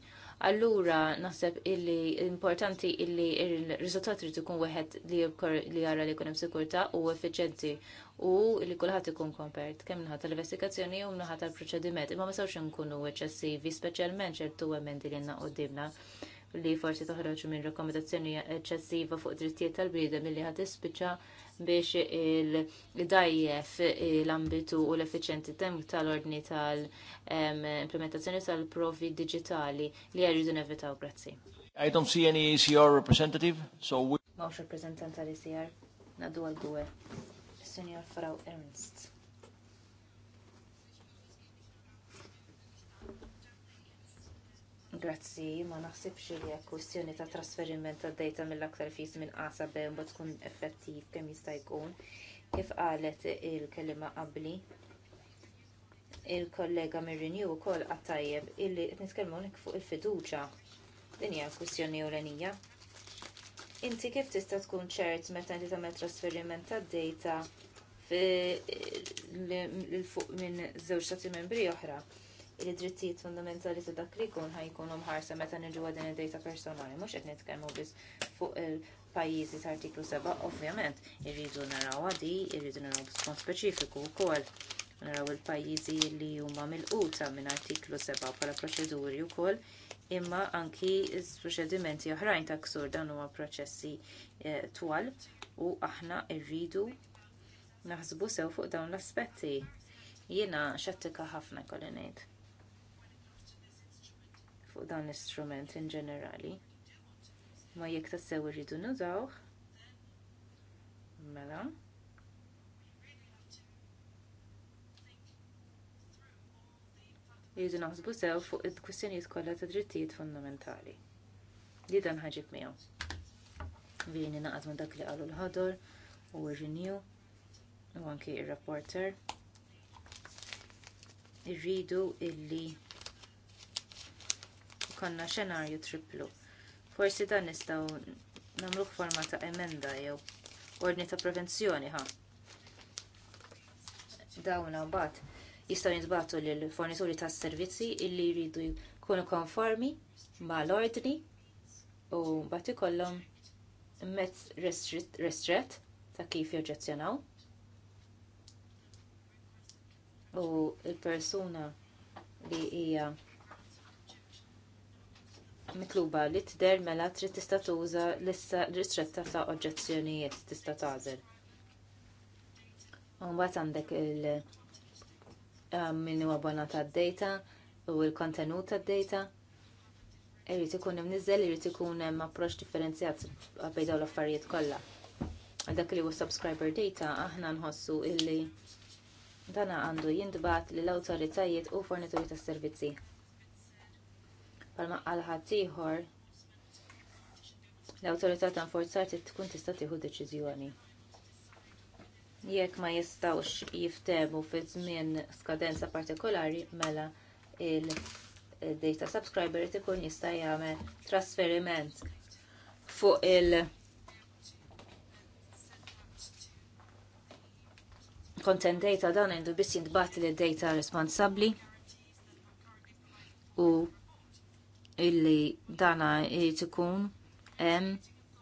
Allura, naħseb illi importanti illi il-rizultat rritu ikun weħed li jara li jkun hemm sikurtà u effiċenti u li kulħadd ikun kompert kemm nħat tal-investigazzjoni u naħat tal-proċediment. Imma ma sawx nkunu eċċessivi, speċjalment ċertu emendi li u dibna li forsi toħroġu minn rekomendazzjoni eċċessiva fuq drittijiet tal-bliedem illi ħat ispiċċa biex il-dajjef l-ambitu u l-effiċenti tem tal-ordni tal-implementazzjoni tal-provi digitali li għarridu nevitaw grazzi. I don't see any ECR representative, so we... Mawx representant tal-ECR, naddu għal-gwe. Senior Frau Ernst. Grazzi, ma naħsibx li hekk kwistjoni ta' trasferiment ta' data mill-aktar fis minn qasa bejn bot tkun effettiv kemm jista' jkun. Kif qalet il-kelima qabli, il-kollega mir u koll għattajjeb illi qed nitkellmu nek fuq il-fiduċja. Din hija kwistjoni ewlenija. Inti kif tista' tkun ċert meta inti tagħmel trasferiment ta' data fuq minn żewġ stati membri oħra? il-drittijiet fundamentali ta' dak li jkun ħajkunu mħarsa meta niġu għadin id dejta personali, mhux qed nitkellmu biss fuq il-pajjiżi ta' artiklu 7, ovvjament, irridu naraw għadi, irridu naraw b'skont speċifiku wkoll. Naraw il-pajjiżi li huma milquta minn artiklu 7 bħala proċeduri wkoll, imma anki s-proċedimenti oħrajn ta' ksur dan huma proċessi eh, twal u aħna rridu naħsbu sew fuq dawn l-aspetti. Jiena xattika ħafna ngħid fuq dan l-istrument in ġenerali. Ma jekk tassew irridu nużawh, mela. Jridu naħsbu sew fuq id-kwistjonijiet kollha ta' drittijiet fundamentali. Li dan ħaġib miegħu. Vieni naqgħod minn dak li qalu l-ħodor u renew u anki ir-rapporter. Irridu illi konna xenarju triplu. Forsi dan nistgħu nagħmlu forma ta' emenda jew ordni ta' prevenzjoni ha. Dawn bat jistgħu jintbagħtu lill fornituri ta' servizzi illi jridu jkunu konformi mal-ordni u mbagħad ikollhom mezz restret ta' kif joġġezzjonaw. U l persuna li hija mitluba li tidher mela trid tista' tuża lista ristretta ta' oġġezzjonijiet tista' tagħżel. Mbagħad għandek il ah, min huwa bona tad data u l-kontenut tad-data. jrid ikun hemm niżel, jrid ikun hemm approċċ differenzjat bejn dawn l-affarijiet kollha. Dak li huwa subscriber data aħna nħossu illi dana għandu jindbat lill awtoritajiet u fornituri tas servizzi palma għal ħaddieħor l-awtorità ta' forzati tkun tista' tieħu deċiżjoni. Jekk ma jistawx jiftemu fi żmien skadenza partikolari mela il-data subscriber ikun jista' jagħmel trasferiment fuq il- content data dan għandu biss jintbat li data responsabli u illi dana tikun hemm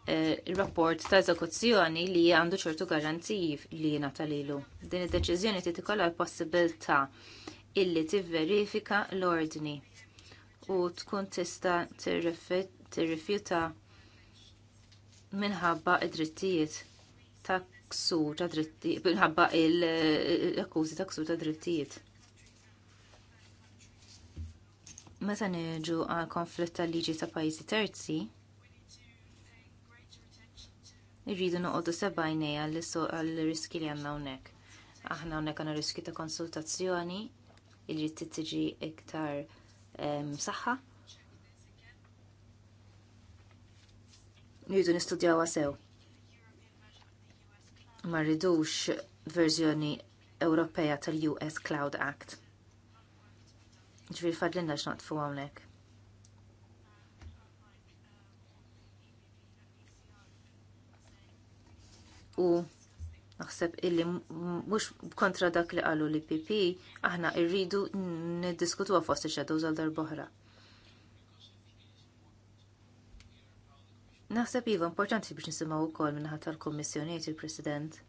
eh, il-rapport ta' eżekuzzjoni li għandu ċertu garanziji li natalilu. Din id-deċiżjoni ti ikollha l-possibilità illi tivverifika l-ordni u tkun tista tirrifjuta minħabba id-drittijiet ta' ksur ta' drittijiet, minħabba l eh, akkużi ta' ksur ta' drittijiet. meta neġu għal konflitt tal-liġi ta' pajjiżi terzi, irridu noqogħdu sebajnejja għal riski li hemm hawnhekk. Aħna hawnhekk għandna riski ta' konsultazzjoni li trid tiġi iktar ehm, saħħa. Rridu nistudjawha sew. Ma rridux verżjoni Ewropea tal-US Cloud Act Ġviri fadlinna x'naqtfu hawnhekk. U naħseb illi mhux kontra dak li qalu li PP, aħna rridu niddiskutuha fost ix-shadows għal darb'oħra. Naħseb iva importanti biex nisimgħu wkoll minnaħat tal-Kommissjonijiet il-President.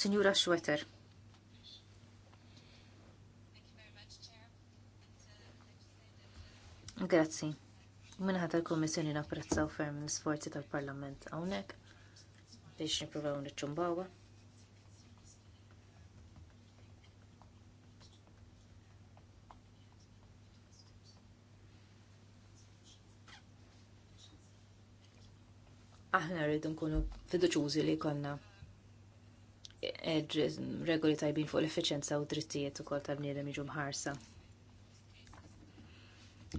Sinjura Schwetter. Grazzi. Minħat tal-Komissjoni napprezzaw ferm l-sforzi tal-Parlament hawnhekk biex nippruvaw nitċumbawa. Aħna rridu nkunu fiduċużi li konna regoli tajbin fuq l-effiċenza u drittijiet ukoll tal-bniedem jiġu mħarsa.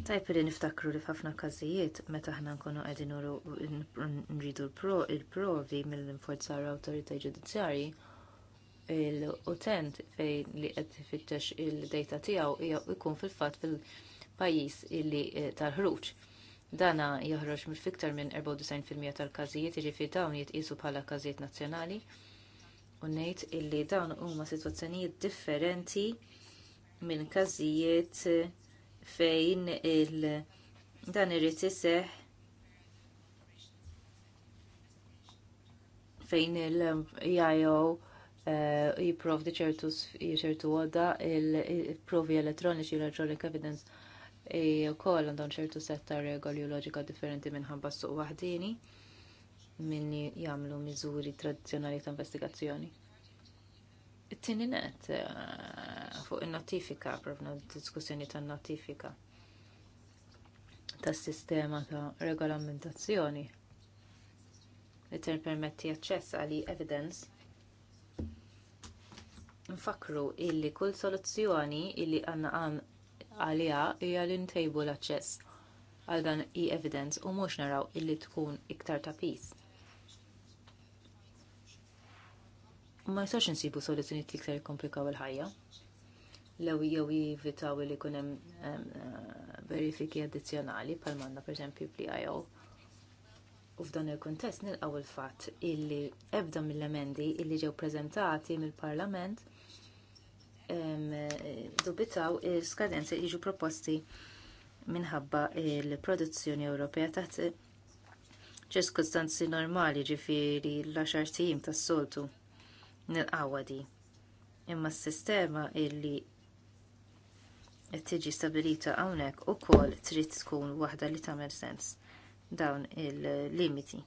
Tajp li niftakru li f'ħafna każijiet meta aħna nkunu qegħdin nridu l-provi mill l awtorità ġudizzjarji l-utent fejn li qed tifittex il-dejta tiegħu jkun fil-fatt fil-pajjiż illi eh, tal-ħruġ. Dana joħroġ mill-fiktar minn 94% tal-każijiet jiġifieri dawn jitqisu bħala każijiet nazzjonali u ngħid illi dawn huma sitwazzjonijiet differenti minn każijiet fejn dan irid iseħħ fejn il-IO eh, jipprovdi ċertu għodda il-provi elettroniċi l-electronic evidence eh, u koll għandhom ċertu setta regoli u loġika differenti minħabba suq waħdini minni jagħmlu miżuri tradizzjonali ta' investigazzjoni. It-tieni net eh, fuq in-notifika, provna diskussjoni tan-notifika tas-sistema ta' regolamentazzjoni li permetti aċċess għal evidence nfakru illi kull soluzzjoni illi għandna għan għaliha hija li ntejbu l-aċċess għal dan e-evidence u mhux naraw illi tkun iktar ta' peace. ma jistax insibu soluzzjoni iktar jikkomplikaw il-ħajja. Lew jew jivitaw li jkun hemm eh, verifiki addizzjonali bħal manna esempio PIO. U f'dan il-kuntest nilqgħu il-fatt illi ebda mill-emendi illi ġew preżentati mill-Parlament dubitaw il-skadenzi jiġu proposti minħabba il-produzzjoni Ewropea taħt ċirkustanzi normali ġifiri l-axartijim tas-soltu nil di. Imma s-sistema illi qed tiġi stabilita hawnhekk ukoll trid tkun waħda li tagħmel sens dawn il-limiti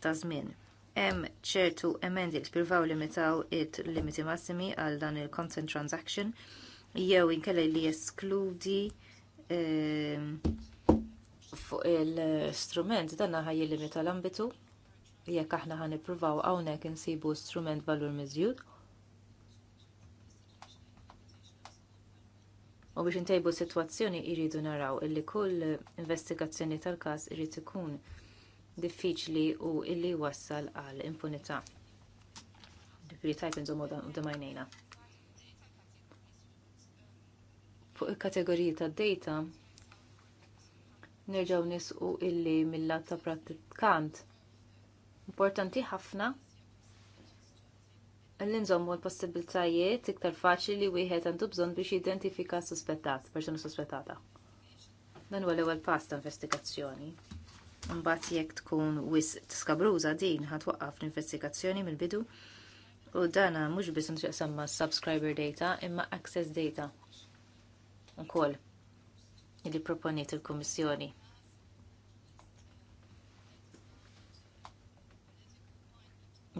ta' żmien. Hemm ċertu emendi li spirvaw limitaw il-limiti massimi għal dan il-content transaction jew inkella li jeskludi ehm, fuq il-strument dan ħaj limita l-ambitu jekk aħna ħan nippruvaw hawnhekk insibu strument valur miżjud. U biex intejbu sitwazzjoni jridu naraw illi kull investigazzjoni tal-każ irid ikun diffiċli u illi wassal għal impunità. Ġifieri tajb inżommu domajnejna. Fuq il-kategoriji tad-data nerġgħu nisqu illi mill-lat ta' pratikant Importanti ħafna li nżommu l-possibilitajiet iktar faċli li wieħed għandu bżonn biex jidentifika suspettat, persuna suspettata. Dan huwa l-ewwel pass ta' investigazzjoni. Mbagħad jekk tkun wis skabruża din ħatwaqqaf l-investigazzjoni mill-bidu u dana mhux biss nitqsam ma' subscriber data imma access data. Ukoll li proponiet il-Kummissjoni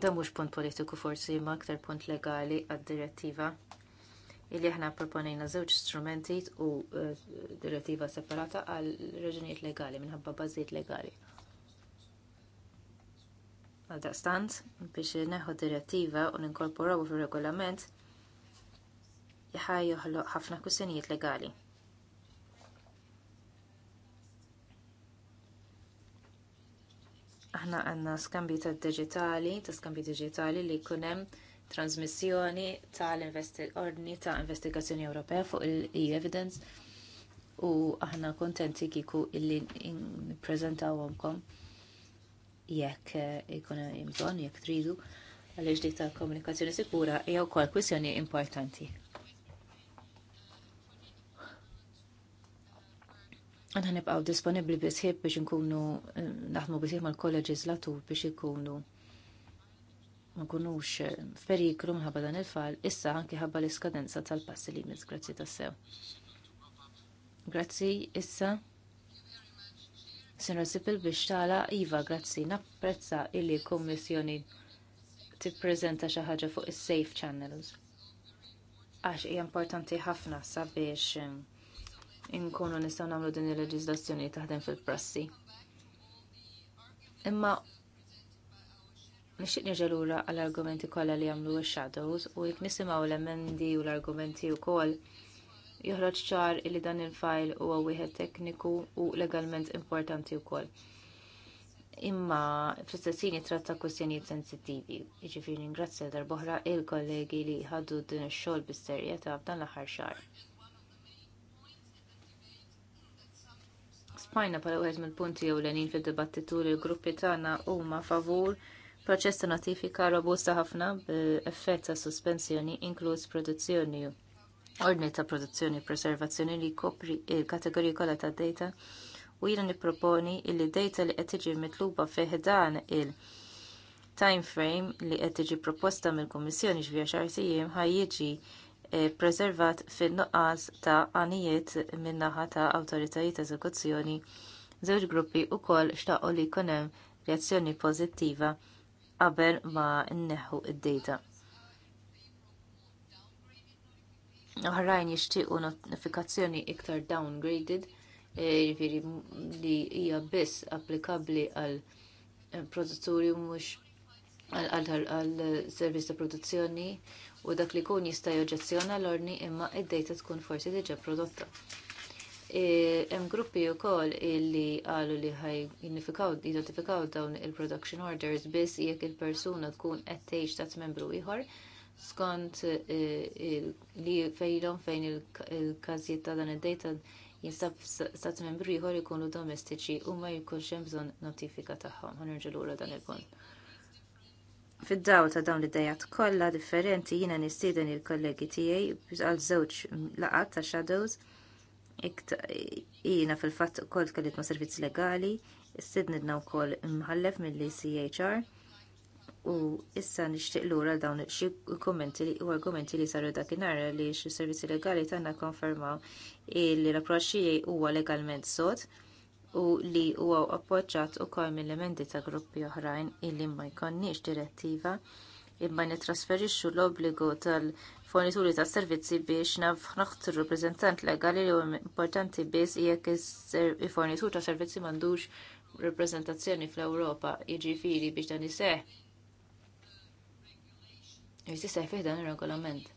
Dan mhux punt politiku forsi ma aktar punt legali għad-direttiva illi aħna proponejna żewġ strumenti u eh, direttiva separata għal raġunijiet legali minħabba bażijiet legali. Għal daqstant, biex neħu direttiva u ninkorporaw fil-regolament jħaj joħloq ħafna kwistjonijiet legali. aħna għandna skambji ta' digitali, ta' skambji digitali li jkun hemm transmissjoni tal-ordni ta' investigazzjoni Ewropea fuq il evidence u aħna kontenti kieku illi nippreżentawhomkom jekk ikun eh, hemm bżonn jekk tridu għal dik ta' komunikazzjoni sikura jew kol kwissjoni importanti. Għanna nibqaw disponibli bisħib biex nkunu eh, naħdmu bisħib mal-kolleġislatur biex ikunu ma kunux eh, feriklu minħabba dan il-fall, issa anki ħabba l-iskadenza tal-passi li mis grazzi sew Grazzi, issa. Sinra Sipil biex tala, Iva, grazzi, napprezza illi kommissjoni tippreżenta xi ħaġa fuq is-safe channels. Għax hija importanti ħafna sabiex eh, inkunu nistgħu nagħmlu din il leġizlazzjoni taħdem fil-prassi. Imma nixtieq nerġa' lura għall-argumenti kollha li jagħmlu x-shadows u jekk nisimgħu l-emendi u l-argumenti wkoll joħroġ ċar li dan il-fajl huwa wieħed tekniku u legalment importanti wkoll. Imma fl-istessini tratta kwestjonijiet sensittivi. Jiġifieri ningrazzja darb'oħra il-kollegi li ħaddu din ix-xogħol bis-serjetà f'dan l-aħħar xahar. smajna pala uħed mill-punti jew lenin fil-dibattitu li l-gruppi tagħna huma favur proċess ta' notifika robusta ħafna b'effett ta' suspensjoni inkluż produzzjoni ordni ta' produzzjoni preservazzjoni li jkopri il-kategoriji kollha ta' data u jiena nipproponi li data li qed tiġi mitluba feħdan il- time frame li qed tiġi proposta mill-Kummissjoni x'vija xahar ħajjiġi E, preservat fin-nuqqas ta' għanijiet min-naħa ta' awtoritajiet eżekuzzjoni. Żewġ gruppi wkoll xtaqgħu li jkun hemm reazzjoni pożittiva qabel ma nneħħu id-dejta. Oħrajn jixtiequ notifikazzjoni iktar downgraded, e, jiġifieri li hija biss applikabbli għal produtturi mhux għal servizz ta' produzzjoni u dak li jkun jista' joġġezzjona l-orni imma id-dejta tkun forsi diġà prodotta. E, hemm gruppi wkoll li qalu li ħaj jidentifikaw dawn il-production orders biss jekk il-persuna tkun qed tgħix ta' membru ieħor skont e, li fejlhom fejn il-każijiet ta' dan id-dejta jinstab stat membru ieħor ikunu domestiċi u ma jkunx hemm bżonn notifika tagħhom. Ħanerġa' lura dan il-punt. Fid-dawl ta' dawn l-idejat kollha differenti jiena nistieden il-kollegi tiegħi għal żewġ laqat ta' shadows jiena fil-fatt ukoll tkellit ma' servizz legali, istidnidna wkoll imħallef mill-CHR u issa nixtieq lura dawn xi kummenti u argumenti li saru dakinhar li x-servizzi legali tagħna konfermaw li l-approċċ huwa legalment sod u li huwa appoġġjat ukoll mill-emendi ta' gruppi oħrajn illi ma jkollniex direttiva imma nitrasferixxu l-obbligu tal-fornituri tas servizzi biex naħtru rappreżentant legali li huwa importanti biss jekk il-fornitur ta' servizzi m'għandux rappreżentazzjoni fl-Ewropa jiġifieri biex dan iseħħ. Jisiseħ fih dan ir-regolament.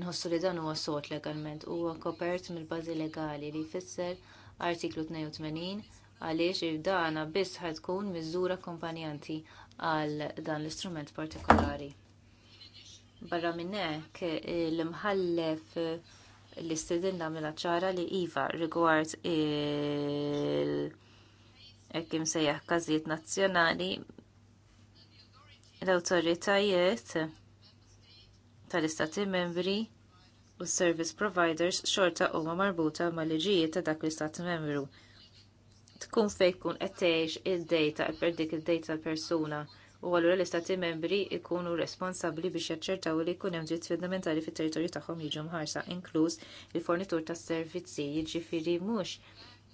Nħossu li dan huwa sot legalment huwa kopert mill-bażi legali li jfisser artiklu 82 għaliex dana biss tkun miżura kompanjanti għal dan l-istrument partikolari. Barra minn hekk l-imħallef l-istedinna mela ċara li iva rigward il- hekk imsejjaħ każijiet nazzjonali l-awtoritajiet tal-istati membri u service providers xorta huma marbuta mal-liġijiet ta' dak l-istat membru. Tkun fejn tkun qed tgħix id-data per dik il-dejta data persuna u allura l-istati membri jkunu responsabbli biex jaċċertaw li jkun hemm dritt fundamentali fit-territorju tagħhom jiġu mħarsa, inkluż il-fornitur tas servizzi jiġifieri mhux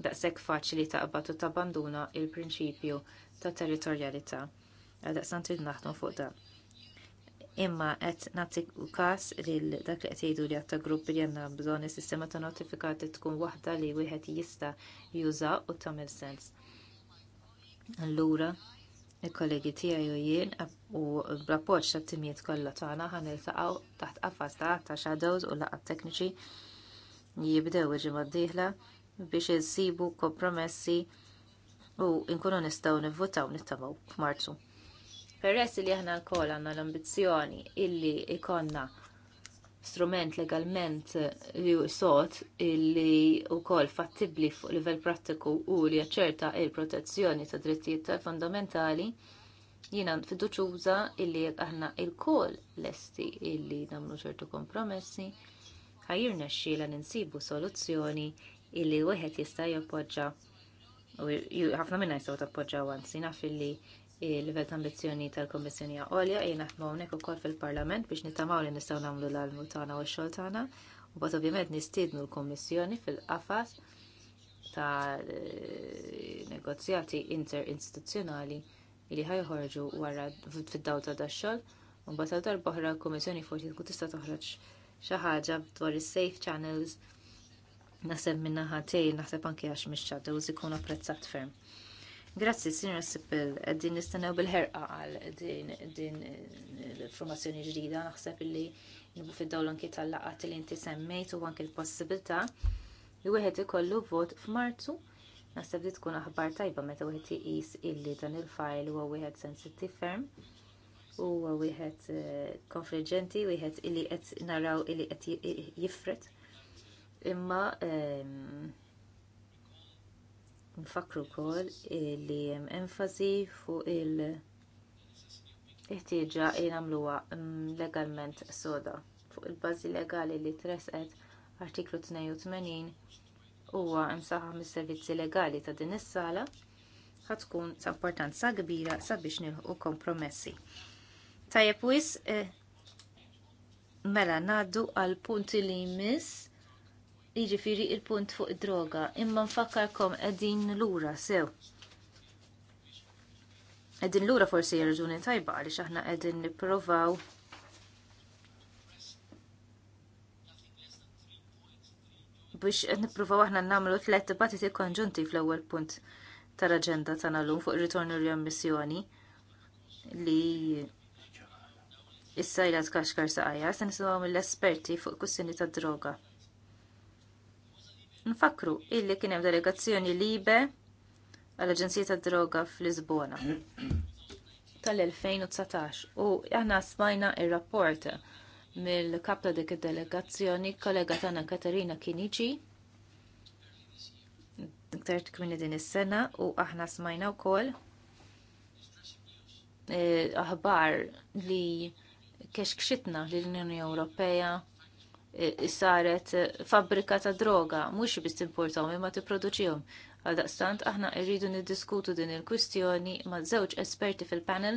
daqshekk faċli taqbad u tabbanduna l prinċipju ta' territorjalità. Għaldaqstant naħdmu fuq dan imma qed nagħti każ lil dak li qed jgħidu li għatta grupp li għandna bżonn is-sistema ta' notifikati tkun waħda li wieħed jista' juża u tagħmel sens. Allura, il-kollegi tiegħi u jien u b'rappoġġ tat-timijiet kollha tagħna ħan iltaqgħu taħt qafas ta' shadows u laqgħa tekniċi jibdew iġi ġimgħa d-dieħla biex insibu kompromessi u nkunu nistgħu nivvotaw nittamaw f'Marzu. Peress li aħna l-kol għanna l-ambizjoni illi ikonna strument legalment eh, li sot illi u kol fattibli fuq livell prattiku u li jaċċerta il-protezzjoni ta' drittijiet tal-fundamentali, jina fiduċuża illi aħna il-kol lesti illi namlu ċertu kompromessi, ħajirna xila ninsibu soluzzjoni illi wieħed jista' jappoġġa u ħafna minna jistgħu tappoġġaw anzi naf illi il-level ta' ambizzjoni tal-Kommissjoni għolja jien naħdmu hawnhekk ukoll fil-Parlament biex nittamaw li nistgħu nagħmlu l-almu tagħna u x-xogħol tagħna u bad ovvjament nistiednu l-Kommissjoni fil-qafas ta' negozjati interinstituzzjonali li ħajħorġu wara fid dawta ta' xogħol u mbagħad tal darba oħra l-Kommissjoni forsi tkun tista' toħroġ xi ħaġa dwar is-safe channels naħseb minna ħatej naħseb anke għax mix-shadows ikun apprezzat ferm. Grazzi, Signora Sippel, din nistennew bil-ħerqa għal din eh, l-informazzjoni ġdida, naħseb illi nibu fid-dawl anki tal-laqat li inti semmejt u anki l-possibilità li wieħed ikollu vot f'Martu, Naħseb li tkun aħbar tajba meta wieħed iqis illi dan il-fajl huwa wieħed sensittiv ferm u wieħed eh, konfliġenti, wieħed illi qed naraw illi qed jifret. Imma ehm, Nfakru wkoll li hemm enfasi fuq il- Iħtieġa li nagħmluha mm, legalment soda fuq il-bażi legali li tresqet artiklu 82 huwa imsaħħa mis-servizzi legali ta' din is-sala tkun ta' importanza kbira sabiex nilħu kompromessi. Tajjeb wis eh, mela ngħaddu għal punti li jmiss jiġifieri l punt fuq id-droga, imma nfakkarkom qegħdin lura sew. Qegħdin lura forsi hija raġuni tajba għaliex aħna qegħdin nippruvaw biex qed nippruvaw aħna nagħmlu tliet dibattiti konġunti fl-ewwel punt tal-aġenda tagħna llum fuq ir-ritorn u riammissjoni li issa jgħat kaxkar saqajja, se nisimgħu mill-esperti fuq kussini tad-droga. Nfakru illi kien hemm delegazzjoni libe għall-Aġenzija tad-Droga fl-Lisbona tal-2019 u aħna smajna ir-rapport mill-kap ta' dik id-delegazzjoni kollega tagħna Katerina Kinici iktar tkmini din is-sena u aħna smajna wkoll eh, aħbar li kexkxitna l-Unjoni Ewropea saret fabbrika ta' droga, mhux biss importaw imma tipproduċihom. Għaldaqstant aħna rridu niddiskutu din il-kwistjoni ma' żewġ esperti fil-panel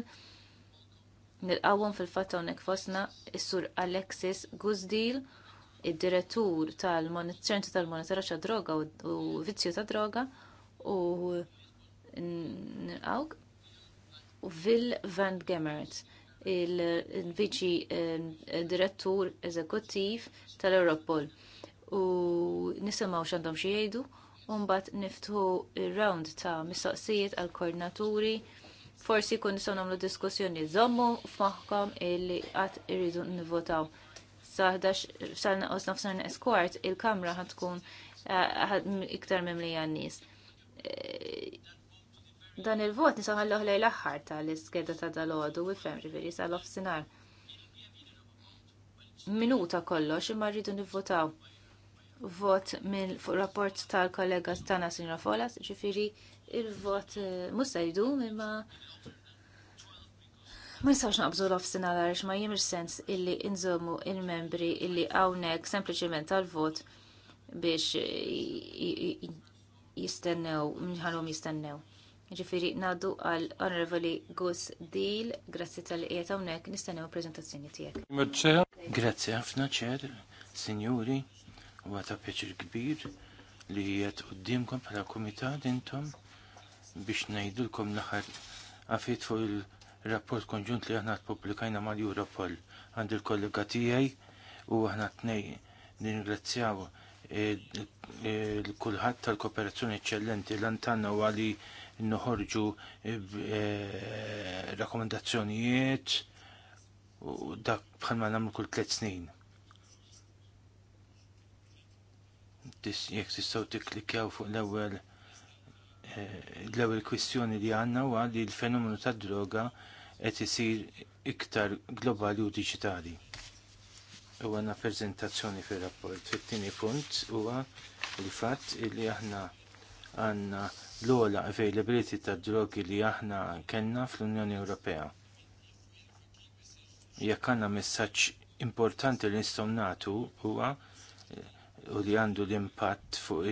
nilqawhom fil-fatt hawnhekk fostna is-sur Alexis Guzdil, id-direttur tal-Ċentru tal-Monitoraġġ ta' droga u Vizzju tad-Droga u nilqawk u Vil Van Gemert, il-viċi ehm, direttur eżekuttiv tal-Europol u nisimaw xandom xiejdu, jgħidu Umbat niftu il-round ta' mistoqsijiet għal koordinaturi forsi kun nisaw namlu diskussjoni zommu f'maħkom illi għat irridu nivotaw. Saħdax salna os nafsan eskwart il-kamra tkun eh, iktar mimli għannis eh, Dan il-vot għallu ħlej l-axħar tal-iskeda ta' dal-ħodu u ifrem ġifiri sal-offsinar. Minuta kollox imma rridu nivvotaw. Vot minn fuq rapport tal-kollega Stana Sinra Folas, ġifiri il-vot eh, musa jdu imma Ma nistawx naqbżu l-ofsina għarx ma jimir sens illi inżommu il-membri illi għawnek sempliciment tal vot biex jistennew, minħalom jistennew. Ġifiri naddu għal Honorable Gus Dil, grazzi tal-qiet hawnhekk nistennew prezentazzjoni tiegħek. Grazzi ħafna ċer, signori, u ta' pieċir kbir li qiegħed dimkom bħala kumitat intom biex ngħidulkom l-aħħar għafiet fuq il-rapport konġunt li aħna pubblikajna mal-Europol għand il-kollega tijaj u aħna tnej ningrazzjaw il-kulħadd tal-kooperazzjoni eċċellenti l-antanna u għali noħorġu eh, eh, rakkomandazzjonijiet u dak bħalma nagħmlu kull tliet snin. Jek tistgħu tikklikjaw fuq l-ewwel eh, l ewel kwistjoni li għandna huwa li l-fenomenu tad-droga qed isir iktar globali u digitali. u għanna prezentazzjoni fil rapport Fit-tini punt huwa il-fatt li aħna għanna l-ola availability ta' drogi li aħna kellna fl-Unjoni Ewropea. Jekk għandna messaġġ importanti li nistgħu nagħtu huwa u li għandu l-impatt fuq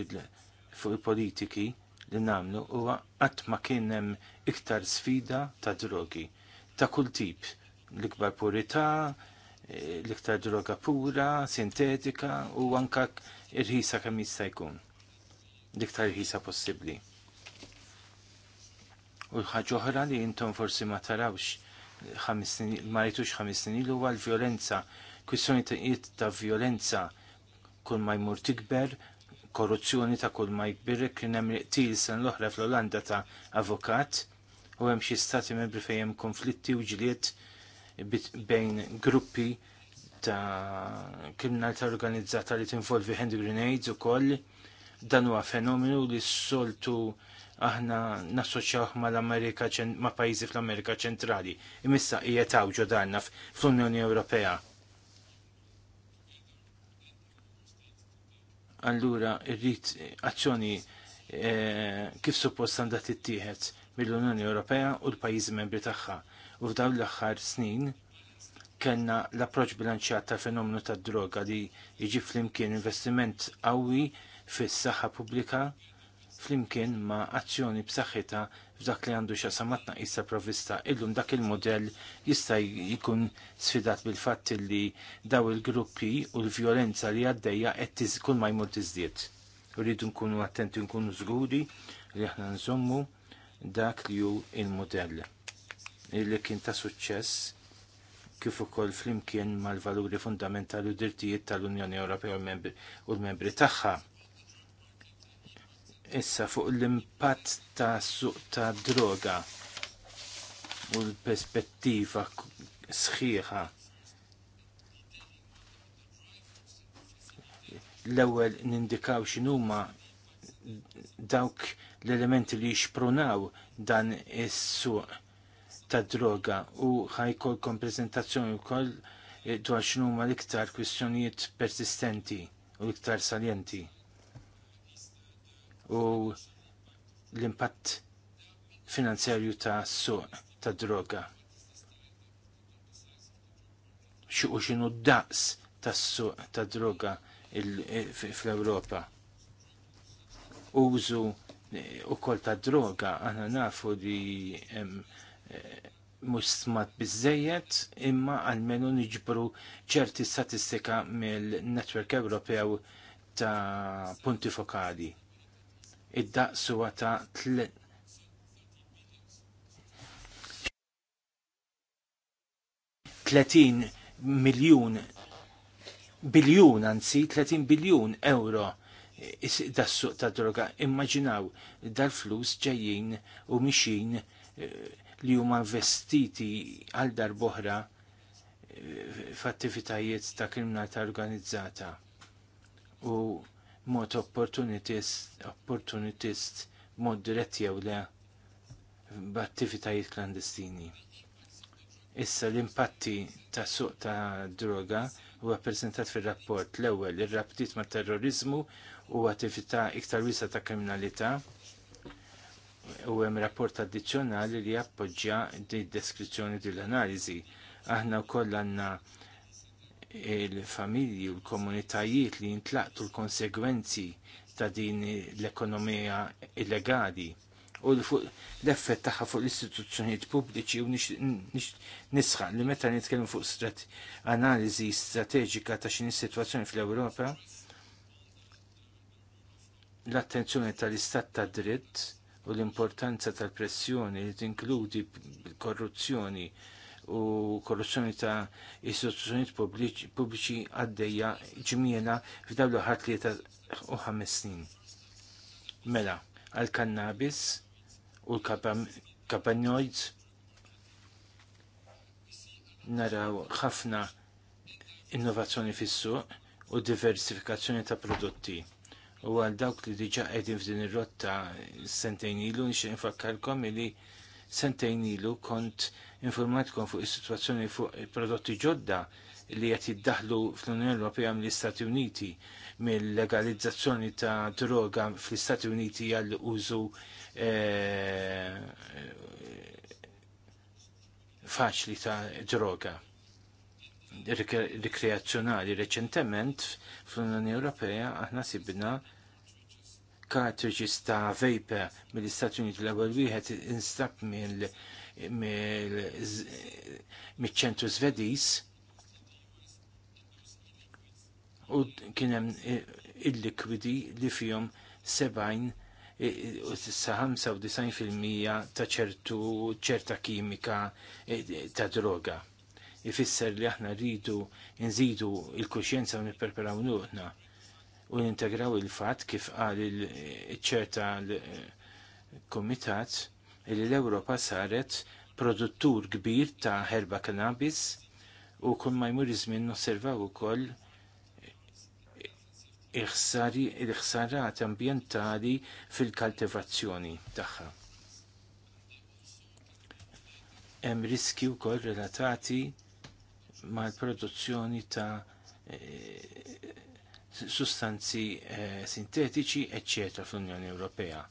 il-politiki li nagħmlu huwa qatt ma kien hemm iktar sfida ta' drogi ta' kull tip l-ikbar purità, l-iktar droga pura, sintetika u anka irħisa kemm jista' jkun. L-iktar irħisa possibbli. U ħaġa oħra li intom forsi ma tarawx ma rajtux ħames snin ilu huwa l-vjolenza, kwistjoni ta' vjolenza kull ma jmur tikber, korruzzjoni ta' kull ma jkbirek kien hemm qtil sen l-oħra fl-Olanda ta' avukat u hemm xi stati membri fejn hemm konflitti u ġlied bejn gruppi ta' ta' organizzata li tinvolvi hand grenades u koll dan huwa fenomenu li s-soltu aħna nassoċjaw mal-Amerika ma' pajjiżi fl-Amerika ċentrali. Imissa hija tawġu danna fl-Unjoni Ewropea. Allura irrid eh, azzjoni eh, kif suppost għandha tittieħed mill-Unjoni Ewropea u l-pajjiżi membri tagħha. U f'dawn l-aħħar snin kellna l-approċċ bilanċjat tal fenomenu tad-droga li jiġi flimkien investiment qawwi fis-saħħa pubblika flimkien ma' azzjoni b'saħħitha f'dak li għandu xasam issa provvista illum dak il-modell jista' jkun sfidat bil-fatt li daw il-gruppi u l-vjolenza li għaddejja qed tiżkun ma jmur tiżdied. Rridu nkunu attenti nkunu żguri li aħna nżommu dak li hu il-modell li kien ta' suċċess kif ukoll flimkien mal-valuri fundamentali u dirtijiet tal-Unjoni Ewropea u l-membri tagħha issa fuq l-impatt ta' suq ta' droga u l-perspettiva sħiħa. L-ewwel nindikaw x'inhuma dawk l-elementi li jixprunaw dan is-suq ta' droga u ħajkolkom prezentazzjoni wkoll dwar x'inhuma l-iktar kwistjonijiet persistenti u iktar saljenti u l-impatt finanzjarju ta' suq ta' droga. Xuqu xinu daqs ta' suq ta' droga fl-Europa. Użu eh, u kol ta' droga, għana nafu li mustmat eh, bizzejiet imma għalmenu nġbru ċerti statistika mill-Network Ewropew ta' punti fokali id-daqs huwa ta' tletin miljun biljun anzi 30 biljun euro das-suq ta' droga. Immaġinaw dal-flus ġejjin u mixin eh, li huma investiti għal darboħra eh, f'attivitajiet ta' kriminalità organizzata. U mod opportunitist, opportunitist mod dirett jew le b'attivitajiet klandestini. Issa l-impatti ta' suq ta' droga huwa ppreżentat fir-rapport l-ewwel ir-rabtiet mat terrorizmu u attività iktar wisa ta' kriminalità u hemm rapport addizzjonali li jappoġġja di deskrizzjoni din l analiżi Aħna wkoll għandna il-familji u l-komunitajiet li jintlaqtu l-konsegwenzi ta' din l-ekonomija illegali u l-effett tagħha fuq l-istituzzjonijiet pubbliċi u nisħa li meta nitkellmu fuq strat analiżi strateġika ta' xini situazzjoni fl-Ewropa l-attenzjoni tal-istat ta' dritt u l-importanza tal-pressjoni li tinkludi korruzzjoni u korruzzjoni ta' istituzzjoni pubbliċi għaddejja ġmiena f'dawn l-ħar u ħames snin. Mela, għall kannabis u l-kapanoids naraw ħafna innovazzjoni fis-suq u diversifikazzjoni ta' prodotti. U għal dawk li diġa qegħdin f'din ir-rotta sentejn ilu nixtieq infakkarkom li sentejn ilu kont informatkom fuq is-sitwazzjoni fuq il prodotti ġodda li qed jiddaħlu fl-Unjoni Ewropea mill-Istati Uniti mill-legalizzazzjoni ta' droga fl-Istati Uniti għall użu eh, faċli ta' droga rikreazzjonali. Reċentement fl-Unjoni Ewropea aħna sibna cartridges ta' vapor mill-Istati Uniti l-ewwel wieħed instab mill mill-ċentru Svediż u kien hemm il-likwidi li fihom sebajn u sa 95% ta' ċertu ċerta kimika ta' droga. Ifisser li aħna rridu nżidu il-kuxjenza u nipperperaw nuqna u nintegraw il-fat kif qal il-ċerta l-komitat li l-Ewropa saret produttur kbir ta' herba cannabis u kull ma jmur iżmien nosservaw ukoll il-ħsarat ambjentali fil-kaltivazzjoni tagħha. Hemm riski wkoll relatati mal-produzzjoni ta' eh, sustanzi eh, sintetiċi, eccetera, fl-Unjoni Ewropea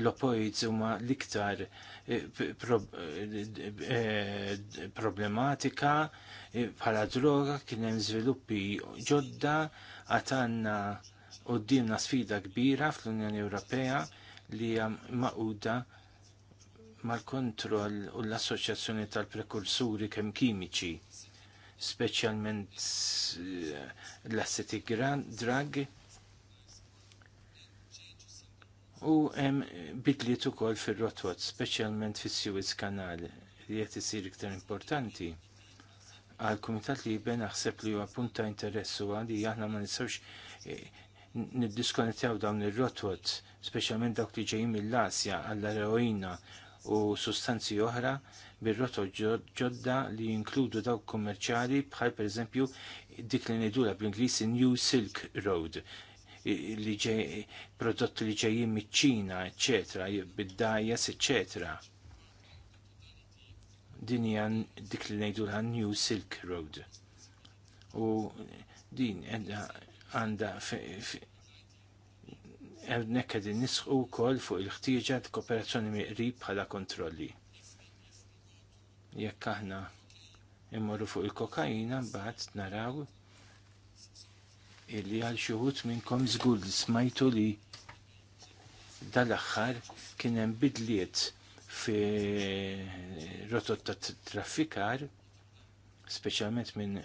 l-opoids huma l-iktar eh, eh, eh, problematika bħala droga kien hemm żviluppi ġodda għad għandna qudiemna sfida kbira fl-Unjoni Ewropea li hija maquda mal-kontroll u l-assoċjazzjoni tal-prekursuri kemm kimiċi, speċjalment l-asseti drug U hemm bidliet ukoll fir-rotot, speċjalment fis-Suez Kanal li qed isir iktar importanti. Għal kumitat li jibben naħseb li huwa punta interessu għandi aħna ma nistgħux eh, niddiskonettjaw dawn ir rotwot speċjalment dawk li ġejjin mill-Asja għall-eroina u sustanzi oħra bir-roto ġodda li jinkludu dawk kummerċjali bħal pereżempju dik li ngħidula bl-Ingliż New Silk Road li ġej prodotti li ġejjin miċ-Ċina, eċetera, bid-dajjes, eċetera. Din hija dik li ngħidu New Silk Road. U din għandha Nekka din nisħu kol fuq il-ħtieġa ta' kooperazzjoni miqrib bħala kontrolli. Jekk aħna immorru fuq il-kokaina mbagħad naraw illi għal xuħut minnkom żgur li smajtu li dal-axħar kien hemm bidliet fi rotot ta' traffikar, speċjalment minn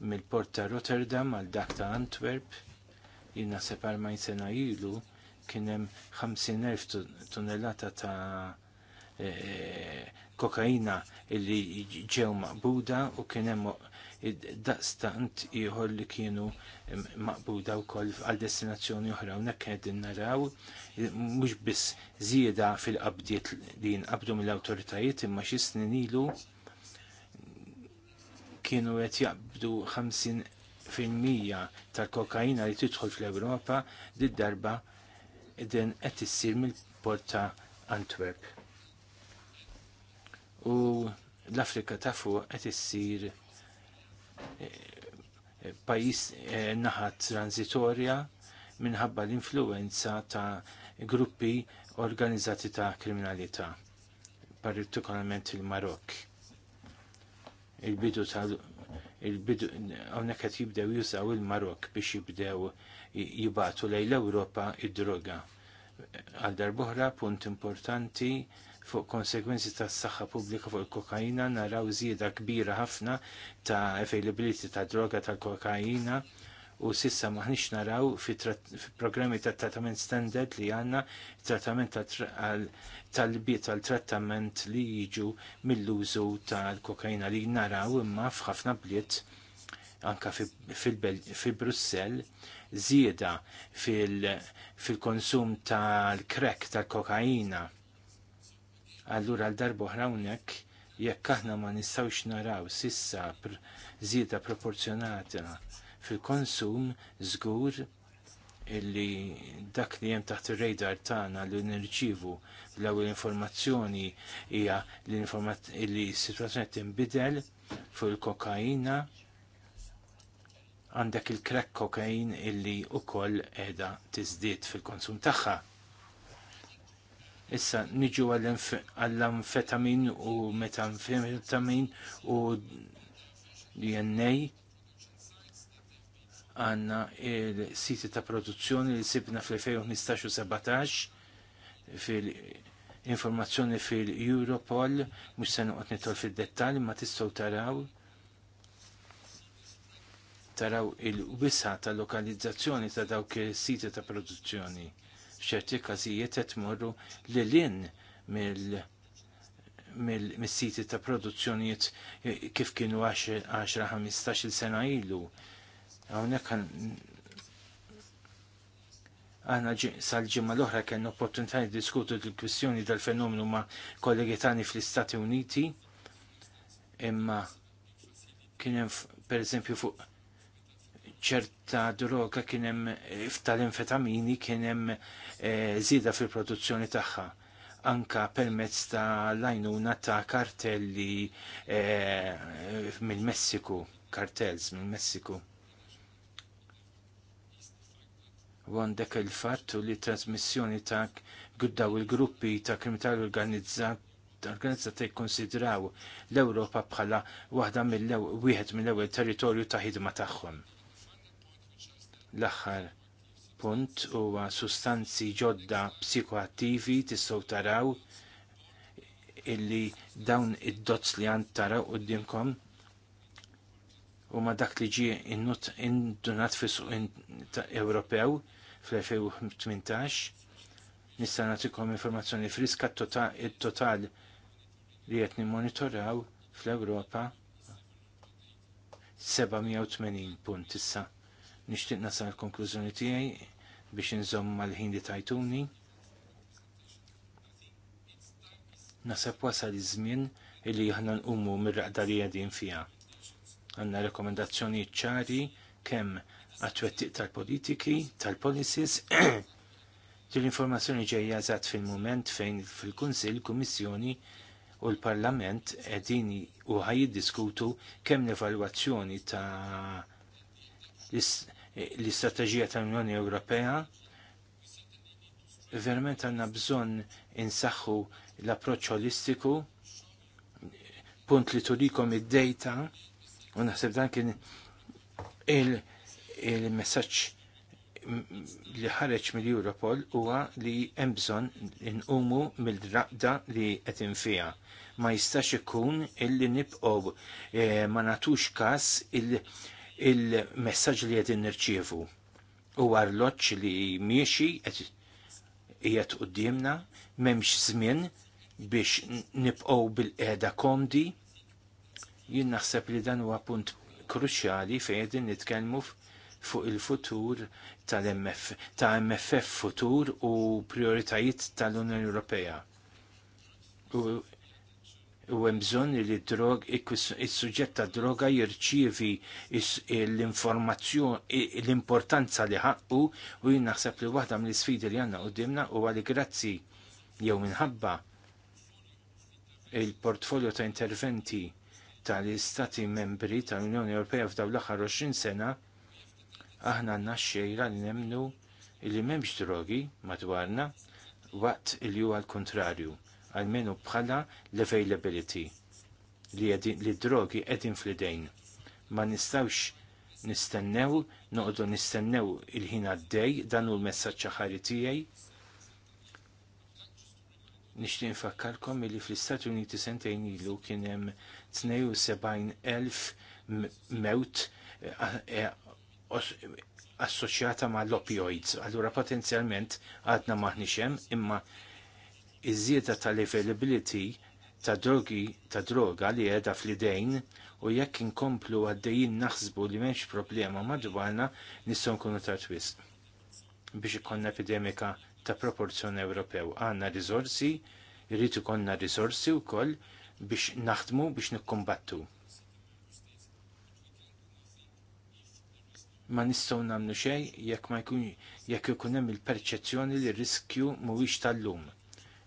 mill porta Rotterdam għal dak ta' Antwerp, jina separ ma' sena ilu, kien hemm 50.000 tonnellata ta' eh, kokaina illi ġew maqbuda u kien hemm daqstant ieħor li kienu maqbuda wkoll għal destinazzjoni oħra hawnhekk qegħdin naraw mhux biss zieda fil-qabdiet li jinqabdu mill-awtoritajiet imma xi snin ilu kienu qed jaqbdu 50% tal-kokaina li tidħol fl-Ewropa did darba din qed issir mill-port ta' Antwerp. U l-Afrika ta' fuq qed issir pajis eh, naħa transitorja minħabba l-influenza ta' gruppi organizzati ta' kriminalità, partikolarment il-Marok. Il-bidu tal il-bidu għonek għet jibdew jużaw il-Marok biex jibdew jibatu lejn l-Europa id-droga. Għal darbohra punt importanti fuq konsekwenzi tas saħħa pubblika fuq il-kokaina naraw zieda kbira ħafna ta' availability ta' droga tal-kokaina u sissa maħnix naraw fi, fi programmi ta' trattament standard li għanna trattament tal-biet tal-trattament li jiġu mill-użu tal-kokaina li naraw imma f'ħafna bliet anka fil-Brussel zieda fil-konsum tal-krek tal-kokaina Allura l-darbohra hawnhekk jekk aħna ma nistgħux naraw sissa pr żieda proporzjonata fil-konsum żgur illi dak li hemm taħt ir-radar tagħna li nirċivu l-ewwel informazzjoni hija li s-sitwazzjoni tinbidel fuq il-kokaina għandek il-crack kokain illi wkoll qiegħda tiżdied fil-konsum tagħha Issa niġu għall-amfetamin u metamfetamin u DNA għanna il-siti ta' produzzjoni li sibna fl-2015 u 17 fil-informazzjoni fil-Europol, mux se nuqot nitol fil-dettal, ma tistaw taraw taraw il-wisa ta' lokalizzazzjoni ta' dawk il-siti ta' produzzjoni f'ċerti każijiet qed tmorru lil in mill-siti ta' produzzjonijiet kif kienu 10-15 il sena ilu. Hawnhekk għana sal-ġimma l-oħra kien opportunità di diskutu l-kwistjoni dal-fenomenu ma' kollegi tani fl-Istati Uniti imma kien per eżempju fuq ċerta droga kien hemm tal-infetamini kien hemm żieda eh, fil-produzzjoni tagħha anka permezz ta' lajnuna ta' kartelli eh, mill-Messiku, kartels mill-Messiku. għandek il fat u li t trasmissjoni ta' guddaw il-gruppi ta' kriminal organizzat organizzati jikkonsidraw l-Ewropa bħala waħda mill-ewwel territorju ta' ħidma tagħhom. L-aħħar punt huwa sustanzi ġodda psikoattivi tistgħu taraw illi dawn id-dots li għand taraw qudiemkom ma dak li ġie indunat fis Ewropew fl-2018 nista' nagħtikom informazzjoni friska t-total tota- li qed nimmonitoraw fl-Ewropa 780 punt issa. Nixtieq l konklużjoni tiegħi biex inżomm mal-ħin li tajtuni. Nasab wasal iż-żmien illi aħna nqumu mir-raqda li qegħdin fiha. Għandna rekomendazzjoni ċari kemm għat tal-politiki, tal-policies, l-informazzjoni ġejja eżatt fil-moment fejn fil-Kunsill, Kummissjoni u l-Parlament edini u diskutu kemm l-evalwazzjoni ta' l-istrateġija tal-Unjoni Ewropea verment għanna bżon insaxħu l-approċ holistiku punt li turikom id-data u naħseb dan kien il messagġ li ħareġ mill-Europol huwa li hemm bżonn inqumu mill-raqda li qed infiha. Ma jistax ikun illi nibqgħu eh, ma nagħtux każ il-messaġġ li qegħdin nirċievu u arloġġ li miexi u d-dimna m'hemmx żmien biex nibqgħu bil-qiegħda kondi Jien naħseb li dan huwa punt kruċjali fejn qegħdin nitkellmu fuq il-futur tal-MF, ta' MFF futur u prioritajiet tal-Unjoni Ewropea. U u hemm bżonn li drog is-suġġett ta' droga jirċievi l-informazzjoni l-importanza li ħaqqu u jien naħseb li waħda mill-isfidi li għandna qudiemna u għal grazzi jew minħabba il-portfolio ta' interventi tal-Istati membri tal-Unjoni Ewropea f'daw l-aħħar 20 sena aħna għandna xejra li nemnu li m'hemmx drogi madwarna waqt li huwa l-kontrarju għalmenu bħala l-availability li d-drogi edin fl-idejn. Ma nistawx nistennew, noqdu nistennew il-ħin għaddej, dan u l-messagġ ħari tiegħi. Nixtieq nfakkarkom li fl-Istati Uniti sentejn ilu kien hemm 72,000 mewt eh, eh, assoċjata ma' l-opioids. Allura potenzjalment għadna maħniex hemm imma iż-żieda tal-availability ta' drogi ta' droga li qiegħda fl-idejn u jekk inkomplu għaddejjin naħsbu li m'hemmx problema madwarna nistgħu nkunu ta' twisq biex ikonna epidemika ta' proporzjon Ewropew. Għanna riżorsi, konna ikonna u wkoll biex naħdmu biex nikkumbattu. ma nistgħu nagħmlu xejn jekk ma jkun jekk ikun hemm il-perċezzjoni li r riskju mhuwiex tal-lum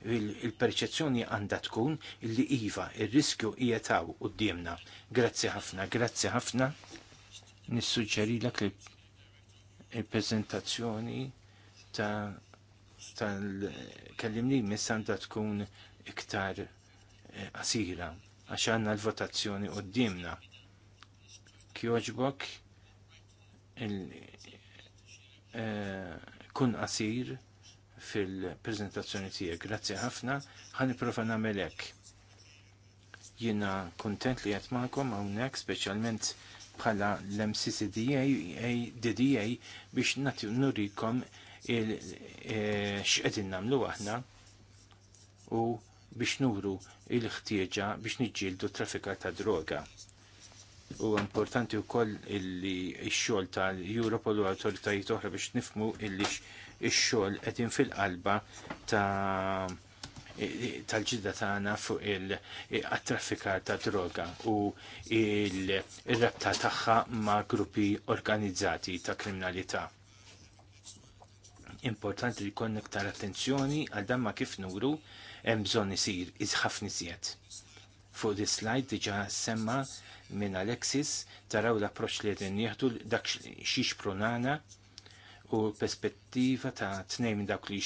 il-perċezzjoni għandha tkun li iva, ir riskju jietaw quddiemna. Grazzi ħafna, grazzi ħafna. Nissuġġeri lak il-prezentazzjoni tal-kellimni għandha tkun iktar eh, qasira għax għandna l-votazzjoni u Kjoġbok il eh, kun qasir fil-prezentazzjoni tiegħek. Grazzi ħafna, ħan nipprova nagħmel hekk. Jiena kuntent li qed maħkom hawnhekk speċjalment bħala l-MCCDA DDA biex nagħti nurikom eh, x'qegħdin nagħmlu aħna u biex nuru il-ħtieġa biex niġġieldu traffika ta' droga. U importanti wkoll koll x-xogħol tal-Europol u autoritajiet oħra biex nifmu illi ix-xogħol qegħdin fil-qalba tal-ġidda tagħna fuq il-traffikar ta' droga u il-rabta tagħha ma' gruppi organizzati ta' kriminalità. Importanti li jkun iktar attenzjoni għal dan ma' kif nuru hemm bżonn isir iżħafni nisiet. Fuq di slide diġa' semma minn Alexis taraw l-approċċ li qegħdin jieħdu dak xiex pronana u perspettiva ta' tnejn dawk li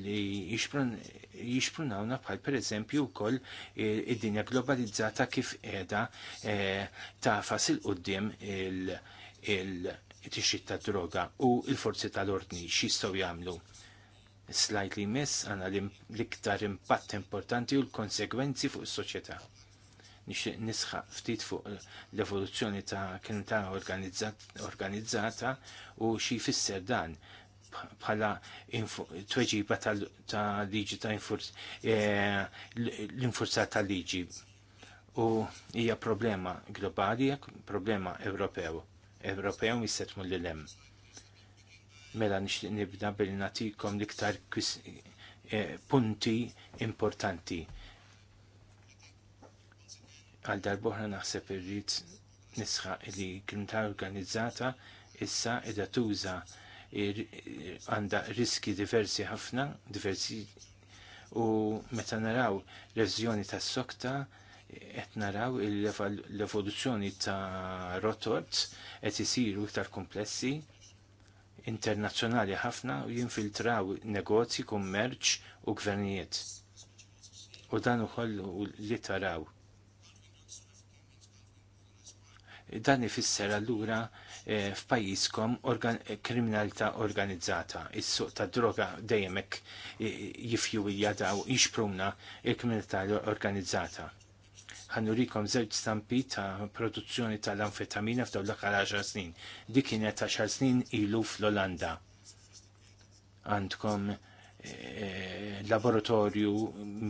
li jixprunawna bħal per eżempju wkoll id-dinja globalizzata kif qiegħda eh, ta' fasil qudiem il tixit ta' droga u l-forzi tal-ordni xistaw jagħmlu. Slajt li mess għana l-iktar impatt importanti u l-konsekwenzi fuq is-soċjetà nixtieq nisħaq ftit fuq eh, l-evoluzzjoni ta' kriminalità organizzata u xi jfisser dan bħala tweġiba ta' liġi ta' eh, l-infurzat ta' liġi. U hija problema globali, problema Ewropew. Ewropew jistetmu l-lem. Mela nixtieq nibda bil natikom liktar eh, punti importanti Għal darbohra naħseb irrid nisħa li kriminalità organizzata issa qiegħda tuża għandha riski diversi ħafna, diversi u meta naraw reżjoni tas sokta qed naraw l-evoluzzjoni ta' rotot qed isiru iktar komplessi internazzjonali ħafna u jinfiltraw negozji, kummerċ u gvernijiet. U dan ukoll li taraw Dan ifisser allura eh, f'pajjiżkom eh, kriminalità organizzata. Is-suq ta' droga dejjem hekk eh, jifjuwija daw jixpruna il-kriminalità organizzata. Ħannurikom żewġ stampi ta' produzzjoni tal-anfetamina f'dawn l-aħħar 10 snin. Dik kienet 10 snin ilu fl-Olanda. Għandkom Eh, laboratorju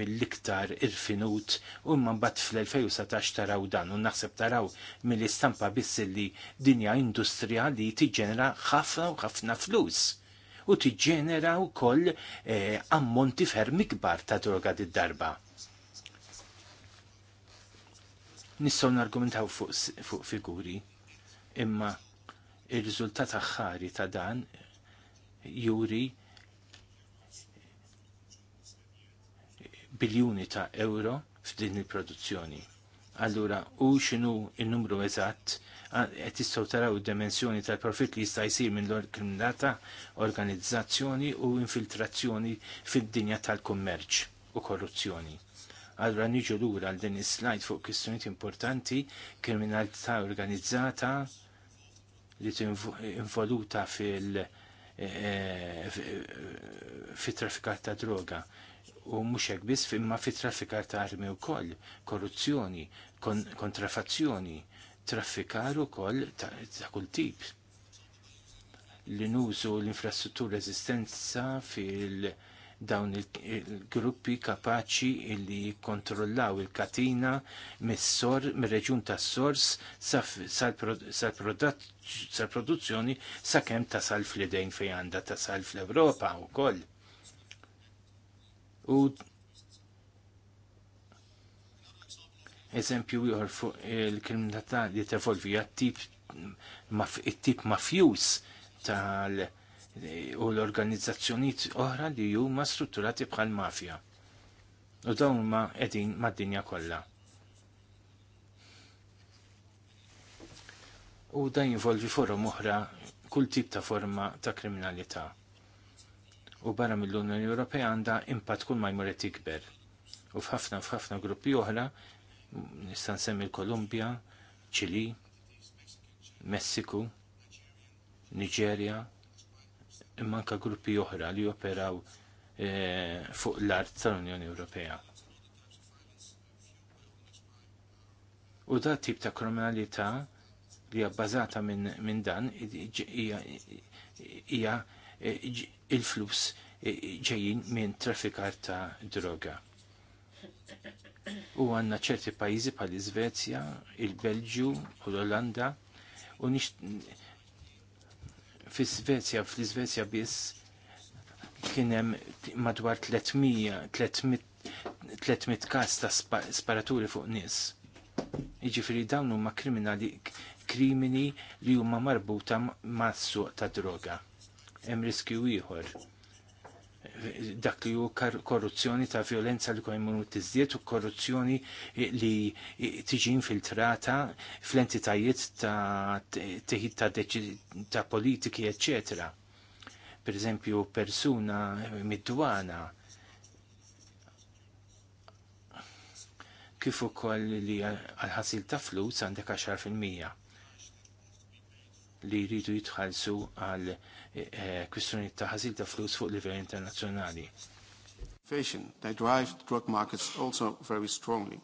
mill-iktar irfinut u man bat fl-2017 taraw dan u naħseb taraw mill-istampa biss li dinja industrija li tiġenera ħafna u ħafna flus u tiġenera u koll eh, ammonti ferm ikbar ta' droga id-darba. Nistgħu nargumentaw fuq, fuq figuri imma il-riżultat aħħari ta' dan juri biljuni ta' euro f'din il-produzzjoni. Allura, u xinu il-numru eżatt, qed tistgħu taraw id-dimensjoni tal profit li jista' jsir minn l-kriminata, organizzazzjoni u infiltrazzjoni fid-dinja tal-kummerċ u korruzzjoni. Allura niġu lura għal din is-slide fuq kwistjonijiet importanti, kriminalità organizzata li involuta fil- fit traffikat ta' droga u mhux hekk biss imma fi traffikar ta' armi wkoll, korruzzjoni, kontrafazzjoni, traffikar ukoll ta', kull tip. Li nużu l-infrastruttura eżistenza fil- dawn il-gruppi kapaċi li jikkontrollaw il-katina mis-sor, mir-reġun tas sors sal-produzzjoni sakemm tasal fl-idejn fejn għandha tasal fl-Ewropa wkoll. U eżempju ieħor fuq il-kriminalità li tevolvi għat-tip it-tip mafjuż tal- u l-organizzazzjonijiet oħra li huma strutturati bħal mafja. U dawn huma qegħdin mad-dinja kollha. U dan jinvolvi forum oħra kull tip ta' forma ta' kriminalità u barra mill-Unjoni Ewropea għandha impatt kull ma jmur qed ikber. U f'ħafna f'ħafna gruppi oħra nista' nsemmi l-Kolumbja, Ċili, Messiku, Niġerja, imma anke gruppi oħra li operaw eh, fuq l-art tal-Unjoni Ewropea. U da tip ta' kriminalità li hija bbażata minn dan hija eh, il-flus ġejjin minn traffikar ta' droga. U għanna ċerti pajizi pal iżvezja il-Belġju u l-Olanda, u nix fi Svezja, fl iżvezja biss kienem madwar 300, 300, 300 kas ta' sparaturi fuq nis. Iġifiri dawn huma kriminali krimini li huma marbuta ma' suq ta' droga hemm riskju ieħor dak li hu korruzzjoni ta' violenza li kojmu tiżdiet u korruzzjoni li tiġi infiltrata fl-entitajiet ta' teħid ta', ta politiki, eċetera. Per eżempju, persuna mid-dwana kif ukoll li għal-ħasil ta' flus għandek 10% li jridu jitħallsu għal Eh, kwistjoni ta' ħażil ta' flus fuq livell internazzjonali. Inflation, they drive drug markets also very strongly.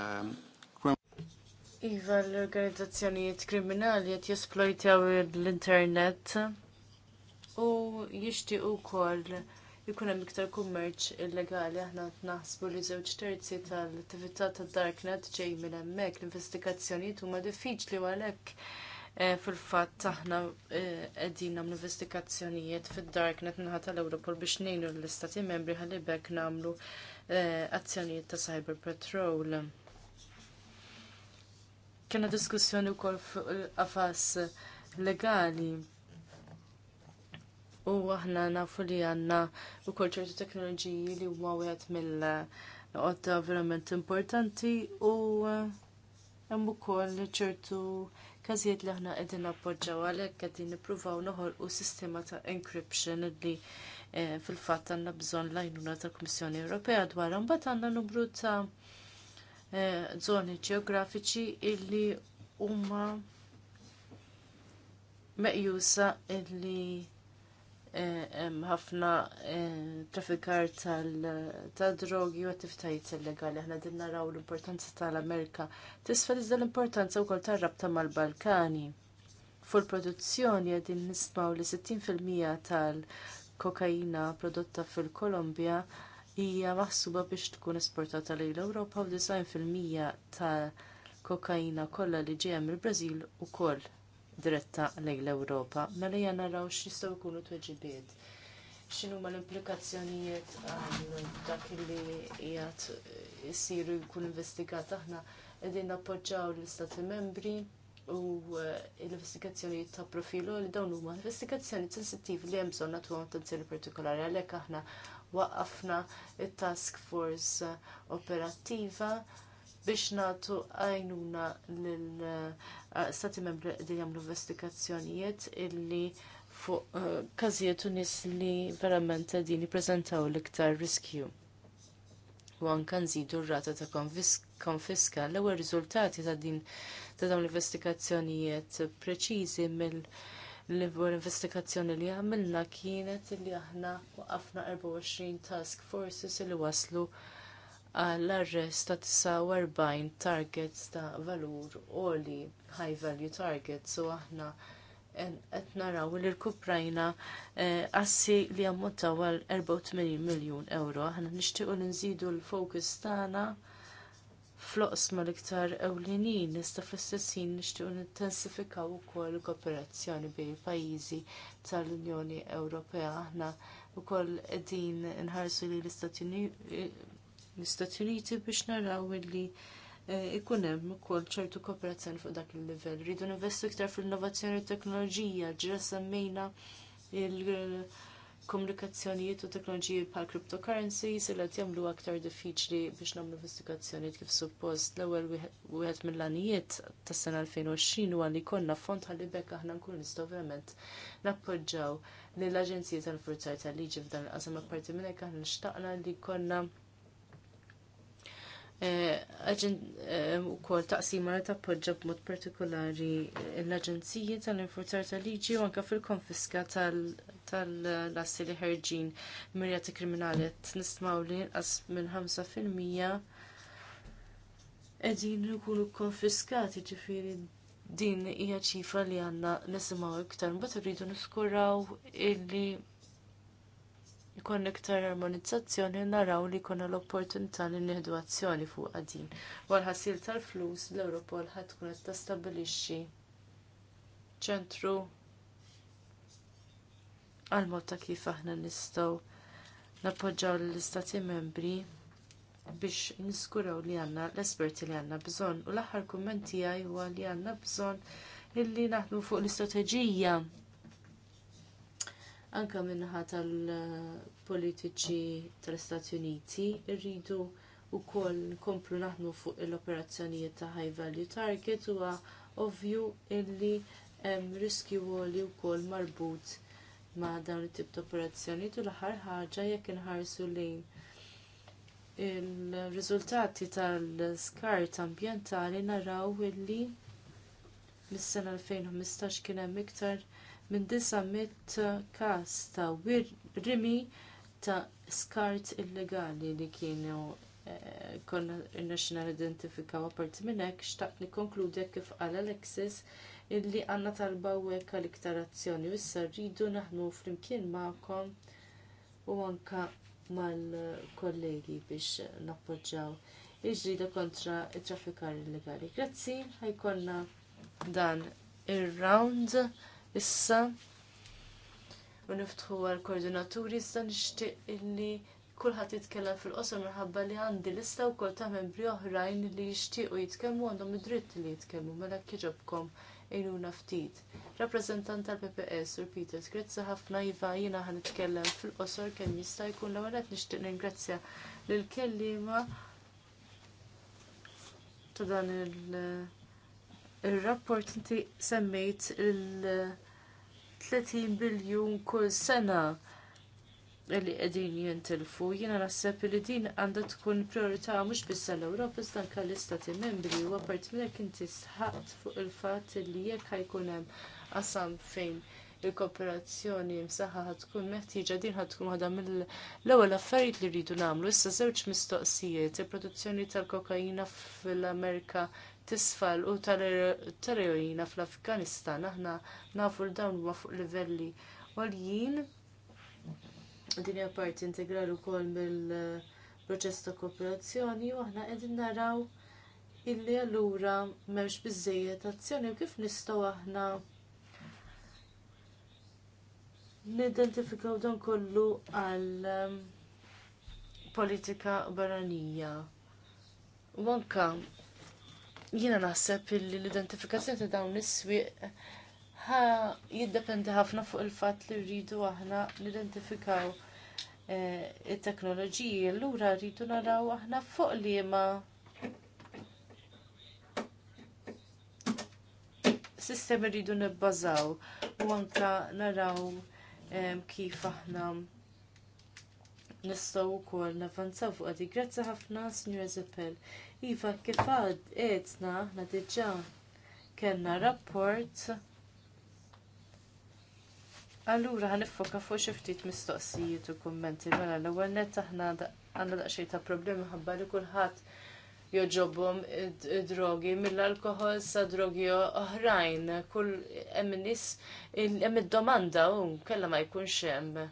Um, iva l-organizzazzjonijiet kriminali qed jesplojtjaw l-internet u jixtiequ wkoll ikun hemm iktar kummerċ illegali aħna naħsbu li żewġ terzi tal-attività tad-darknet ġej minn hemmhekk l-investigazzjonijiet huma diffiċli u għalhekk Eh, fil-fatt aħna eh, qegħdin nagħmlu investigazzjonijiet fid-dark net tal l biex ngħinu l-istati membri għalli bekk nagħmlu eh, azzjonijiet ta' cyber patrol. Kena diskussjoni wkoll fuq il afas legali u aħna nafu li għandna wkoll ċertu teknoloġiji li huma wieħed mill-qodda verament importanti u uh, hemm ukoll ċertu każijiet li aħna qegħdin nappoġġaw għalhekk qegħdin nippruvaw noħolqu sistema ta' encryption li eh, fil-fatt għandna bżonn l-għajnuna tal-Kummissjoni Ewropea dwar imbagħad għandna numru ta' żoni eh, ġeografiċi illi huma meqjusa illi Eh, ħafna eh, traffikar tal-drogi u għattiftajt illegali. Aħna din naraw l-importanza tal-Amerika Tisfa' iżda l-importanza wkoll tar-rabta mal-Balkani. Fuq produzzjoni qegħdin nismaw li 60% tal-kokaina prodotta fil kolombia hija maħsuba biex tkun esportata lejn Ewropa u 90% tal kokaina kollha li ġejja mill-Brażil ukoll diretta lejn l-Ewropa, mela hija naraw x'jistgħu jkunu tweġibiet. X'inhu ma l-implikazzjonijiet għal dak li qiegħed isiru jkun investigat aħna qegħdin nappoġġjaw l-Istati Membri u eh, l-investigazzjonijiet ta' profilu li dawn huma investigazzjoni sensittivi li hemm bżonn nagħtuhom attenzjoni partikolari għalhekk aħna waqqafna it-task force operattiva biex nagħtu għajnuna l-stati eh, membri li jagħmlu investigazzjonijiet illi fuq eh, każijiet u nies li verament qegħdin jippreżentaw l-iktar riskju. U anka nżidu r-rata ta' konfiska l-ewwel riżultati ta' din ta' dawn l-investigazzjonijiet preċiżi mill- l-investigazzjoni li għamilna kienet li aħna waqafna 24 task forces li waslu għall-arrest ta' 49 targets ta' valur oli high value targets u aħna qed naraw li l-Kuprajna eh, assi li ammontaw għal 84 miljun euro. Aħna nixtiequ li nżidu l focus tagħna floqsma l-iktar ewlenin nista fl-istessin nixtiequ nintensifikaw ukoll kooperazzjoni bejn pajjiżi tal-Unjoni Ewropea. Aħna u koll nħarsu li l-Istati l-Istati Uniti biex naraw illi eh, ikun hemm ukoll ċertu kooperazzjoni fuq dak il-livell. Rridu investu iktar fil-innovazzjoni u teknoloġija, ġra semmejna il-komunikazzjonijiet u teknoloġiji bħal cryptocurrencies li qed jagħmlu aktar diffiċli biex nagħmlu investigazzjonijiet kif suppost l-ewwel wieħed mill-għanijiet tas-sena 2020 huwa li konna fond għalli bekka aħna nkun nistgħu verament nappoġġaw lill-Aġenzija tal-Forzar tal-Liġi f'dan il-qasam apparti minn hekk aħna nixtaqna li konna Eh, eh, u kol taqsima li tappoġġa b'mod partikolari l-Aġenziji tal-Infurzar tal-Liġi u anka fil-konfiska tal lassi li ħerġin mirjati kriminali nismaw li nqas minn 5% edin ikunu konfiskati ġifiri din hija ċifra li għanna nisimaw iktar, mbagħad rridu niskuraw illi ikon iktar armonizzazzjoni naraw li jkollna l-opportunità li nieħdu azzjoni fuq għadin. l ħasil tal-flus l-Europol ħadd tkun qed tastabbilixxi ċentru għal mod ta' kif aħna nistgħu nappoġġaw l-istati membri biex niskuraw li għandna l-esperti li għandna bżonn u l-aħħar kumment tiegħi huwa li għandna bżonn illi naħdmu fuq l-istrateġija anka minnaħa tal-politiċi tal-Istati Uniti rridu wkoll komplu naħnu fuq l-operazzjonijiet ta' high value target huwa ovvju illi hemm riskju għoli wkoll marbut ma' dawn it-tip ta' operazzjoni u l-aħħar ħaġa jekk inħarsu lejn il-riżultati tal-skart ambjentali naraw illi mis-sena 2015 kien hemm iktar minn 900 każ ta' rimi ta' skart illegali li kienu eh, konna irnexxina identifikaw apparti minn hekk xtaqt nikkonkludek kif qal Alexis illi għandna talba hekk għal iktar azzjoni u issa rridu naħnu flimkien magħkom u anke mal-kollegi biex nappoġġjaw iġrida kontra t traffikar illegali. Grazzi, ħajkonna dan ir-round issa u niftħu għall koordinaturi issa nixtieq illi kulħadd jitkellem fil-qosor minħabba li għandi lista wkoll ta' membri oħrajn li jixtiequ jitkellmu għandhom id-dritt li jitkellmu mela kieġobkom għajnuna ftit. Rappresentant tal-PPS, e, Sur Peter, grazzi ħafna jiva jina ħan itkellem fil-qosor kemm jista' jkun l-ewwel qed nixtieq ningrazzja lill-kelliema ta' dan il- Ir-rapport inti semmejt il-30 biljun kull sena li qegħdin jintilfu, jiena naħseb li din għandha tkun priorità mhux biss l ewropa iżda kal l-istati membri u għapart minn hekk inti fuq il-fatt li jek ħajkun hemm fejn il-kooperazzjoni msaħħa ħatkun meħtieġa din ħatkun waħda mill-ewwel affarijiet li rridu nagħmlu. Issa żewġ mistoqsijiet, il-produzzjoni tal-kokaina fl-Amerika tisfal u tal-erojina fl-Afganistan. Aħna nafu l-dawn ma fuq livelli għoljien. Din hija parti integrali wkoll mill-proċess ta' kooperazzjoni u aħna qegħdin naraw illi allura m'hemmx biżejjed azzjoni u kif nistgħu aħna nidentifikaw dan kollu għal ehm, politika barranija. U Jiena naħseb li l-identifikazzjoni ta' dawn is-swieq ha jiddependi ħafna fuq il-fatt li rridu aħna l-identifikaw eh, it-teknoloġiji, allura rridu naraw aħna fuq li ma sistemi rridu nibbażaw u anka naraw eh, kif aħna nistgħu wkoll navvanzaw fuq għadi. Grazzi ħafna, Signora Zippel. Iva, kif għad edna aħna diġà kellna rapport. Allura ħanifoka fuq xi ftit mistoqsijiet u kummenti mela l-ewwel nett aħna għandna daqsxejn ta' problemi ħabba li kulħadd joġobhom drogi mill-alkohol sa drogi oħrajn. Kull hemm nies hemm id-domanda u kellha ma jkunx hemm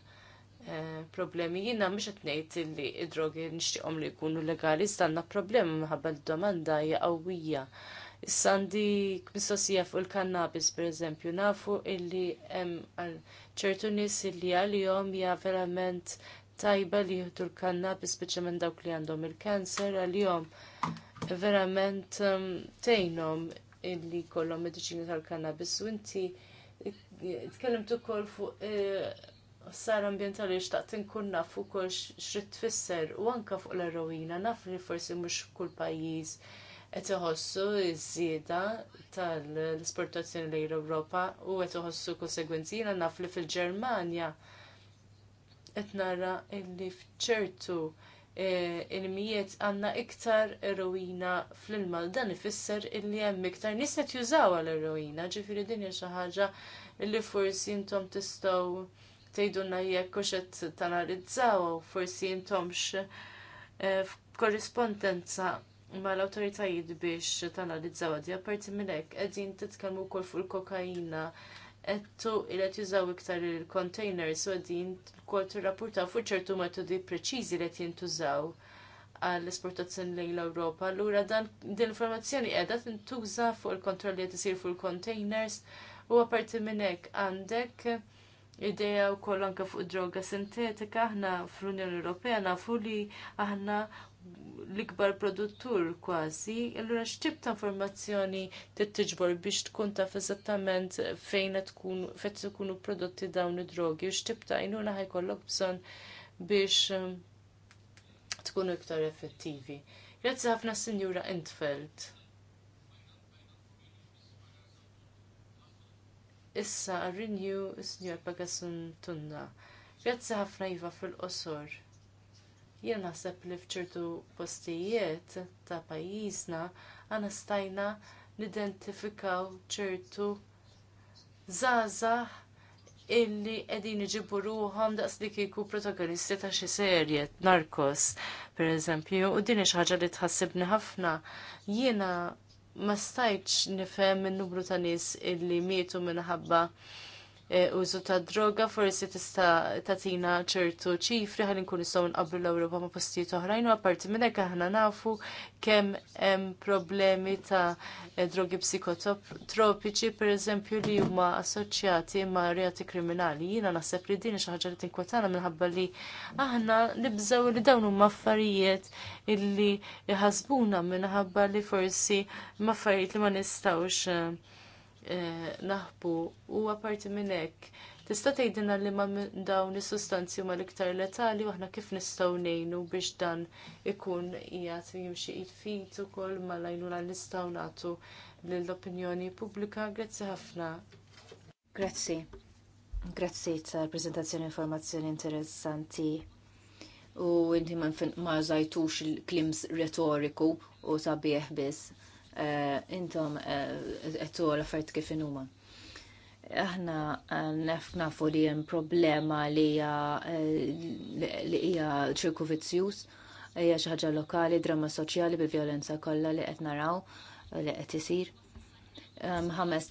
problemi. Jina mhux qed ngħid li id-drogi nixtieqhom li jkunu legali, stanna problemi minħabba l-domanda hija qawwija. Issa għandi mistoqsija fuq il-kannabis, pereżempju, nafu illi hemm ċertu nies illi għalihom hija verament tajba li jieħdu l-kannabis biex minn dawk li għandhom il-kanser għalihom verament ehm, tgħinhom illi jkollhom mediċini tal-kannabis u inti tkellimt ukoll fuq eh, sar ambjentali xtaqt inkun naf ukoll xi tfisser u anke fuq l-eroina naf li forsi mhux kull pajjiż qed iħossu ż-żieda tal-esportazzjoni lejn Ewropa u qed iħossu konsegwenzina naf li fil-Ġermanja qed nara li f'ċertu eh, ilmijiet għandna iktar eroina fl-ilma. Dan ifisser illi hemm iktar nies qed jużaw għal eroina, ġifieri din hija xi ħaġa li forsi intom tistgħu tgħidulna jekk hux qed tanalizzaw forsi eh, korrespondenza ma mal-awtoritajiet biex tanalizzaw għadja parti minn hekk qegħdin titkellmu wkoll fuq il-kokaina qed qed jużaw iktar il-containers u qegħdin t-rapporta fuq ċertu metodi preċiżi li qed jintużaw għall-esportazzjoni lejn l-Ewropa. Allura dan l informazzjoni qiegħda tintuża fuq il-kontrolli qed isir fuq il-containers u apparti minn hekk għandek ideja u koll anka fuq droga sintetika, aħna fl-Unjoni Ewropea nafu li aħna l-ikbar produttur kważi, allura x'tib ta' informazzjoni tittiġbor biex tkun taf eżattament fejn qed tkunu prodotti dawn id-drogi u x'tib ta' għajnuna ħajkollok bżonn biex um, tkunu iktar effettivi. Grazzi ħafna Sinjura Intfeld. Issa għal s-njor Pagasun Tunna. Grazzi ħafna Iva fil-qosor. Jien naħseb li fċertu postijiet ta' pajjiżna għana stajna nidentifikaw ċertu zazah illi qegħdin iġibu ruhom daqs li protagonisti ta' xi serje narkos, pereżempju, u din xi ħaġa li tħassibni ħafna. Jiena ma stajtx nifhem min numru ta' nies illi mietu minħabba E, użu ta' droga, forsi tista' tatina ċertu ċifri ħalli nkun nistgħu nqabbru l-Ewropa ma' postijiet oħrajn u apparti minn hekk aħna nafu kemm hemm problemi ta' e, drogi psikotropiċi pereżempju li huma assoċjati ma' reati kriminali. Jiena naħseb li din xi ħaġa li tinkwetana minħabba li aħna nibżgħu li dawn huma affarijiet illi jħasbuna minħabba li forsi ma' affarijiet li ma nistgħux e, Eh, naħbu huwa parti minn hekk. Tista' tgħidilna li ma dawn is-sustanzi huma l-iktar letali u aħna kif nistgħu ngħinu biex dan ikun qiegħed jimxi jitfid ukoll ma jnuna nistgħu nagħtu lill-opinjoni pubblika. Grazzi ħafna. Grazzi. Grazzi tal-preżentazzjoni informazzjoni interessanti. U inti ma żajtux il-klims retoriku u sabiħ biss Eh, intom għettu eh, għal affert kif inuma. Aħna eh, nafu li jem problema li hija ċirku vizzjus, hija xi ħaġa lokali, dramma soċjali bi vjolenza kollha li qed naraw li qed isir. Ħames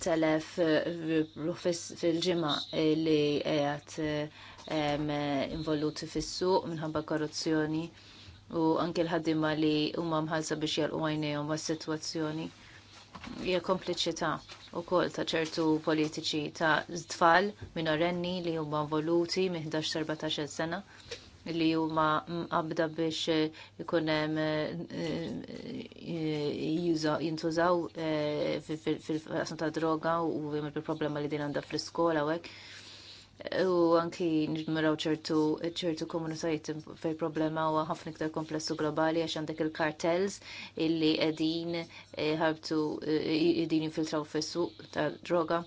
rufis fil ġimgħa li għed involuti fis-suq minħabba korruzzjoni u anke l-ħaddima li huma mħalsa biex jalqu għajnejhom għas-sitwazzjoni. Hija kompliċità wkoll ta' ċertu politiċi ta' tfal minorenni li huma involuti minn 11-14 sena li huma mqabda biex ikun hemm jintużaw fil-qasam ta' droga u hemm problema li din għandha fl-iskola u hekk u anki nġmiraw ċertu komunitajiet fej problema u ħafna iktar komplessu globali għax għandek il-kartels illi edin eh, ħarbtu eh, edin infiltraw fessu ta' droga.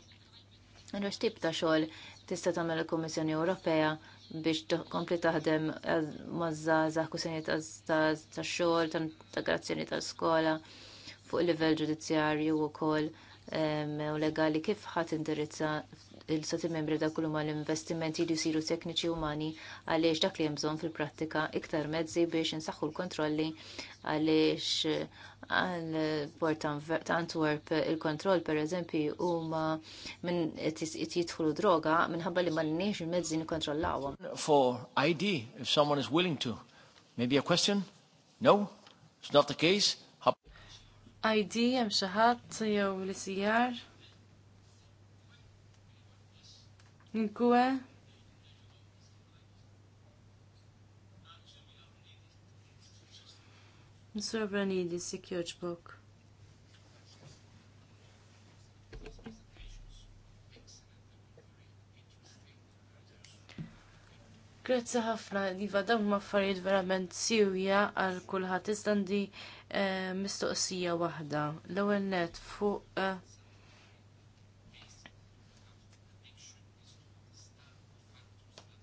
Għandu tip ta' xogħol tista' tagħmel il-Kummissjoni Ewropea biex kompli taħdem eh, mażaża kusenjiet ta' xogħol, ta' integrazzjoni ta' skola fuq il livell ġudizzjarju wkoll u legali kif ħadd indirizza il-sati membri da kullu ma l-investimenti li jisiru tekniċi umani għaliex dak li jemżon fil-prattika iktar mezzi biex nsaxħu l-kontrolli għaliex għal-port ta' Antwerp il-kontroll per eżempju huma minn jidħlu droga minħabba li ma l-niex il-mezzi nikontrollawhom. For ID, if someone is willing to, maybe a question? No? It's not the case? ID hemm xaħat, jew l CR. Nkwe. nidi Branidi, sikjoġbok. Grazzi ħafna, li iva, dawn ma affarijiet verament siwja għal kulħadd istandi eh, mistoqsija waħda. L-ewwel net fuq eh,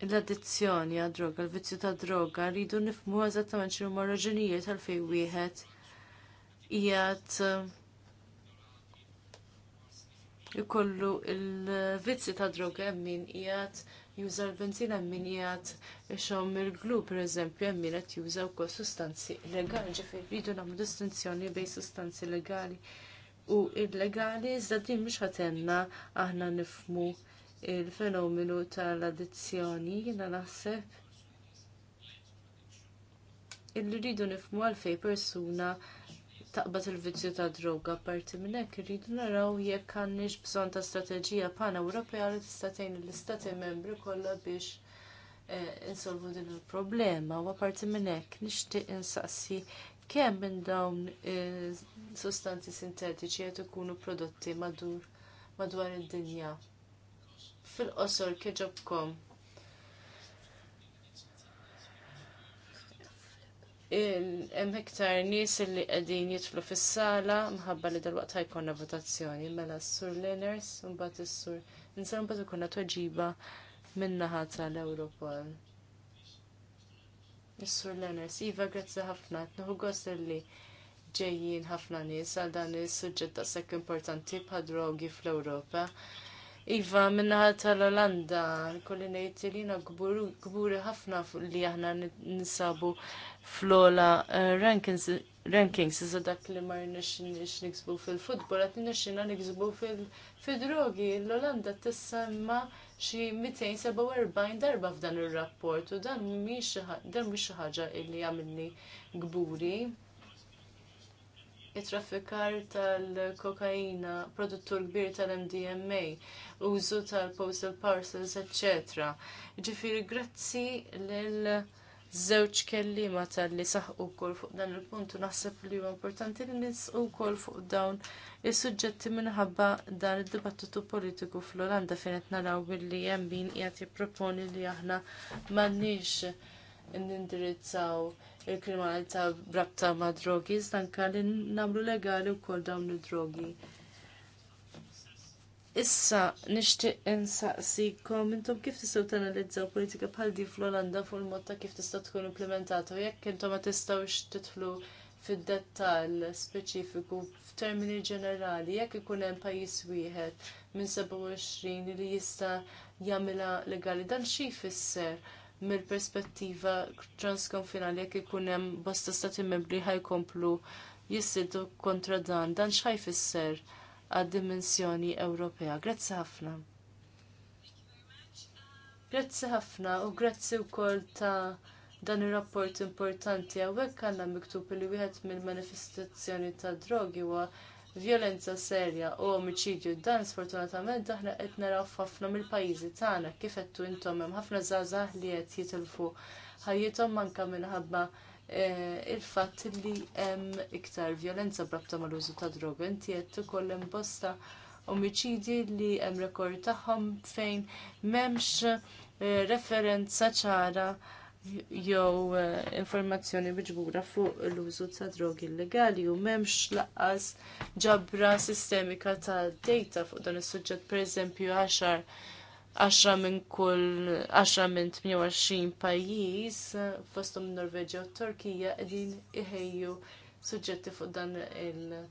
l-addizzjoni għad droga, l-vizzju ta' droga, rridu nifmu eżattament xinu ma' raġunijiet fej wieħed jgħat eh, ikollu il-vizzi ta' droga emmin jgħat juża l hemm emmin jgħat ixom il-glu per eżempju emmin jgħat juża u kol sustanzi legali, ġifir rridu namlu distinzjoni bej sustanzi legali u illegali, iżda din mhux ħatenna aħna nifmu il-fenomenu tal-addizzjoni jiena naħseb illi rridu nifhmu għalfej persuna taqbad il-vizzju ta' droga parti minn hekk irridu naraw jekk għandniex bżonn ta' strateġija pan-Ewropea li tista' tgħin l-istati membri kollha biex eh, insolvu din il-problema u apparti minn hekk nixtieq insaqsi kemm minn dawn eh, sostanzi sintetiċi qed ikunu prodotti madwar id-dinja fil-qosor kieġobkom. Hemm iktar nies li qegħdin jitflu fis-sala mħabba li dalwaqt ħajkonna votazzjoni mela s-sur Leners u mbagħad is-sur Insar mbagħad ikunna tweġiba min-naħa tal europol Is-sur Leners, iva grazzi ħafna, tnuħu gost li ġejjin ħafna nies għal dan is-suġġett sekk importanti bħad drogi fl-Ewropa. Iva, minnaħat tal-Olanda, kolli nejt li jina gburi ħafna li aħna nisabu flola eh, rankings, iżda dak li mar nix niksbu fil-futbol, għat nix niksbu fil-drogi. L-Olanda tissemma xi 247 darba f'dan il-rapport u dan mhix ħaġa li għamilni gburi it-traffikar tal-kokaina, produttur kbir tal-MDMA, użu tal-postal parcels, etc. Ġifiri, grazzi lil żewġ kelliema tal-li saħqu wkoll fuq dan il-punt u naħseb li huwa importanti li nisqu wkoll fuq dawn is-suġġetti minħabba dan id-dibattitu politiku fl-Olanda fejn qed naraw billi hemm min qiegħed jipproponi li aħna m'għandniex nindirizzaw il-kriminalità brabta ma' drogi, stanka li namlu legali u kol dawn il-drogi. Issa, nixtieq insaqsikom, intom kif tistgħu tanalizzaw politika bħal di fl-Olanda fuq il-mod ta' kif tista' tkun implementata u jekk intom ma tistgħux titħlu fid-dettall speċifiku f'termini ġenerali, jekk ikun hemm pajjiż wieħed minn 27 li jista' jagħmilha legali dan xi jfisser mill-perspettiva transkonfinali jekk ikun hemm bosta stati membri ħajkomplu jissidu kontra dan, dan x'ajfisser fisser għad-dimensjoni Ewropea. Grazzi ħafna. Grazzi ħafna u grazzi wkoll ta' dan ir-rapport importanti hawnhekk għanna miktub li wieħed mill-manifestazzjoni ta' drogi huwa violenza serja u omiċidju dan sfortunatament aħna qed naraw f'ħafna mill-pajjiżi tagħna kif qed intom hemm ħafna żgħażagħ li qed jitilfu ħajjithom anke minħabba e, il-fatt li hemm iktar violenza brabta mal-użu ta' droga. Inti qed ukoll hemm bosta omiċidji li hemm rekord tagħhom fejn m'hemmx e, referenza ċara jew eh, informazzjoni miġbura fuq l-użu ta' drogi illegali u m'hemmx laqqas ġabra sistemika ta' data fuq dan is-suġġett pereżempju għaxar 10 minn kull 10 minn 28 pajjiż fosthom Norveġja u Turkija qegħdin iħejju suġġetti fuq dan il-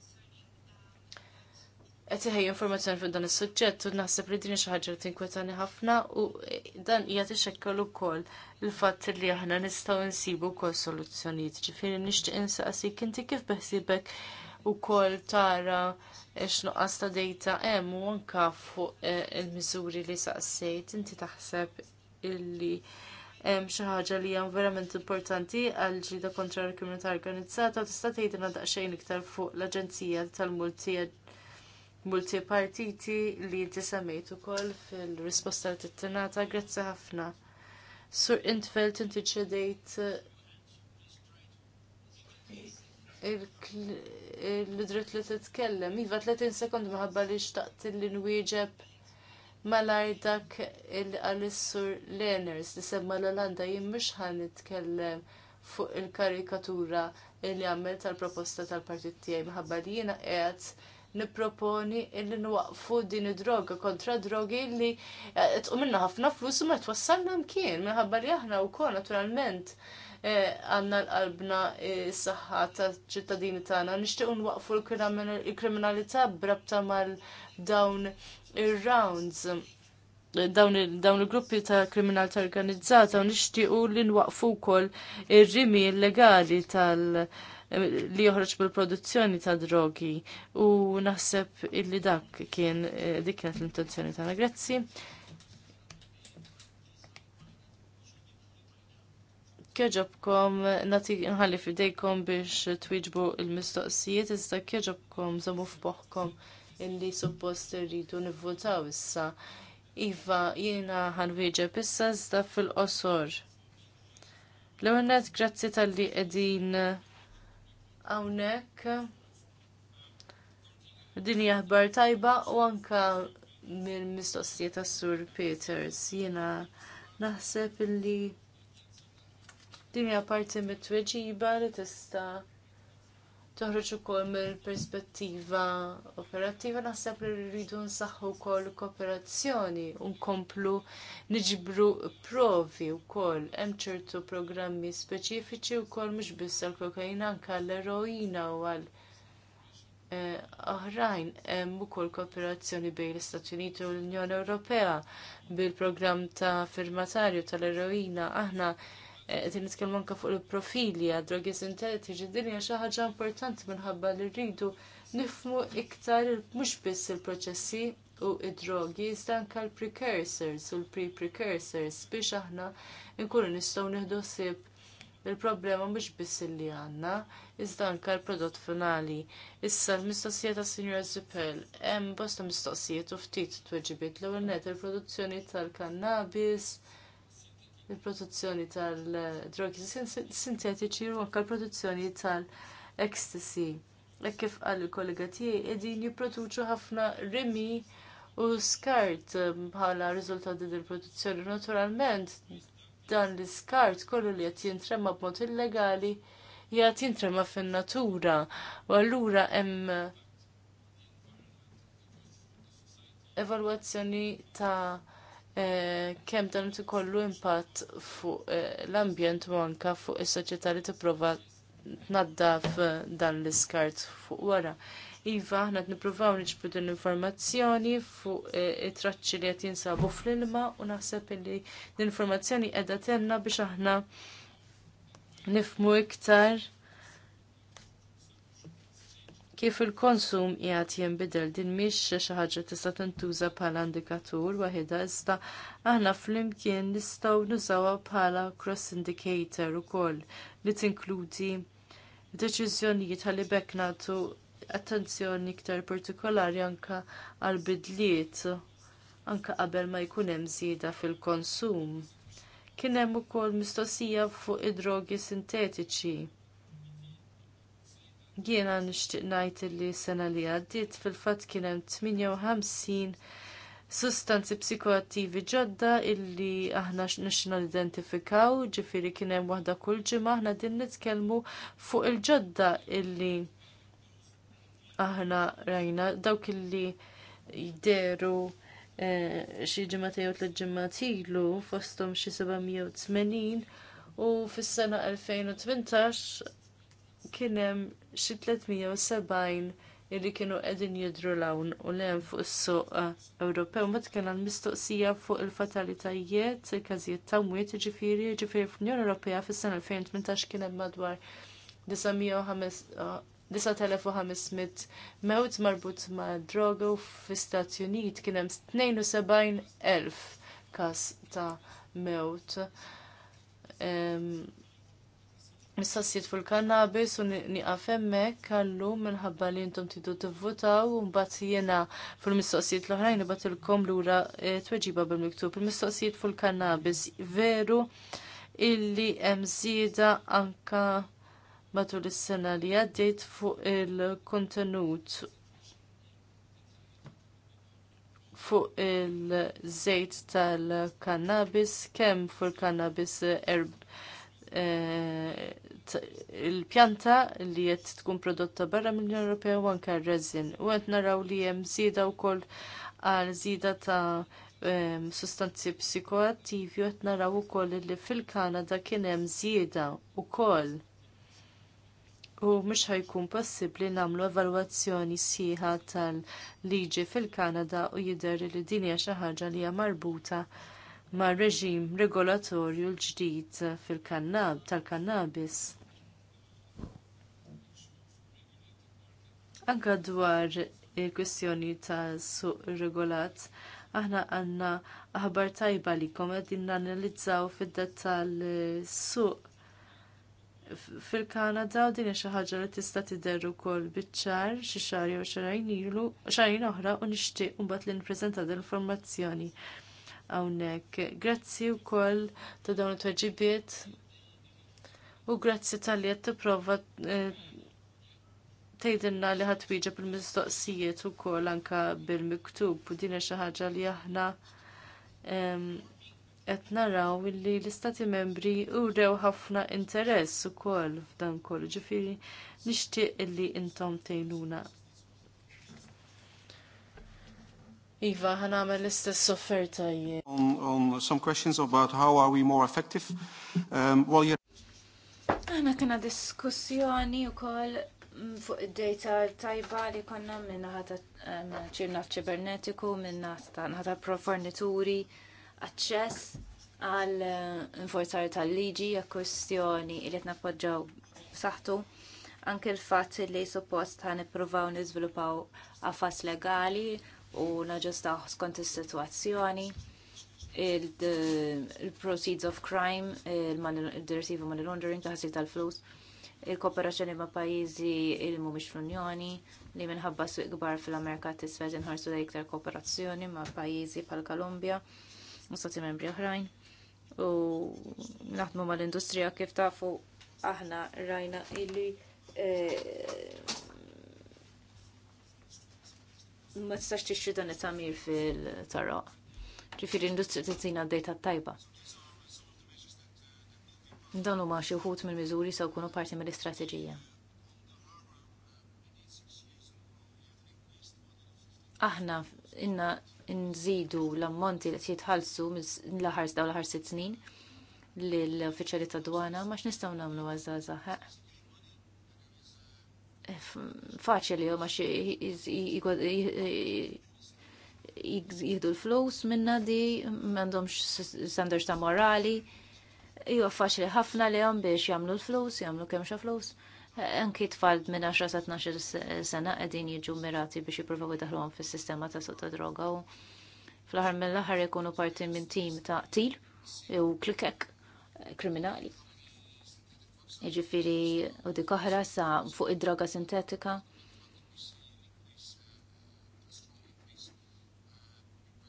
qed iħej informazzjoni fuq dan is-suġġett u naħseb li din xi ħaġa li tinkwetani ħafna u dan hija tixekkel ukoll il-fatt li aħna nistgħu nsibu wkoll soluzzjonijiet. Ġifieri nixtieq insaqsik inti kif beħsibek ukoll tara x'nuqqas ta' dejta hemm u anke fuq eh, il-miżuri li saqsejt inti taħseb illi hemm xi ħaġa li hija verament importanti għal ġida kontra l-kriminalità organizzata u tista' tgħidilna daqsxejn iktar fuq l-Aġenzija tal-Multi multipartiti li inti samejt ukoll fil-risposta li tittinata grazzi ħafna. Sur Intfeld inti ċedejt l-dritt li titkellem. Iva 30 sekund maħabba li xtaqt li nwieġeb malaj dak il-għalissur Leners li semma l-Olanda jien mhux ħan nitkellem fuq il-karikatura li għamel tal-proposta tal-partit tiegħi minħabba li jiena qiegħed nipproponi illi nwaqfu din id-droga kontra drogi li eh, tqum minna ħafna flus u ma wassalna mkien minħabba li aħna wkoll naturalment eh, għanna l-qalbna eh, s-saħħa ta' ċittadini tagħna. Nixtiequ nwaqfu l-kriminalità brabta mal dawn ir-rounds dawn il-gruppi ta' kriminalità organizzata u nixtiequ li nwaqfu wkoll ir-rimi illegali tal- li joħroġ bil-produzzjoni ta' drogi u naħseb illi dak kien eh, dik kienet l-intenzjoni tagħna. Grazzi. Kieġobkom nati nħalli fidejkom biex twiġbu il-mistoqsijiet iżda kieġobkom zomu f'boħħkom illi suppost irridu nivvotaw issa. Iva, jiena ħanwieġeb issa iżda fil-qosor. L-għonet, grazzi tal-li edin hawnhekk din ħbar tajba u anka mill mistoqsija tas-Sur Peters jiena naħseb illi din parti mit-tweġiba li tista' toħroġ ukoll mill-perspettiva operattiva naħseb li rridu nsaħħu wkoll kooperazzjoni u nkomplu niġbru provi wkoll hemm ċertu programmi speċifiċi wkoll mhux biss għall-kokaina anke għall-eroina u għal eh, oħrajn hemm ukoll kooperazzjoni bejn l-Istati Uniti u l-Unjoni Ewropea bil-programm ta' firmatarju tal-eroina aħna qed nitkellmu anke fuq il-profili għad drogi sintetiċi din dinja xi ħaġa importanti minħabba li rridu nifmu iktar mhux biss il-proċessi u id-drogi iżda anke l-precursors u l-pre-precursors biex aħna nkunu nistgħu nieħdu sib il-problema mhux biss li għandna, iżda l-prodott finali. Issa l-mistoqsija ta' Sinjor Zippel, hemm bosta mistoqsijiet u ftit tweġibiet l-ewwel il-produzzjoni tal-kannabis, il-produzzjoni tal-drogi sintetiċi u anke l-produzzjoni tal-ecstasy. Hekk kif qal il-kollega tiegħi qegħdin jipproduċu ħafna rimi u skart um, bħala riżultat din il-produzzjoni. Naturalment dan l-iskart kollu li qed jintrema b'mod illegali jgħat jintrema fin-natura u allura hemm evalwazzjoni ta' Eh, kemm dan ikollu impatt fuq eh, l-ambjent u anke fuq is-soċjetà li tipprova tnaddaf dan l-iskart fuq wara. Iva, aħna qed nippruvaw niġbdu din l-informazzjoni fuq eh, it-traċċi li qed jinsabu fl-ilma u naħseb li l-informazzjoni qiegħda tenna biex aħna nifmu iktar kif il-konsum jgħat jinbidel din mhix xi ħaġa tista' tintuża bħala indikatur waħedha iżda aħna flimkien nistgħu nużawha bħala cross indicator ukoll li tinkludi deċiżjonijiet li bekk nagħtu attenzjoni iktar partikolari anke għal bidliet anke qabel ma jkun hemm żieda fil-konsum. Kien hemm ukoll mistoqsija fuq id-drogi sintetiċi Jiena nixtieq ngħid li sena li għaddiet fil-fatt kien hemm 58 sustanzi psikoattivi ġodda illi aħna nixna identifikaw ġifiri kien hemm waħda kull ġimgħa aħna din nitkellmu fuq il-ġodda illi aħna rajna dawk illi jderu eh, xi ġimgħatej u tliet ġimgħat ilu fosthom xi 780 u fis-sena 2018 kien hemm xi 370 illi kienu qegħdin jidru lawn u lem fuq is-suq eh, Ewropew ma kien għal mistoqsija fuq il-fatalitajiet, il-każijiet ta' mwiet ġifieri, ġifieri fl-Unjoni Ewropea fis-sena 2018 kien hemm madwar 9500 eh, mewt marbut ma' droga u fl-Istati Uniti kien hemm 72,000 każ ta' mewt. Um, mistassijiet fuq il-kannabis u niqaf hemmhekk kallu minħabba li intom tidu tivvutaw u mbagħad jiena fil-mistoqsijiet l-oħrajn nibatilkom lura eh, tweġiba bil-miktub. Il-mistoqsijiet fuq il-kannabis veru illi hemm żieda anka matul is-sena li għaddejt fuq il-kontenut fuq il-żejt tal-kannabis kemm fuq il-kannabis erb eh, il-pjanta li qed tkun prodotta barra mill-Unjoni Ewropea u anke r-reżin. U qed naraw li hemm żieda wkoll għal żieda ta' ehm, sustanzi psikoattivi u qed naraw ukoll li fil-Kanada kien hemm żieda wkoll. U mhux ħajkun possibbli nagħmlu evalwazzjoni sħiħa tal-liġi fil-Kanada u jidher li din hija xi ħaġa li hija marbuta mar reġim regolatorju l-ġdid fil-kannab tal-kannabis. Anka dwar il-kwestjoni ta' suq regolat, aħna għandna aħbar tajba li komet nanalizzaw fid-dettal suq fil-Kanada u din xi ħaġa li tista' tidher ukoll biċ-ċar xi xahar jew xarajn oħra u nixtieq mbagħad li nippreżenta din l-informazzjoni hawnhekk. Grazzi wkoll ta' dawn it-tweġibiet u grazzi tal-li qed tipprova eh, tgħidilna li ħadd wieġeb il-mistoqsijiet ukoll anke bil-miktub u din xaħġa ħaġa li aħna qed raw li l-istati membri rew ħafna interess ukoll f'dan kollu ġifiri nixtieq li intom tejnuna. Iva, ħanamel l-istess sofferta On, um, um, some questions about how are we more effective. Um, well, you're... Għana kena diskussjoni u koll fuq id-data tajba li konna minna ħata um, ċirna ċibernetiku, minna ħata pro-fornituri, għacċess għal uh, inforzar tal-liġi, kwestjoni li t podġaw saħtu anke l-fatt li suppost i-provaw nizvilupaw għafas legali u naġġustaw skont is-sitwazzjoni il-proceeds of crime, il-direttiva mal laundering taħsil tal-flus, il-kooperazzjoni ma' pajizi il mhumiex fl-Unjoni li minħabba suq kbar fil-Amerika t-isfed inħarsu da iktar kooperazzjoni ma' pajizi pal Kolumbja u stati membri oħrajn. U naħdmu mal-industrija kif tafu aħna rajna illi eh, ma tistax tixtri dan it-tamir fil-taraq. Ġifiri industri titina d-dejta tajba. Dan huma xi wħud mill-miżuri se jkunu parti mill-istrateġija. Aħna inna nżidu l-ammonti li jitħallsu l aħars dawn l aħħar sitt snin lill-uffiċjali tad dwana ma nistgħu nagħmlu għażażaħ faċli ma xi jihdu l-flus minna di, m'għandhomx standards ta' morali, Iwa faċli ħafna li għom biex jamlu l-flus, jamlu kemxa flus. Anki tfal minn 10 sa 12 sena għedin jiġu mirati biex jiprofaw għom fis sistema ta' sotta droga u fl-ħar mill-ħar jkunu parti minn tim ta' til u klikek kriminali jiġifieri u dik oħra sa fuq id-droga sintetika.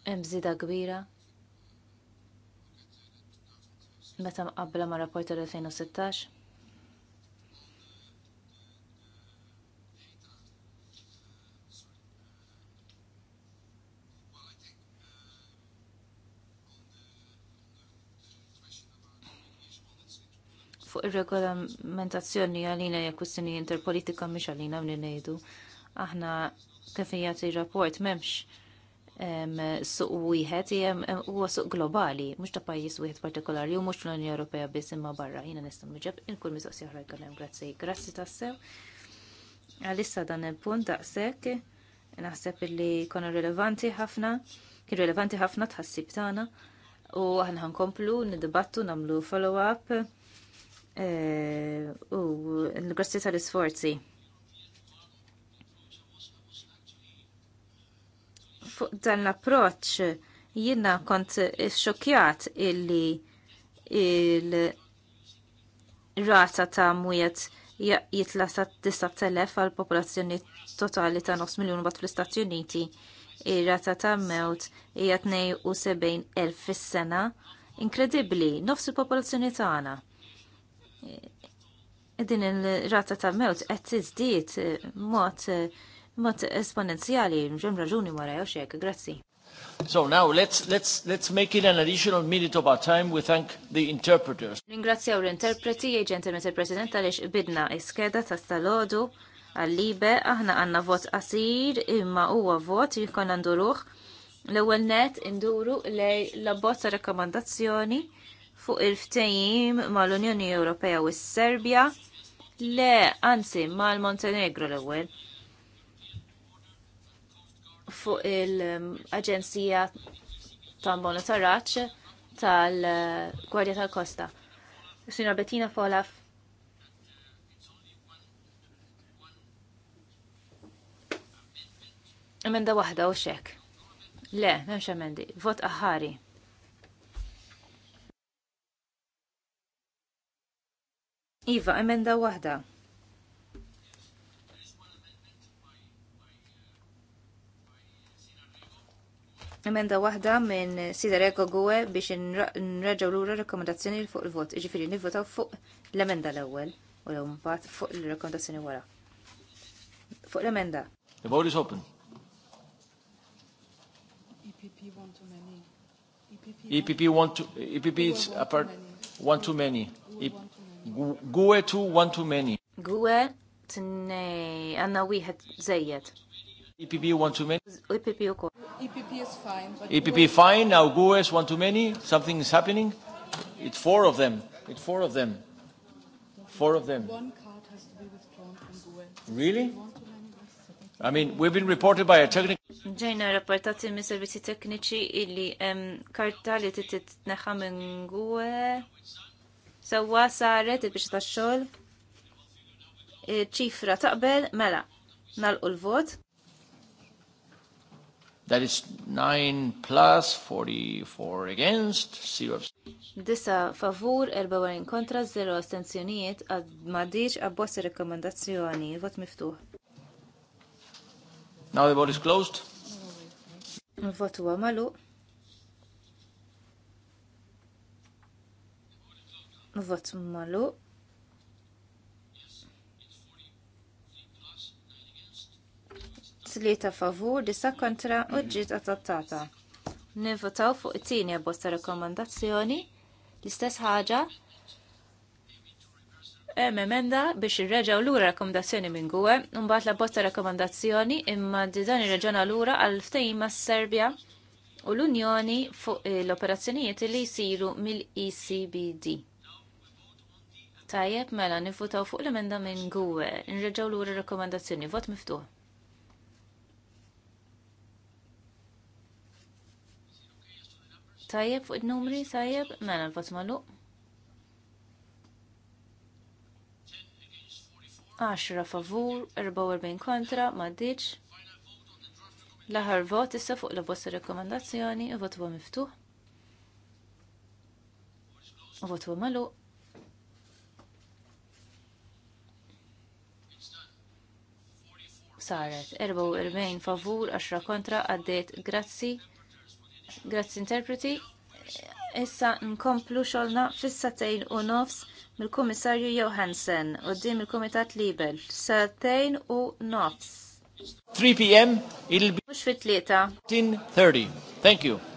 Hemm żieda kbira. Meta mqabbla ma' rapport tal-2016. fuq ir-regolamentazzjoni għalina jek kwistjoni interpolitika mhix għalina minn ngħidu. Aħna kif jagħti rapport m'hemmx suq wieħed huwa suq globali, mhux ta' pajjiż wieħed partikolari u mhux l-Unjoni Ewropea biss imma barra. Jiena nista' niġeb inkull mistoqsija oħra jkellem grazzi. Grazzi tassew. Għalissa dan il-punt daqshekk naħseb illi konu rilevanti ħafna, kien rilevanti ħafna tħassib tagħna u aħna ħankomplu nidibattu nagħmlu follow-up Eh, u l-grossi tal-isforzi. Fuq dan l-approċ jina kont xokjat illi il-rata ta' mwiet jitla sa' 9.000 għal popolazzjoni totali ta' 9 miljon bat fl-Istati Uniti. Ir-rata ta' mewt hija 72,000 fis-sena. Inkredibbli, nofs il-popolazzjoni tagħna din il-rata ta' mewt qed tiżdied eh, mod eh, mod esponenzjali mġem raġuni wara jew xejk, grazzi. So now let's let's let's make it an additional minute of our time. We thank the interpreters. Ringrazzjaw l-interpreti, ġentilment Mr. president għaliex bidna iskeda ta' stalodu għal-libe aħna għanna vot qasir imma huwa vot jkun għandu ruħ. L-ewwel net induru lej la bozza rakkomandazzjoni fuq il-ftejim mal-Unjoni Ewropea u s-Serbja le anzi mal-Montenegro l-ewwel fuq il-Aġenzija tal Monitoraġġ tal-Gwardja tal-Kosta. Sina Bettina Folaf. Emenda waħda u xek. Le, memx emendi. Vot aħari. Iva, emenda wahda. Emenda wahda minn Sida Rego Gue biex nreġaw l-ura rekomendazzjoni fuq il-vot. Iġifiri nivvotaw fuq l-emenda l-ewel u l mbagħad fuq il-rekomendazzjoni wara. Fuq l-emenda. The vote is open. EPP one too many. EPP, EPP one too, EPP is apart one too many. EPP. Gwe tu one too many. Gwe tne nej għanna wieħed zejjed. EPP one too many. EPP u kol. EPP is fine. EPP fine, now Gwe is one too many, something is happening. It's four of them, it's four of them. Four of them. One card has to be withdrawn from Gwe. Really? I mean, we've been reported by a technical... Ġejna rapportati mis servizzi tekniċi illi karta li titneħa minn Gwe Sewwa saret il tax-xogħol. Ċifra taqbel mela nalqu l-vot. That is 9 plus 44 against 0 Disa favur 44 kontra 0 astenzjonijiet għad maddiċ għabbossi rekomendazzjoni. Vot miftuħ. Now the vote is closed. Vot huwa maluq. Vot malu. Tlieta favur, disa kontra u ġiet adottata. Nivvotaw fuq it-tieni bosta rakkomandazzjoni, L-istess ħaġa hemm emenda biex irreġgħu lura rakkomandazzjoni minn gwe, mbagħad la bosta rakkomandazzjoni imma dan irreġgħuna lura għal ftehim ma serbja u l-Unjoni fuq l-operazzjonijiet li jsiru mill-ECBD. Tajjeb mela nifutaw fuq l-emenda minn gwe, nreġaw l-għura rekomendazzjoni, vot miftuħ. Tajjeb fuq il-numri, tajjeb, mela l-vot malu. 10 favur, 44 kontra, maddiċ. l vot issa fuq la bosta rekomendazzjoni, vot huwa miftuħ. Vot huwa maluq. saret. 44 favur, 10 kontra, għaddiet grazzi. Grazzi interpreti. Issa nkomplu xolna fis u nofs mill-Kummissarju Johansen u il kumitat Libel. Satejn u nofs. 3 p.m. il fit-tlieta. 10.30. Thank you.